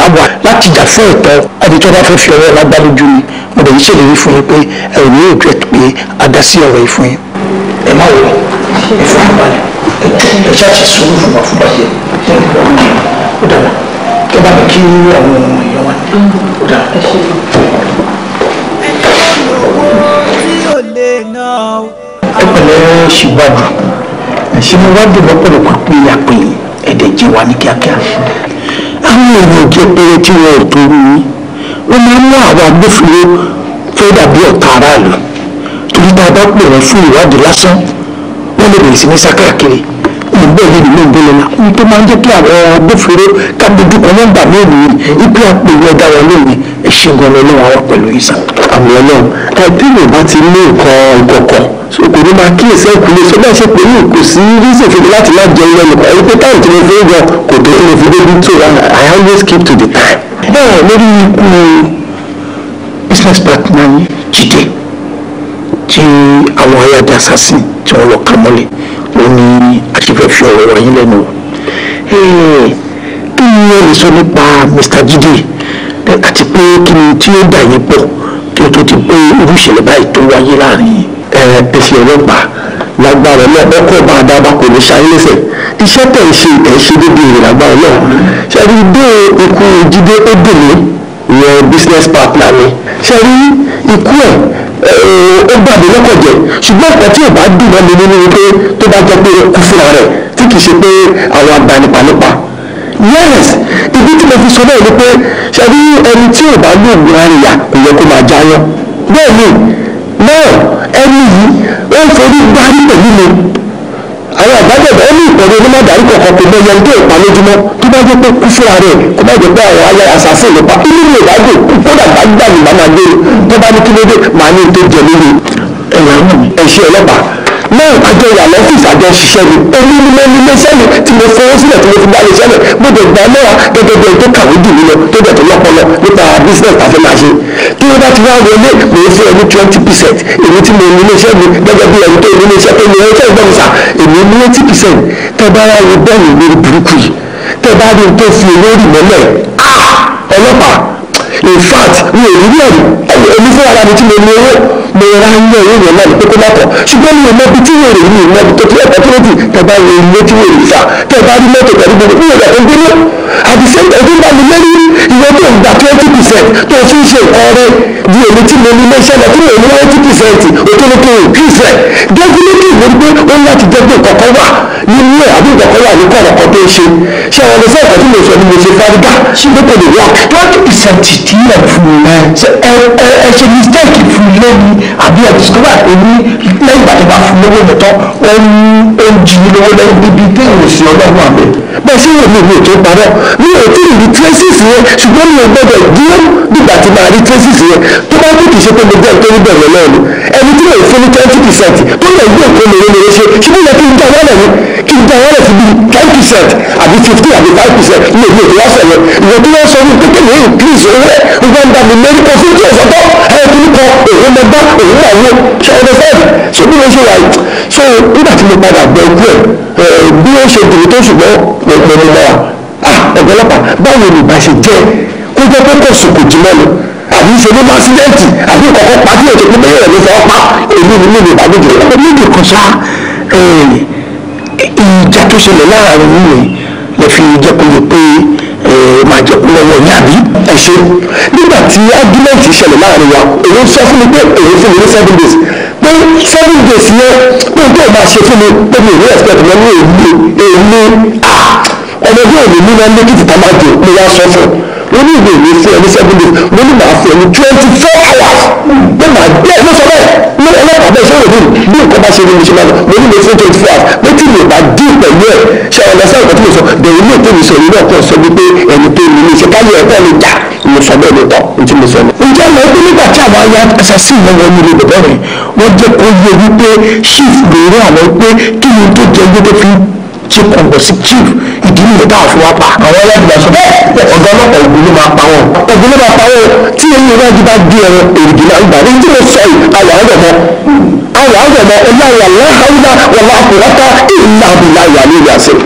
[SPEAKER 2] àwa láti jà fún ẹ̀tọ́ ẹni tó bá fẹ́ fi ọwọ́ lágbálójú ni mo lè yí ṣèlérí fún yín pé ẹ ò ní òjò pé a dá sí ọ̀rọ̀ yìí fún yín ẹ má wọ ẹ fún àbálẹ̀ ẹ ṣáà ṣe sùúrù fún wa fún báyìí ẹ ní ìwọ ní ó dára kẹ bá mi kí àwọn èèyàn wa ó dára. ẹ pẹ̀lẹ́ ṣíwájú ṣé mo wá dùn lọ́pọ̀lọpọ̀ pé àpè ẹ̀dẹ̀ jẹ́ wa ní kíákíá àwọn èèyàn jẹ́ pẹ́rẹ́ tí wọ́n ò tó rí i wọ́n máa ń mú àwọn agbófinró fẹ́ dàbí ọ̀tá aráàlú torí tá a bá pè wọ́n fún ìwádìí lásán wọ́n lè bẹ̀rẹ̀ sí ní sákàkiri ìgbẹ́ yìí nínú ìgbẹ́lẹ̀ náà ohun tó máa ń jẹ́ kí àwọn agbófinró kábíjú kan wọ́n gbà mí nìyí ipe àpèwé ọ̀dà wọn lónìí ẹ̀ṣin gan lọ́nà wa wà pẹ̀lú ìsà. àmì ọlọ́run ẹbí mi bá ti ní nǹkan ìgbọ̀kọ̀ kò ní máa kíyèsí ẹ̀kúnlé sọ́dọ̀ ṣe pé ní kò sí reason fún mi láti má jẹ ilé ẹnìkan ẹni pé táwọn tí mo fi ń gan kò tó mo fi débi tó wa I always keep to the time. bẹ́ẹ̀ lórí ikú business partner Jídé tí àwọn ayé adásá sí i tí wọ́n lọ kà mọ́lẹ̀ ó ní àṣefẹ́ fi ọ̀rọ̀ wọ̀nyí lẹ́nu kí ni ẹ lè sọ nípa Mr. Jide àti pé kí ni tí ó dà yín pọ̀ kí o tó ti pé irú ìṣẹ̀lẹ̀ báyìí tó wáyé láàrin ẹ̀sìn ọlọ́pàá lágbára náà ọkọ̀ bá a dábàá kò ní ṣáyé lẹ́sẹ̀ iṣẹ́ tẹ̀ ń ṣe ìtẹ̀ ṣe débi ìrìn lágbára náà ṣẹ́rí dé ikú Jídé ó dùn mí ìyẹn business partner mi ṣẹ́rí ikú ẹ̀ ó gbàgbé lọ́kọ̀jẹ̀ ṣùgbọ́n nǹkan tí ò bá dùn mọ́ mi nínú pé tó bá jẹ́ pé kú fúnra rẹ̀ tí kì í ṣe pé àwọn agbanipanipa yes ibi tí mo fi sọ náà ni pé ṣàbí ẹni tí ò bá ní ògùn àríyá kò yẹ kó máa jáyọ bẹ́ẹ̀ ni náà ẹni yìí ó ń forí gbárí pẹ̀lú mi àwọn àgbàjọba ẹni ìtọ́jú onímọ̀ dàrú kọ̀ọ̀kan kò mọ ẹni tó ìpa bá jẹ́ pé kú fúnra rẹ̀ kó má jẹ́ pé àwọn ayé àṣàṣe ló pa inú mi ò bá dùn kódà bá gbà mí bá máa gbé tó bá ní kí ló dé màá ní tó jẹ lórí ẹ̀yà ẹ̀ṣẹ̀ ọlọ́pàá náà àjọ ìyàlọ́ fìfà jọ ṣiṣẹ́ mi èmi ni mo ní iléeṣẹ́ mi tí mo fowó sílẹ̀ tí mo fi dáre iṣẹ́ mi mo dẹ̀ gbà mẹ́wàá gẹ́gẹ́ bí ẹni tó kàwé jù mí lọ tó dẹ̀ tó lọ́pọlọ nípa business tàfẹ́ máa ṣe tí wọ́n bá ti wá wọlé mo ń fún ẹni twenty percent èmi tí mo ní iléeṣẹ́ mi gẹ́gẹ́ bí ẹni tó ní iléeṣẹ́ tó ní iléeṣẹ́ ìgbọ̀nsà èmi ní eighty percent tẹ́ bá wá wo bẹ́ẹ̀ ni lórí burúkú yìí tẹ́ bá rí n tó fi olórí mọ́lẹ̀ ah! ọlọ́pàá in fact mi ò rí rí ẹ̀rí ẹ̀mí fún ara mi tí mo ní owó mo ra ń yẹ ìwé náà ní kókó látọ̀ ṣùgbọ́n mi ò mọ ibi tí wèrè yìí mọ ibi tó ti ẹ̀kọ́ kírètì
[SPEAKER 3] tẹ̀bá wo ilé tí wèrè fà tẹ̀bá rí mọ́tò pẹ̀lú gbogbo ìwé ìgbà tó ń gbélé àdìsẹ́ ọdún bá mi lérí ìwé tó ń gba twenty percent tó fi ń ṣe nǹkan rẹ di èmi tí mo ní iléeṣẹ́ lọ tí mo
[SPEAKER 2] ní ninety percent òtólótó òkìsẹ̀ dẹ́gúlẹ́tì ìwé pé ó ń láti dẹ́gbẹ́ kọ̀ọ̀kan wà nínú ẹ̀ àbí ìkọ̀kọ̀ wà ní kọ̀ọ̀kan tó ń ṣe ṣé àwọn ọ̀dọ́sẹ̀ ọ̀kan tí mo sọ ni mo ṣe fárígà ṣùgbọ́n kò lè wọ́ọ̀kì. twenty percent tí ẹ̀ fún ẹ ẹ ẹ ṣe mistake fún lẹ́ni àbí ẹ discover pé ní lẹ́yìn ìgbà tó bá fún lówó mi tán ó ń ó ń jí lówó lẹ́yìn níbi tí èrò sí ọlọ́run àbẹ̀. bẹ́ẹ̀ sí ìwé mi ò tó parọ́ mi ò tí ì rí traces yẹn ṣùgbọ́n mi ò gbọ́dọ̀ dúró dìgbà tí màá rí traces yẹn tó bá kú kì í ṣe pé mo jẹ́ nítorí bẹ̀rẹ̀ náà ni ẹni tí mo fún ní twenty percent tó lè gbé òkú mi lóore ṣe ṣé mo yẹ kí n dá wọ́lẹ̀ ni kí n dá wọ́lẹ̀ sí bíi ten percent àbí fifteen àbí five percent mi ò mi ò tó wá sọ̀rọ̀ ìwọ tí wọ́n sọ fún mi pé kí n increase owó ẹ̀ ń gbọ́n dà fún tí ò sọ́tọ̀ ẹ̀ òun mọ èyí náà wó ṣọ́ọ́dọ̀ fẹ́ẹ̀ so bí mo ṣe wà so nígbà tí mo padà bẹ ojú ẹ bí ó ṣe dèrè tó ṣùgbọ́n pẹ̀lú lọ́wọ́ ah ọ̀gọ́lọ́pàá báwo ni ìbá ṣe jẹ́ kó jẹ́ pé kò sùn kò jí àbí ṣe ló máa àbí kọ̀kọ́ pa ètò pípẹ́ yẹn ló fọ́ pa èmi ni mímu ìbàdíjì. níbi kan sá ìjà tó ṣẹlẹ̀ láàárín mi lè fi jẹ́ kó yẹ pé ó máa jẹ kúlọ̀ wọ̀ ní àbí. ẹ ṣe nígbà tí argument ṣẹlẹ̀ láàrin wa èyí sọ fún mi pé èyí fún mi ní seven days pé seven days yẹn pé tó máa ṣe fún mi pé mi ò ní expect mọ́ ní èmi èmi ọmọdé òní nínú ẹni kìtìtà máa jò mo wá sọ fún un wọ́n ní ìwé ìwé fún ẹni seven days mo ní màá fún ẹni twenty four hours pé màá bẹ́ẹ̀ ló sọ bẹ́ẹ̀ ní ọlọ́pàá bẹ́ẹ̀ sọ̀rọ̀ mi bí nǹkan bá ṣe ní mo ṣe máa ní mo fún twenty four hours pé tí mi bá dín pẹ̀lú ẹ̀ ṣe ọ̀nà sẹ́yìn kan tí mo sọ bẹ̀rẹ̀ ilé ìtòmí sọ ìlú ọ̀kan sọ wípé ẹni tó ní ilé káyọ̀ ẹ̀kọ́ mi jà mo sọ bẹ́ẹ̀ ló tọ̀ n tí mo sọ ni. ǹjẹ́ lọ pé nígbà tí àwọn aya assassin náà wọ nílé bẹ̀bẹ̀ wọ́n jẹ́ kó yẹ wípé chief lè àwọn pé kí ni tó jẹ́ wípé fi chief ọ̀gbọ̀n sí chief ìdí nìyẹn tá a fi wá pa. àwọn ọlọ́dúnrún sọ bẹ́ẹ̀ ọ̀gá ọlọ́pàá ògùn ló máa pa wọn. ògùn ló máa pa wọn tí eyín iwájú bá di ẹran èrìgì náà gbà ní tí mo sọ yìí ayọ̀ ọ̀rọ̀ mọ́ ayọ̀ ọ̀rọ̀ mọ́ ọlọ́run aláhàlá wàlá àkùrọ̀tà ìlànà ìlànà ìyàsẹ́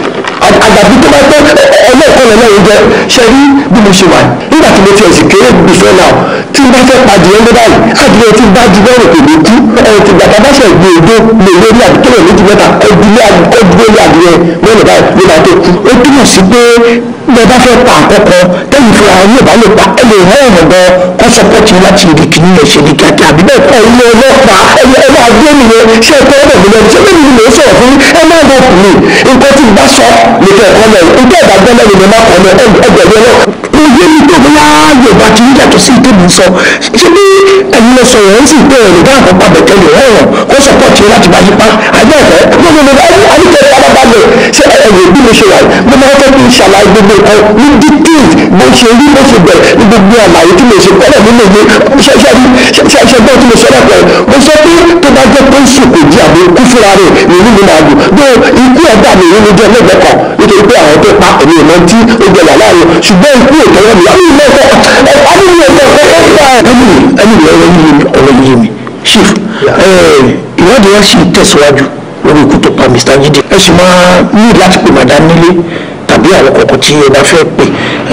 [SPEAKER 2] àgbàbí tó bá gbọ́ ẹlẹ́ẹ̀kan lẹ́yìn jẹ ṣe rí bí mo ṣe wà nígbà tí mo ti ẹ̀sìn kéré before now tí n bá fẹ́ padìyẹ ní báyìí adìyẹ tí n bá di lọ́rùn kò ní kú ẹ̀rọ tí gbàtà bá ṣẹ̀ gbé odó lè lórí àdúgbò méjì mẹ́ta ẹdúlé adìyẹ lọ́nà báyìí ló máa tó kú. ó túmọ̀ sí pé bí ẹ bá fẹ́ pa àkọ́kọ́ tẹ́yìn fúnra yóò bá lè pa ẹ lè hẹ́ ọ̀rọ̀ gan kọ́ sọpọ́tì láti ibi kìíní yẹn ṣe ní kíákíá bí bẹ́ẹ̀ kọ́ ilé ọlọ́pàá ẹ̀yẹ ẹ̀yẹ àgbẹ̀ nìyẹn ṣé ẹ kọ́ ọ̀rọ̀ mi lọ ṣé bẹ́ẹ̀ ni mo sọ̀rọ̀ fún ẹ má bọ̀ kù mí nǹkan tí n bá sọ ní ẹ̀kọ́ mẹ́rin ní ẹ̀dá gbọ́mẹ́rin ní má kọ́ mẹ́rin ẹgbẹ̀rún ọlọ́run yé mi tó bóyá yorùbá ti ń yàtọ̀ sí ìdèmí sọ ṣé bí ẹ̀yin lọ sọ̀rọ̀ ń sì pé ẹ̀rọ dáhùn bẹ̀tẹ̀ lè rọrùn kó sọ̀pọ̀tì láti máa yípa àgbẹ̀fẹ́ gbogbo gbogbo ẹni àníkẹ́ farabalẹ̀ ṣé ẹ̀rọ bí mo ṣe wà mo máa fẹ́ kí n ṣàlàyé gbogbo nǹkan ní details bó ṣe rí bó ṣe bẹ̀rẹ̀ gbogbo àlàyé tí mo ṣe pẹ́rẹ́ nínú ìwé ṣẹ́gbọ́n nítorí pé àwọn tó pa èmi ìmọ̀ tí ó jẹ yàrá rẹ ṣùgbọ́n ikú ìtọ́wọ́ mi àwọn ìmọ̀ ẹ̀fọ́ àwọn ìmọ̀ ẹ̀fọ́ ẹ̀fọ́ ẹ̀mí ẹ̀mí ọ̀rọ̀ yìí mi ọ̀rọ̀ yìí mi chief ìwádìí wa sì tẹ̀síwájú lórí ikú tó pa Mr. Jide ẹ sì máa ní láti pè màdá nílé tàbí àwọn kọ̀ọ̀kan tí ẹ bá fẹ́ pè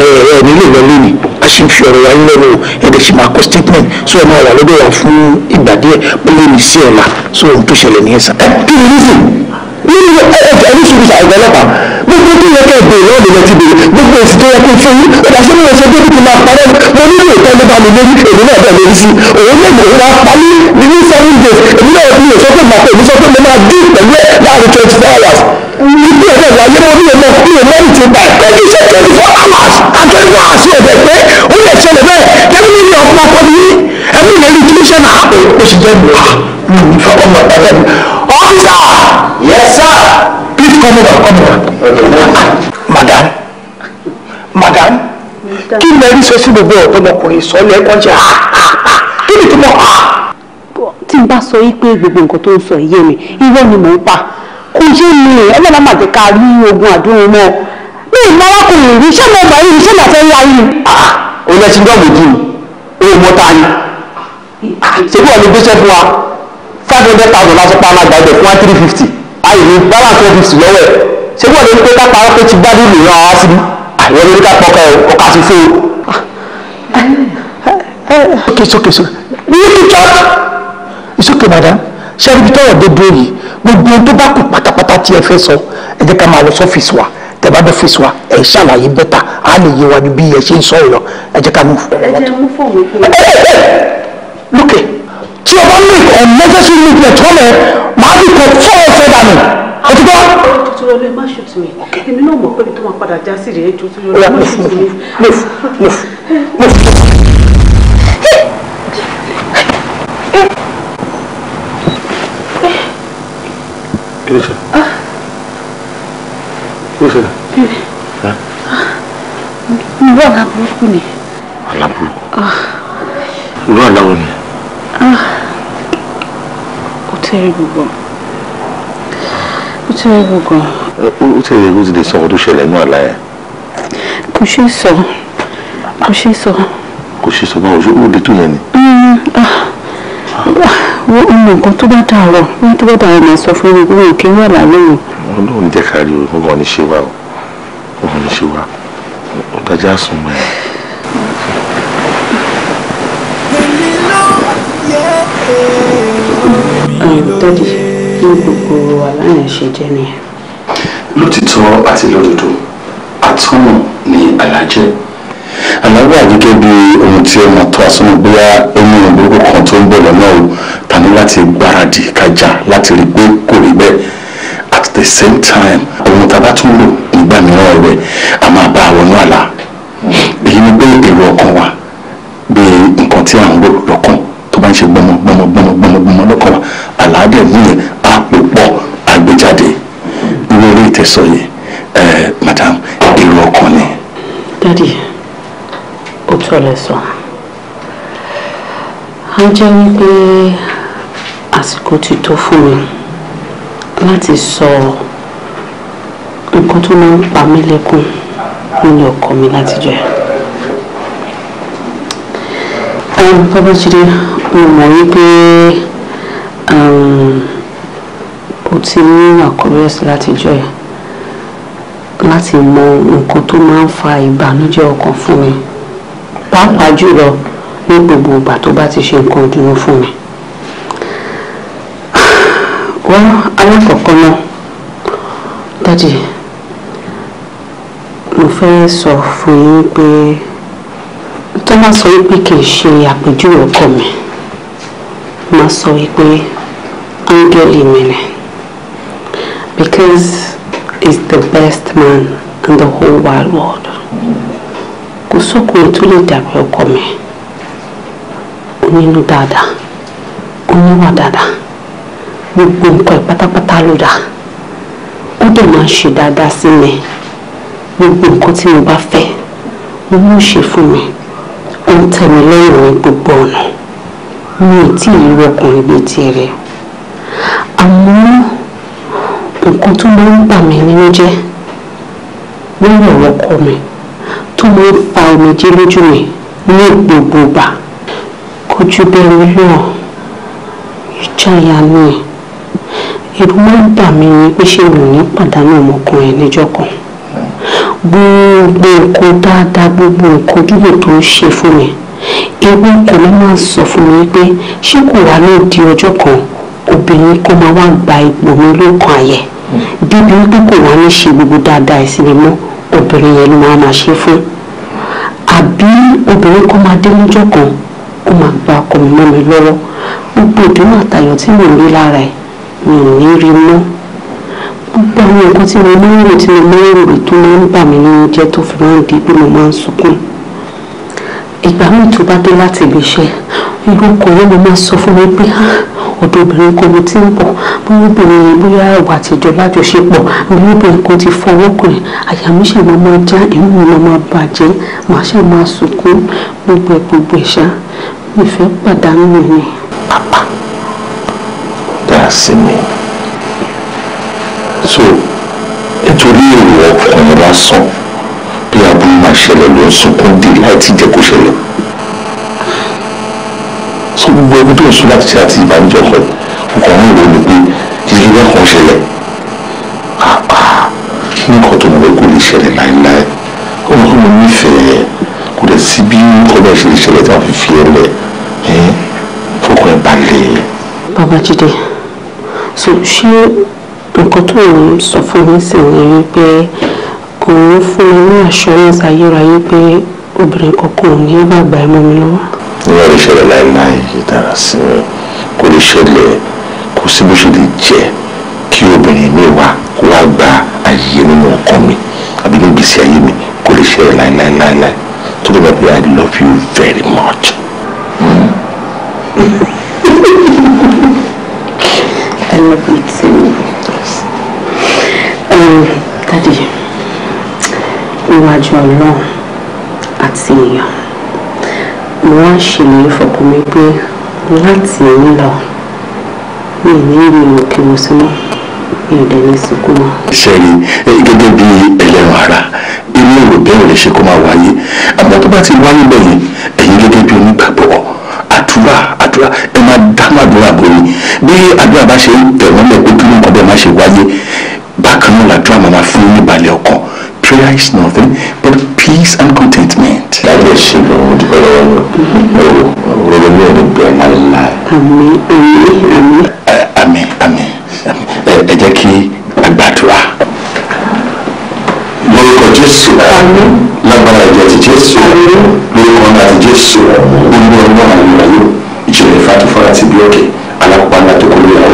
[SPEAKER 2] ẹ nílé lọ lónìí a sì ń fi ọ̀rọ̀ wáyé lẹ́nu ẹ̀dẹ̀ sì máa kọ statement so ẹ máa wà lọ́dọ̀ wa fún ìgbà díẹ̀ pé lè ní sí ọ̀la so ohun tó ṣẹlẹ̀ ní ẹ̀sán. kí ni nísìnyí ẹ̀ẹ́dẹ̀ ẹni sùúrù ṣàìgbọ́n ọlọ́pàá gbogbo tó yẹ kẹ́ ìbéèrè náà lè ti béèrè gbogbo èsì tó yẹ kó fún yín ó dàṣẹ́ mi ò sọ máa parẹ́ mo nílò ìtọ́ ló bá mi lórí èmi náà bẹ̀ lórí sí òun náà mò ń pálí ní ní seven days èmi náà mi ò sọ pé màá pé èmi sọ pé mo máa dín pẹ̀lú ẹ̀ láàrin twenty four hours ibi ẹ̀rọ ìwáyé mo ní ẹ̀mọ́ mi ò mẹ́rin ti báyìí pé twenty four hours and twenty four hours yóò bẹ̀ pé ó
[SPEAKER 3] lè sir. Yes, sir. Please
[SPEAKER 2] come over, come over. Madam, madam, kí ni ẹni sọ sí gbogbo ọ̀dọ́mọkùnrin sọ lẹ́kọ̀ọ́ jẹ́ kí ni túmọ̀ á? Tí n bá sọ yí pé gbogbo nǹkan tó ń sọ yé mi, irọ́ ni mò ń pa. Kò yé mi, ọlọ́lá máa jẹ́ ká rí ogun àdúrà mọ́. Mi ì mọ arákùnrin rí, ṣé mo mọ̀ yìí, ṣé mo fẹ́ rí ayé? Olùsìn dọ́gbòdì, òun mọ́ta ni. Ah, ṣé bí wọ́n lè gbéṣẹ́ fún wa? five hundred thousand la sọ pé a máa gbàgbẹ́ fún one three fifty ayé ní balance one fifty lọ́wọ́ ẹ̀ ṣé wọ́n lè ní pé ká parọ́ pé ti gbádùn lè ràn wá síbi àwọn oníkà pọkàn ọkà sí fún un. okay so okay so you need to church it's okay madam sẹ́ríbi tọ́wọ̀ dé dúró yìí gbogbo ohun tó bá kù pátápátá tí ẹ fẹ́ sọ ẹ jẹ́ ká máa lọ sọ́fíìsì wa tẹ́ bá bẹ́ fíìsì wa ẹ ṣàlàyé bẹ́tà á lè yé wa ju bí ẹ ṣe ń sọ ọ̀rọ̀ ẹ jẹ́ ká mú fún un. ẹ jẹ́ mú fún un. lókè tí o bá ní unnecessary movement wọ́n lẹ̀ máa bí kọ fọ́ ọ̀fẹ́ dànù. o ti gbọ́. tuntun ọlẹ́ má ṣètò mi èmi náà mọ̀ pé mi tó máa padà já sí rèé ju tuntun ọlẹ́ má ṣètò mi. kí ló ṣe kí ló ṣe. mo wà láburúkú ni. àlá burúkú. mo wà láwọn ni. Ah terrible gan. Ó terrible gan. Ó tẹ̀lé ló ti lè sọ ọkọ tó ṣẹlẹ̀ ní àlá Kò ṣeé sọ. Kò ṣeé sọ. Kò ṣeé sọ náà, ó le tó yẹn ni. Mm, ah. Wọ́n ń tó bá dàrọ̀, wọ́n tó bá dàrọ̀ máa sọ fún mi, wọn kì í wà lálẹ́ yìí. jẹ́ kárí o, wọ́n ní ṣe wá o, wọ́n ní ṣe wá. Ó dájá sùn ẹ̀. dádì ní gbogbo aláyẹn ṣe jẹ́ nìyẹn. lótìtọ́ àti lódodo atọ́nà ni àlàjẹ́ àlàyé àgẹ́gẹ́ bí ohun tí ọmọ tó asọ́nà bóyá ẹni ìgbógun kan tó ń bọ̀ lọ́nà o tàbí láti gbáradì kájà láti rí pé kò rí bẹ́ẹ̀ at the same time ohun tá a bá tún lò nígbà mìíràn rẹ̀ a máa bá wọnú àlá èyí ni pé èrò ọkàn wa bí nǹkan tí à ń rò fẹ́ sọ yẹn madam èrò ọkàn ni. dadi o tọ́ lẹ sọ a jẹ́ wípé àsìkò ti tó fún mi láti sọ nǹkan tó máa ń pa mí lẹ́kùn nínú ọkọ mi láti jẹ. Babájídé mo mọ̀ wípé o ti ní àkọ́rẹ́sì láti jọ yẹn láti mọ nǹkan tó máa ń fa ìbànújẹ́ ọkàn fún mi pàápàá jùlọ ní gbogbo ìgbà tó bá ti ṣe nǹkan dúró fún mi. wọ́n alákọ̀ọ́kọ́ náà dádì mo fẹ́ sọ fún yín pé tó bá sọ pé kì í ṣe àpèjúwe ọkọ mi máa sọ pé áńgẹ́lì mi ni because is the best man in the whole wide world kò sọ́kùnrin tó lè dàbí ọkọ mi onínú dáadáa oníwà dáadáa gbogbo nǹkan pátápátá ló dáa ó dẹ̀ máa ń ṣe dáadáa sí mi gbogbo nǹkan tí mo bá fẹ́ mo mú ṣe fún mi ó ń tẹ̀ mí lẹ́yìn ní gbogbo ọ̀nà mi ò tí rí ọkùnrin bíi tiẹ̀ rẹ̀ àmọ́ nǹkan tó máa ń bà mí nínú jẹ́ lórí ọ̀rọ̀ ọkọ mi tó máa ń fa omijé lójú mi ní gbogbo ìgbà kò ju bẹ́ẹ̀ lọ ìjàyà ni ẹ̀rù máa ń bà mí ni pé ṣé mi ní pàdánù ọmọkùnrin níjọ́ kan gbogbo nǹkan dáadáa gbogbo nǹkan dúró tó ń ṣe fún mi ewu kò ní máa sọ fún mi pé ṣé kò wá ní di ọjọ́ kan obìnrin kó máa wá gba ipò mi lókàn àyẹ̀ bíbí wípé kò wá ní ṣe gbogbo dáadáa ìsinmi mọ́ obìnrin yẹn ló máa máa ṣe fún àbí obìnrin kó máa dé lọ́jọ́ kan kó máa gba ọkọ mi mọ́ mi lọ́wọ́ gbogbo ìdùnnú àtayọ̀ tí mò ń rí lára ẹ̀ mi ò ní rí mọ́ gbogbo àwọn nǹkan tí mo máa ń rò tí mo máa ń rò tó máa ń bà mí nínú jẹ́ tó fi máa ń di pé mo máa ń sunkún ìgbà míì tó bá dé láti ibi iṣẹ́ irú ọkùnrin mo máa sọ fún mi pé ah, ọ̀dọ̀ obìnrin kan ló ti ń bọ̀ bóyá obìnrin yẹn bóyá ìwà àtijọ́ lájọṣepọ̀ bóyá obìnrin kan ti fọwọ́ kàn àyà mi ṣe máa máa já inú mi máa máa bàjẹ́ màá ṣe máa sunkún gbogbo ẹ̀ gbogbo ẹ̀ ṣá mi fẹ́ pàdánù mi. pàpà dá sí mi so nítorí èrò ọkùnrin lásán bí aburú máa ṣẹlẹ̀ ló ń sunkún dé láì tí jẹ́ kó ṣẹlẹ̀ gbogbo ẹbí tó ń sún láti ṣe àti ìbànújẹ́ ọkọ yìí ọkàn ń rò ní pé yíyí bá kan ṣẹlẹ̀ àpá nǹkan tó ń lọ kò lè ṣẹlẹ̀ láéláé ó mọ̀ pé mo nífẹ̀ẹ́ kò dẹ̀ sí bí nǹkan bẹ́ẹ̀ ṣe lè ṣẹlẹ̀ tí wọ́n fi fi ẹ lẹ̀ ẹ́ fọkàn ẹ balẹ̀. Babájídé so ṣé nǹkan tó ń sọ fún mi sì ni wípé kò ń fún mi ní assurance ayérayé pé obìnrin kankan ò ní bàgbà ẹ mọ́ mi lọ́wọ́ ìyẹn lè ṣẹlẹ̀ láéláé kí dára sí i kò lè ṣẹlẹ̀ kò sí bó ṣe lè jẹ́ kí obìnrin mi wá kó wá gba àyè nínú ọkàn mi àbí ní ìgbésí ayé mi kò lè ṣẹlẹ̀ láéláéláéláé tó lè bá I love you very much. I love you Um, Daddy, níwájú ọlọ́run àti èèyàn mo wá ń ṣèlérí fọkàn mi pé láti èyí lọ mi ò ní ìrìn òkè mo sí mọ́ mi ò dẹ̀lẹ́ sunkún mọ́. sẹ́ni gẹ́gẹ́ bí ẹlẹ́ran ara inú èrò bẹ́ẹ̀ lè ṣe kó máa wáyé àmọ́ tó bá ti wáyé bẹ́yẹn ẹ̀yin gẹ́gẹ́ bí onígbàgbọ́ àdúrà àdúrà ẹ máa dáhùn àdúrà bòyí bí àdúrà bá ṣe ń tẹ̀wọ́n lẹ̀ pé kí ló ń kọ́ bẹ́ẹ̀ má ṣe wáyé bákan náà làdúrà máa fún yín níbalẹ̀ ọkàn prayer is nothing but peace and content láti ẹ̀ ṣe gan mo dúpẹ́ lọ́wọ́ náà ọ̀rọ̀ mi ò ní bẹ̀rẹ̀ láìláì. àmín àmín àmín. àmín àmín ẹ jẹ́ kí a gbàdúrà. lórúkọ jésù lágbára ìjọ ti jésù lórúkọ náà ti jésù gbogbo ọmọ àwọn ìrìnàjò ìjọba ìfàtúfọ́ra ti bí òkè alápá náà tó kọ́ lóyàwó.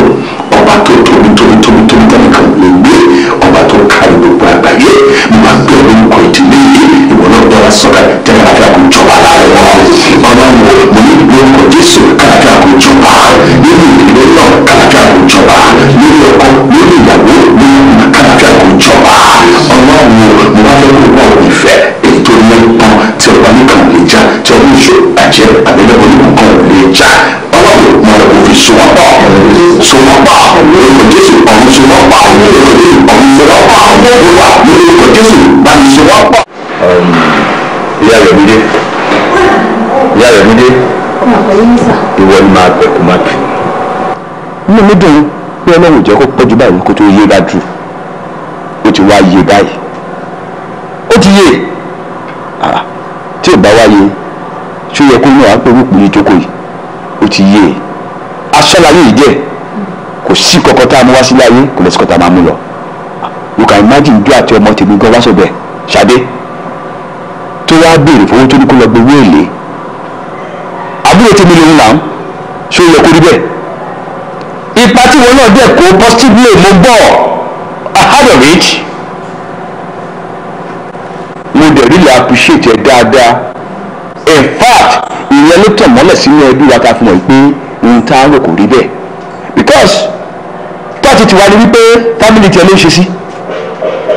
[SPEAKER 2] lórí
[SPEAKER 3] ìdílé náà kálàfíà kò jọba lórí ọkọ lórí ìyàwó lórí ìmọ̀ kálàfíà kò
[SPEAKER 2] jọba ọlọ́run mo wá fẹ́ kó wọ́n ò ní fẹ́ ètò lẹ́tàn tí ọba nìkan lè já tí ọdún ìṣó àjẹ àbẹ̀lẹ́wọ̀ nìkan lè já ọlọ́run mo lọ kó fi sùnwọ́pọ̀ sùnwọ́pọ̀ lórúkọ jésù ọ̀hún sùnwọ́pọ̀ lórúkọ jésù ọ̀hún
[SPEAKER 3] sùnwọ́pọ̀
[SPEAKER 2] lórúkọ jésù bá mi sùnwọ́pọ̀. Um, ìyá rẹ̀ mi dé ìyá rẹ̀ mi dé ìwọ ni máa ló dùn pé ọlọ́run jẹ́ kó pọ̀jù báyìí kó tó yé dájú ó ti wá yé báyìí ó ti yé ah, tí ò bá wáyé ṣó yẹ kó náà á pé wípé ìjókòó yìí ó ti yé aṣọ́láyé yìí díẹ̀ kò sí kọ̀kọ́ tá a mú wá sílé ayé kò lè sí kọ̀tà máa mú lọ you can imagine bí àti ọmọ tèmi gan wá sọ̀bẹ̀ ṣadé tó wá béèrè fowó tó ní kó lọ gbowó èlé àbúrò tèmi lòun là ń ṣó yẹ kó rí bẹ́ẹ̀ ipa tí wọn náà dẹ̀ kó positively mo bọ̀ ahead of it mo dẹ̀ really appreciate ẹ dáadáa in fact ìyẹn ló tàn mọ́lẹ̀ sínú ẹbí wa ká fi mọ̀ pé ohun tá a rò kò rí bẹ́ẹ̀ because tọ́ọ̀tì tiwa ni wípé family tiẹ̀ ló ń ṣe sí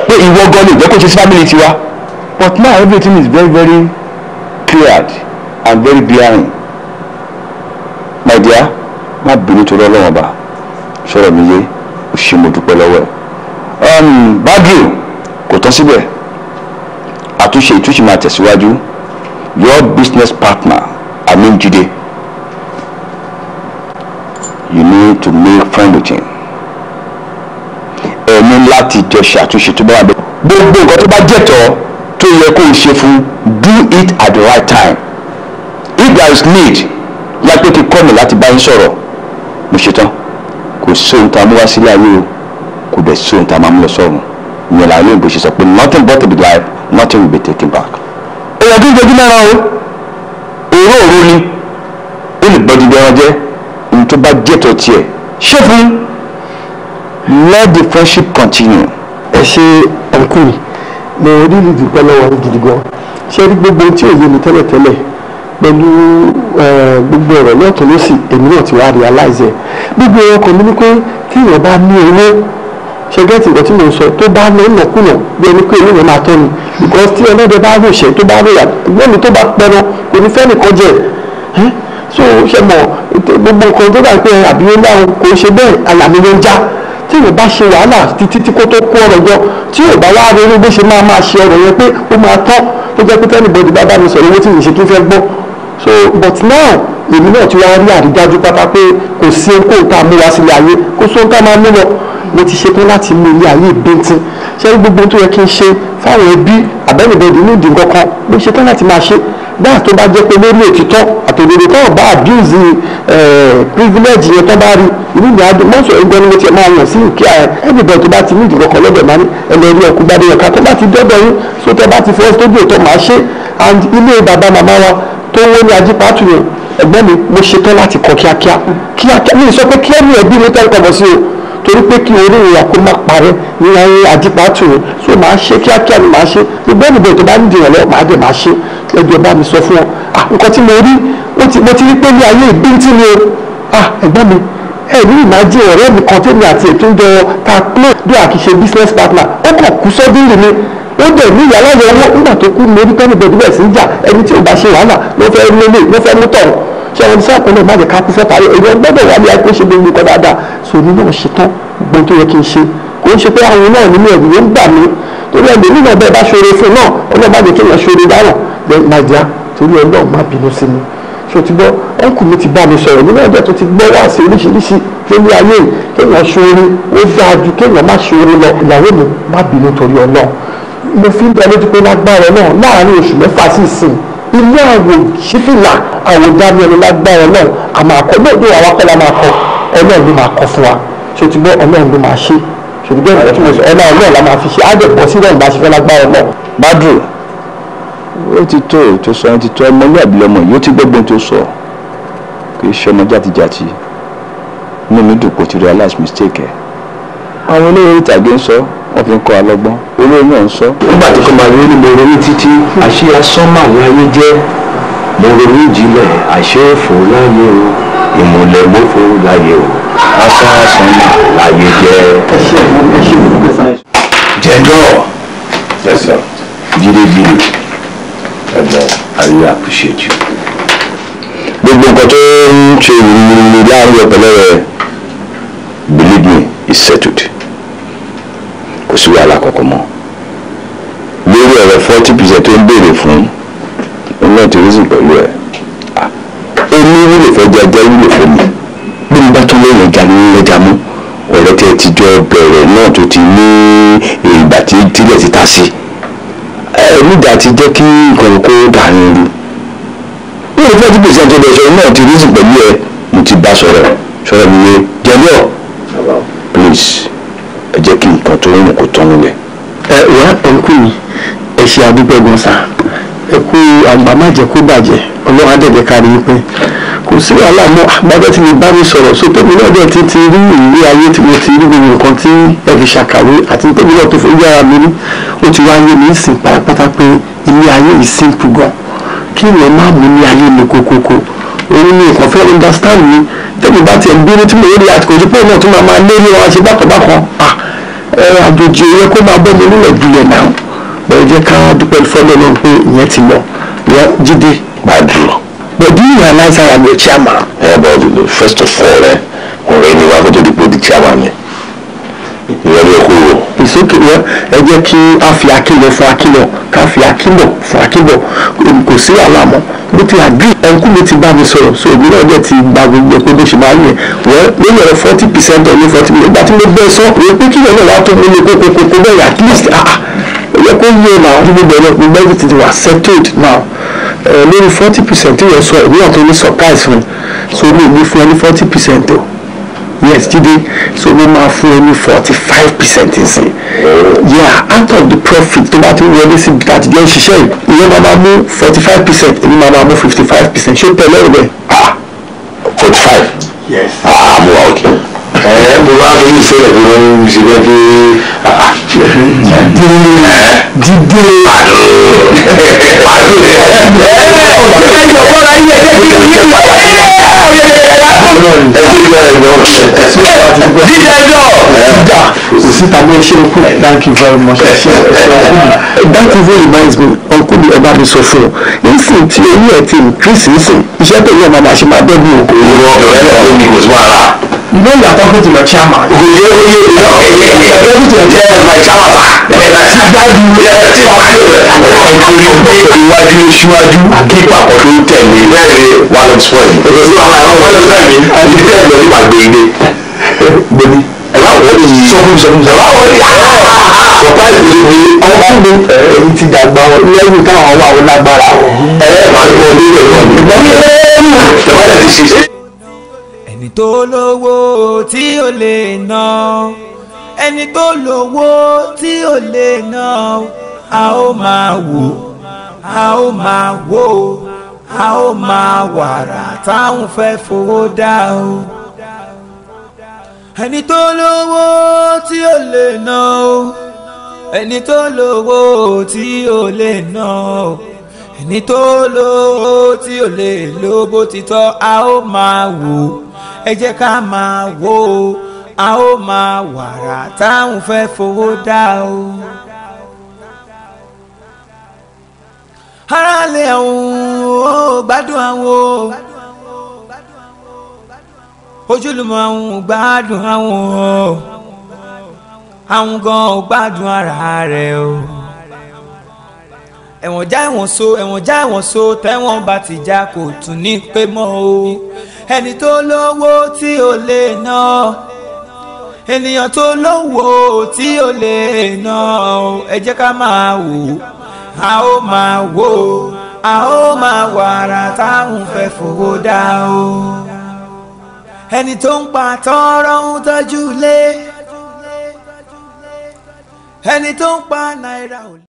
[SPEAKER 2] pé ìwọ gan ni ìjẹ́kọ̀ọ́ ṣe sí family tiwa but now everything is very very clear and very bearing my dear má bínú torí ọlọ́wọ́n bá sọ̀rọ̀ mi yé o ṣe mo dúpẹ́ lọ́wọ́ ẹ̀ um, badru kò tán síbẹ̀ àtúnṣe ìtúnṣe máa tẹ̀síwájú your business partner Amin Jide you need to make friend with him ẹni láti jọ ṣàtúnṣe tó bá wà bẹ́ẹ̀ gbogbo nǹkan tó bá jẹ̀tọ́ tó yẹ kó o ṣe fún do it at the right time if there is need yàtọ̀ kí kọ́ mi láti bá yín sọ̀rọ̀ mo ṣetán kò sóhun tá a mú wá sílé ayé o kò dẹ̀ sóhun tá a máa mú lọ sọ́run ìyẹn làwọn olóyìnbó ṣe sọ pé nothing but the life nothing will be taken back. èèyàn kì í jojú mẹ́ra o òró òró ni olùgbọ́dì bí wọ́n jẹ́ ohun tó bá jẹ́ tó tiẹ̀ ṣé fún let the friendship continue. ẹ ṣe ọkùnrin mo rí ìdúpẹ́ lọ́wọ́ gidi gan ṣé rí gbogbo tí òye mi tẹ́lẹ̀tẹ́lẹ̀ pẹ̀lú gbogbo ọ̀rọ̀ lọ́tún lọ́sì èmi náà ti wá realize ẹ̀ gbogbo ọkàn mi ni pé tí èèyàn bá ní owó ṣe gẹ́tì nǹkan tí mo sọ tó bá ní ìnàkúnà bí ẹni pé èèyàn máa tọ́ ni because tí ẹlẹ́dẹ̀ bá rò ṣẹ́ tó bá rò yà gbẹ́mi tó bá pẹ́rọ kò ní fẹ́ nìkan jẹ́ so ṣe mọ̀ gbogbo nǹkan tó bá pé àbí ó láwọn kò ṣe bẹ́ẹ̀ àlàmì ló ń já tí yóò bá ṣe wàhálà títí tí kò tó kó ọ̀rọ̀ jọ tí yóò bá wá rí bó ṣe máa máa ṣe ọ̀rọ̀ yẹn pé ó máa tán tó jẹ́ pé tẹ́nìbọ̀dì bá bá mi sọ̀rọ̀ owó tí mi ṣe tún fẹ́ gbọ́ so but now èmi náà ti wá rí àrídájú pátá pé kò sí ohun tá a mú wá sílé ayé kò sí ohun tá a máa mú lọ mo ti ṣetán láti mú ilé ayé bíntín ṣé gbogbo tó yẹ kí n ṣe fáwọn ẹbí àbẹ́nibẹ́dì ní ìdí nǹkan kan mo ṣetán láti máa ṣe dáà tó bá jẹ́ pé lórí òtítọ́ àtòdodo tó bá abuse eh, privilege yẹn tó bá rí inú mi adùn mọ́ sọ̀rọ̀ gbẹ́ni mo ti máa yàn sí ìkí ààrẹ ẹnìbẹ̀ tó bá ti ní ìdìbò kan lọ́dọ̀ máa ní ẹlẹ́rìí ọkùn gbádùn ẹ̀ka tó bá ti dọ́dọ̀ yín sótẹ́ bá ti fọwọ́ sójú ìtọ́ máa ṣe and ilé bàbá màmá wa tó wọ́n ní ajípa àtúnyẹ̀ ẹ̀gbẹ́ mi mo ṣetán láti kọ kíákíá kíákíá mi sọ pé kí ẹ̀mí ẹ̀bí mi tẹ́lẹ̀ kọ̀bọ̀ sí o torí pé kí orí ìyá kó má parẹ́ ní ayé ajípa àtúnyẹ̀ so màá ṣe kíákíá ni màá ṣe gbogbo ẹ̀mí bẹ̀rẹ̀ tó bá ń dìyàn lọ màá dẹ̀ màá ṣe ẹjọ́ bá mi sọ fún ọ ah nǹkan tí mo rí mo ti rí pé ní ayé ìbíntì ni o ah ẹ̀gbọ́n mi ẹ̀rí ìmájí ọ̀rẹ́ mi kan tẹ́mi àti ètò ń jọ ta play do àkìṣe business partner ó kàn kú sọ́dún yìí ni ó dẹ̀ ní ìyàlẹ́yẹ owó nígbà tó kú lórí tẹ́lẹ̀ bẹ̀rẹ̀ bẹ̀rẹ̀ sí jà ẹni tí ò bá ṣe wàhálà ló fẹ́ lélẹ̀ ló fẹ́ mú tọ̀hún ṣé ẹni sáà kan náà má jẹ́ ká kú fẹ́ parí èèyàn gbọ́dọ̀ wà ní àìkú ṣe gbogbo nǹkan dáadáa sòní náà ṣe tán gbọ́n tó yẹ kí n ṣe kò ń ṣe pé àwọn náà nínú ẹ̀rù yóò gbà mí torí ẹ̀mí nínú ọbẹ̀ bá ṣoore fún náà ọlọ́ọ̀ bá jẹ́ kí èèyàn ṣoore dáhùn then my dear torí ọlọ́ọ̀ má bínú sí mi ṣé o mo fi ń dá lójú pé lágbára náà láàárín oṣù mẹ́fà sí ìsìn ilé àwò ṣífìlà àwò dáníẹlú lágbára náà àmọ́ àkọ́ náà ní àwọn akọ́lá máa kọ ọlọ́run ló máa kọ fún wa ṣòtúbọ̀ ọlọ́run ló máa ṣe ṣòtúbọ̀ ìgbà tí mo sọ ọlọ́run náà la máa fi ṣe á dẹ̀ bọ́ sílẹ̀ ìgbà ṣífẹ́ lágbára náà. bádùn ó ti tó ètò sọ ẹni ti tó ọmọ ilé àbílẹ̀mọ yóò ti gbẹ́gbẹ́ tó sọ kì í ṣe ọmọ jàtijàti inú mi dùn kò ti realize mistake ẹ àwọn olóyè ìtàgé ń sọ wọ́n fi ń kọ́ alọ́gbọ́n olóyún náà ń sọ. nígbà tí kò máa rí ni mo ronú títí àṣé asán máa jẹ́ mo ronú ìjìnlẹ̀ àṣé èfò láyé o ìmùlẹ̀ mọ́fò láyé o asán asán láyé jẹ́. jẹ́ńdọ̀ sẹ́sọ̀ jíde bíi àríyá àpùṣẹ́jù. gbogbo nǹkan tó ń ṣe ìrìnrìn láàrin ọ̀pẹ̀lẹ̀ rẹ̀ believe me is settled wàhálà kankan mọ́ lórí ọ̀rọ̀ forty percent tó ń béèrè fún ọlọ́run ti rísìn pẹ̀lú ẹ̀ omi ah, wúlò fẹ́ jẹ ajá wúlò fún mi bí mo bá tún lẹ́yìn ẹja ní ẹja mú ọ̀rẹ́ tí ẹ ti jọ bẹ̀rẹ̀ náà tó ti ní ìgbà tí tílẹ̀ ti ta sí nígbà tí jẹ́ kí nǹkan kó dàrin ru ní ìfẹ́ tí pèsè àti ọ̀dọ̀ ìṣòro náà ti rísìn pẹ̀lú ẹ mo ti bá sọ̀rọ̀ sọ̀rọ̀ mi ní jẹ́ náà ọlọ́run kò tọ́nu rẹ̀. ẹ wá ẹ kú mi ẹ ṣe àdúgbò gan sa ẹ kú àgbà má jẹ kó bàjẹ́ ọlọ́run àdẹ̀dẹ̀ kárí pé kò sí wàhálà mọ́ àgbàdo tí mi bá mi sọ̀rọ̀ so tóbi náà dẹ̀ ti ti rí ìrírí ayé tí mo ti rí gbogbo nǹkan tí ẹ fi ṣàkàwé àti tóbi náà tó fi yára mi rí ó ti wá yé mi ń sìn pátápátá pé ilé ayé yìí simple gan kí ìwọ má mú ní ayé mi kókókó òun ni nǹkan fẹ́ understand mi tẹ́mi bá tiẹ̀ ń bínú tí mo rí àtìkò ojú pé òun náà tún máa máa lé ní ọ̀rọ̀ àṣẹ bákan ah àjòjì yẹ kó máa bọ́ mi nílẹ̀ gbilẹ̀ náà bẹ̀rẹ̀ jẹ́ ká dúpẹ́ fọ́lọ́ náà pé ìyẹn ti lọ ìyẹn jíde bá dùn. but do you realize I am your chairman. ẹ bọ first of all ẹ ọ̀rẹ́ ni wàá kó tó di pé chairman ni ìyẹn ló kúrò sókè wọn ẹ jẹ́ kí a fi akílọ̀ fún akílọ̀ ká fi akílọ̀ fún akílọ̀ kò sí wàhálà mọ́ mo ti agree ẹnkú mi ti bá mi sọ̀rọ̀ so èmi náà dẹ̀ ti gba gbogbo pé bó ṣe máa ń yẹn wọ́n lórí ọ̀rọ̀ forty percent ọ̀ní forty percent ìgbà tí mo bẹ́ẹ̀ sọ wọ́n pé kí lọ́ọ̀ náà wá tó mi ní kókó kókó bẹ́ẹ̀ at least ah, ah yẹ kó yẹ náà wọ́n gbogbo ẹ̀rọ gbogbo ẹ̀rọ ti wà settled now eh, lórí forty percent tí wọ́n sọ èmi náà tó ní surprise fún so mi ní fún ẹ ní forty percent o yes so we máa fún ẹ ní forty five percent nsìn oh. yeah out of the profit tó bá ti wọlé sí ibi tàbí jẹ́ ṣiṣẹ́ yìí ìyẹn máa máa mú forty five percent èmi máa máa mú fifty five percent ṣé pẹ̀lẹ́ rẹ̀ ah forty five yes ah mo wà okay ní ìṣẹ̀lẹ̀ tó lọ ń ṣe bẹ́ẹ̀ pé dídé dídé pàdé ọ̀sẹ̀ ẹ̀jọ̀ bọ́ra yẹ ẹ̀jẹ̀ kí ni yẹ Thank you very much. That even reminds me, Uncle mi ọba mi sọ fún ọ. Nísìn tí owó ẹ̀ ti increase nísìn, iṣẹ́ tó yẹ ọmọ màá ṣe máa bẹ́ẹ̀ bí òkú. Ìwọ ọ̀rẹ́ ẹ̀ ló ní kò sí wàhálà. You know you are talking to your chairman. You know you know you are talking to your chairman. My chairman sir. Síwájú ẹ̀ẹ́dẹ́gbẹ̀rún iwájú síwájú akípapọ̀ tó ń tẹ̀lé bẹ́ẹ̀ni wà lọ sọ yìí. Èmi sí àwọn àwọn ọmọdé bẹ́ẹ̀ mi àti bẹ́ẹ̀ lọ nípa gbèrè. Gbèmí. Ẹ bá wọ ní yìí. Sọ́kùn sọ́kùn sọ́kùn. Ẹ bá wọ ní yìí. Bàbá ìlú mi ọkùn mi èyí ti dàgbà wọn lẹ́yìn táwọn wà ó lágbára. Ẹ máa ń
[SPEAKER 1] gbọ́ nílé wọn. Ìgbà mi lẹ́yìn. Bàbá tó lówó tí ò lè ná ẹni tó lówó tí ò lè ná a ó máa wò a ó máa wò a ó máa wàrà táwọn fẹ́ fowó dá o ẹni tó lówó tí ò lè ná o ẹni tó lówó tí ò lè ná o ẹni tó lówó tí ò lè lò bó ti tọ́ a ó máa wò ẹ jẹ́ ká máa wò ó a ó máa wàrà táwọn fẹ́ fowó dá o. aráàlẹ̀ ọ̀hún ó gbádùn àwọn ojúlùmọ̀ àwọn gbádùn àwọn àwọn gan gbádùn ara rẹ̀ o ẹ̀wọ̀n já ẹ̀wọ̀n so ẹ̀wọ̀n já ẹ̀wọ̀n so tẹ́wọ̀n bá ti já kò tún ní pé mọ́ o ẹni tó lówó tí ò lè ná ènìyàn tó lówó tí ò lè ná ẹ jẹ́ ká máa wò a ó máa wò a ó máa wàrà táwọn fẹ́ fowó dá o ẹni tó ń pa tọ́rọ́ ń tọ́jú lé ẹni tó ń
[SPEAKER 3] pa náírà ò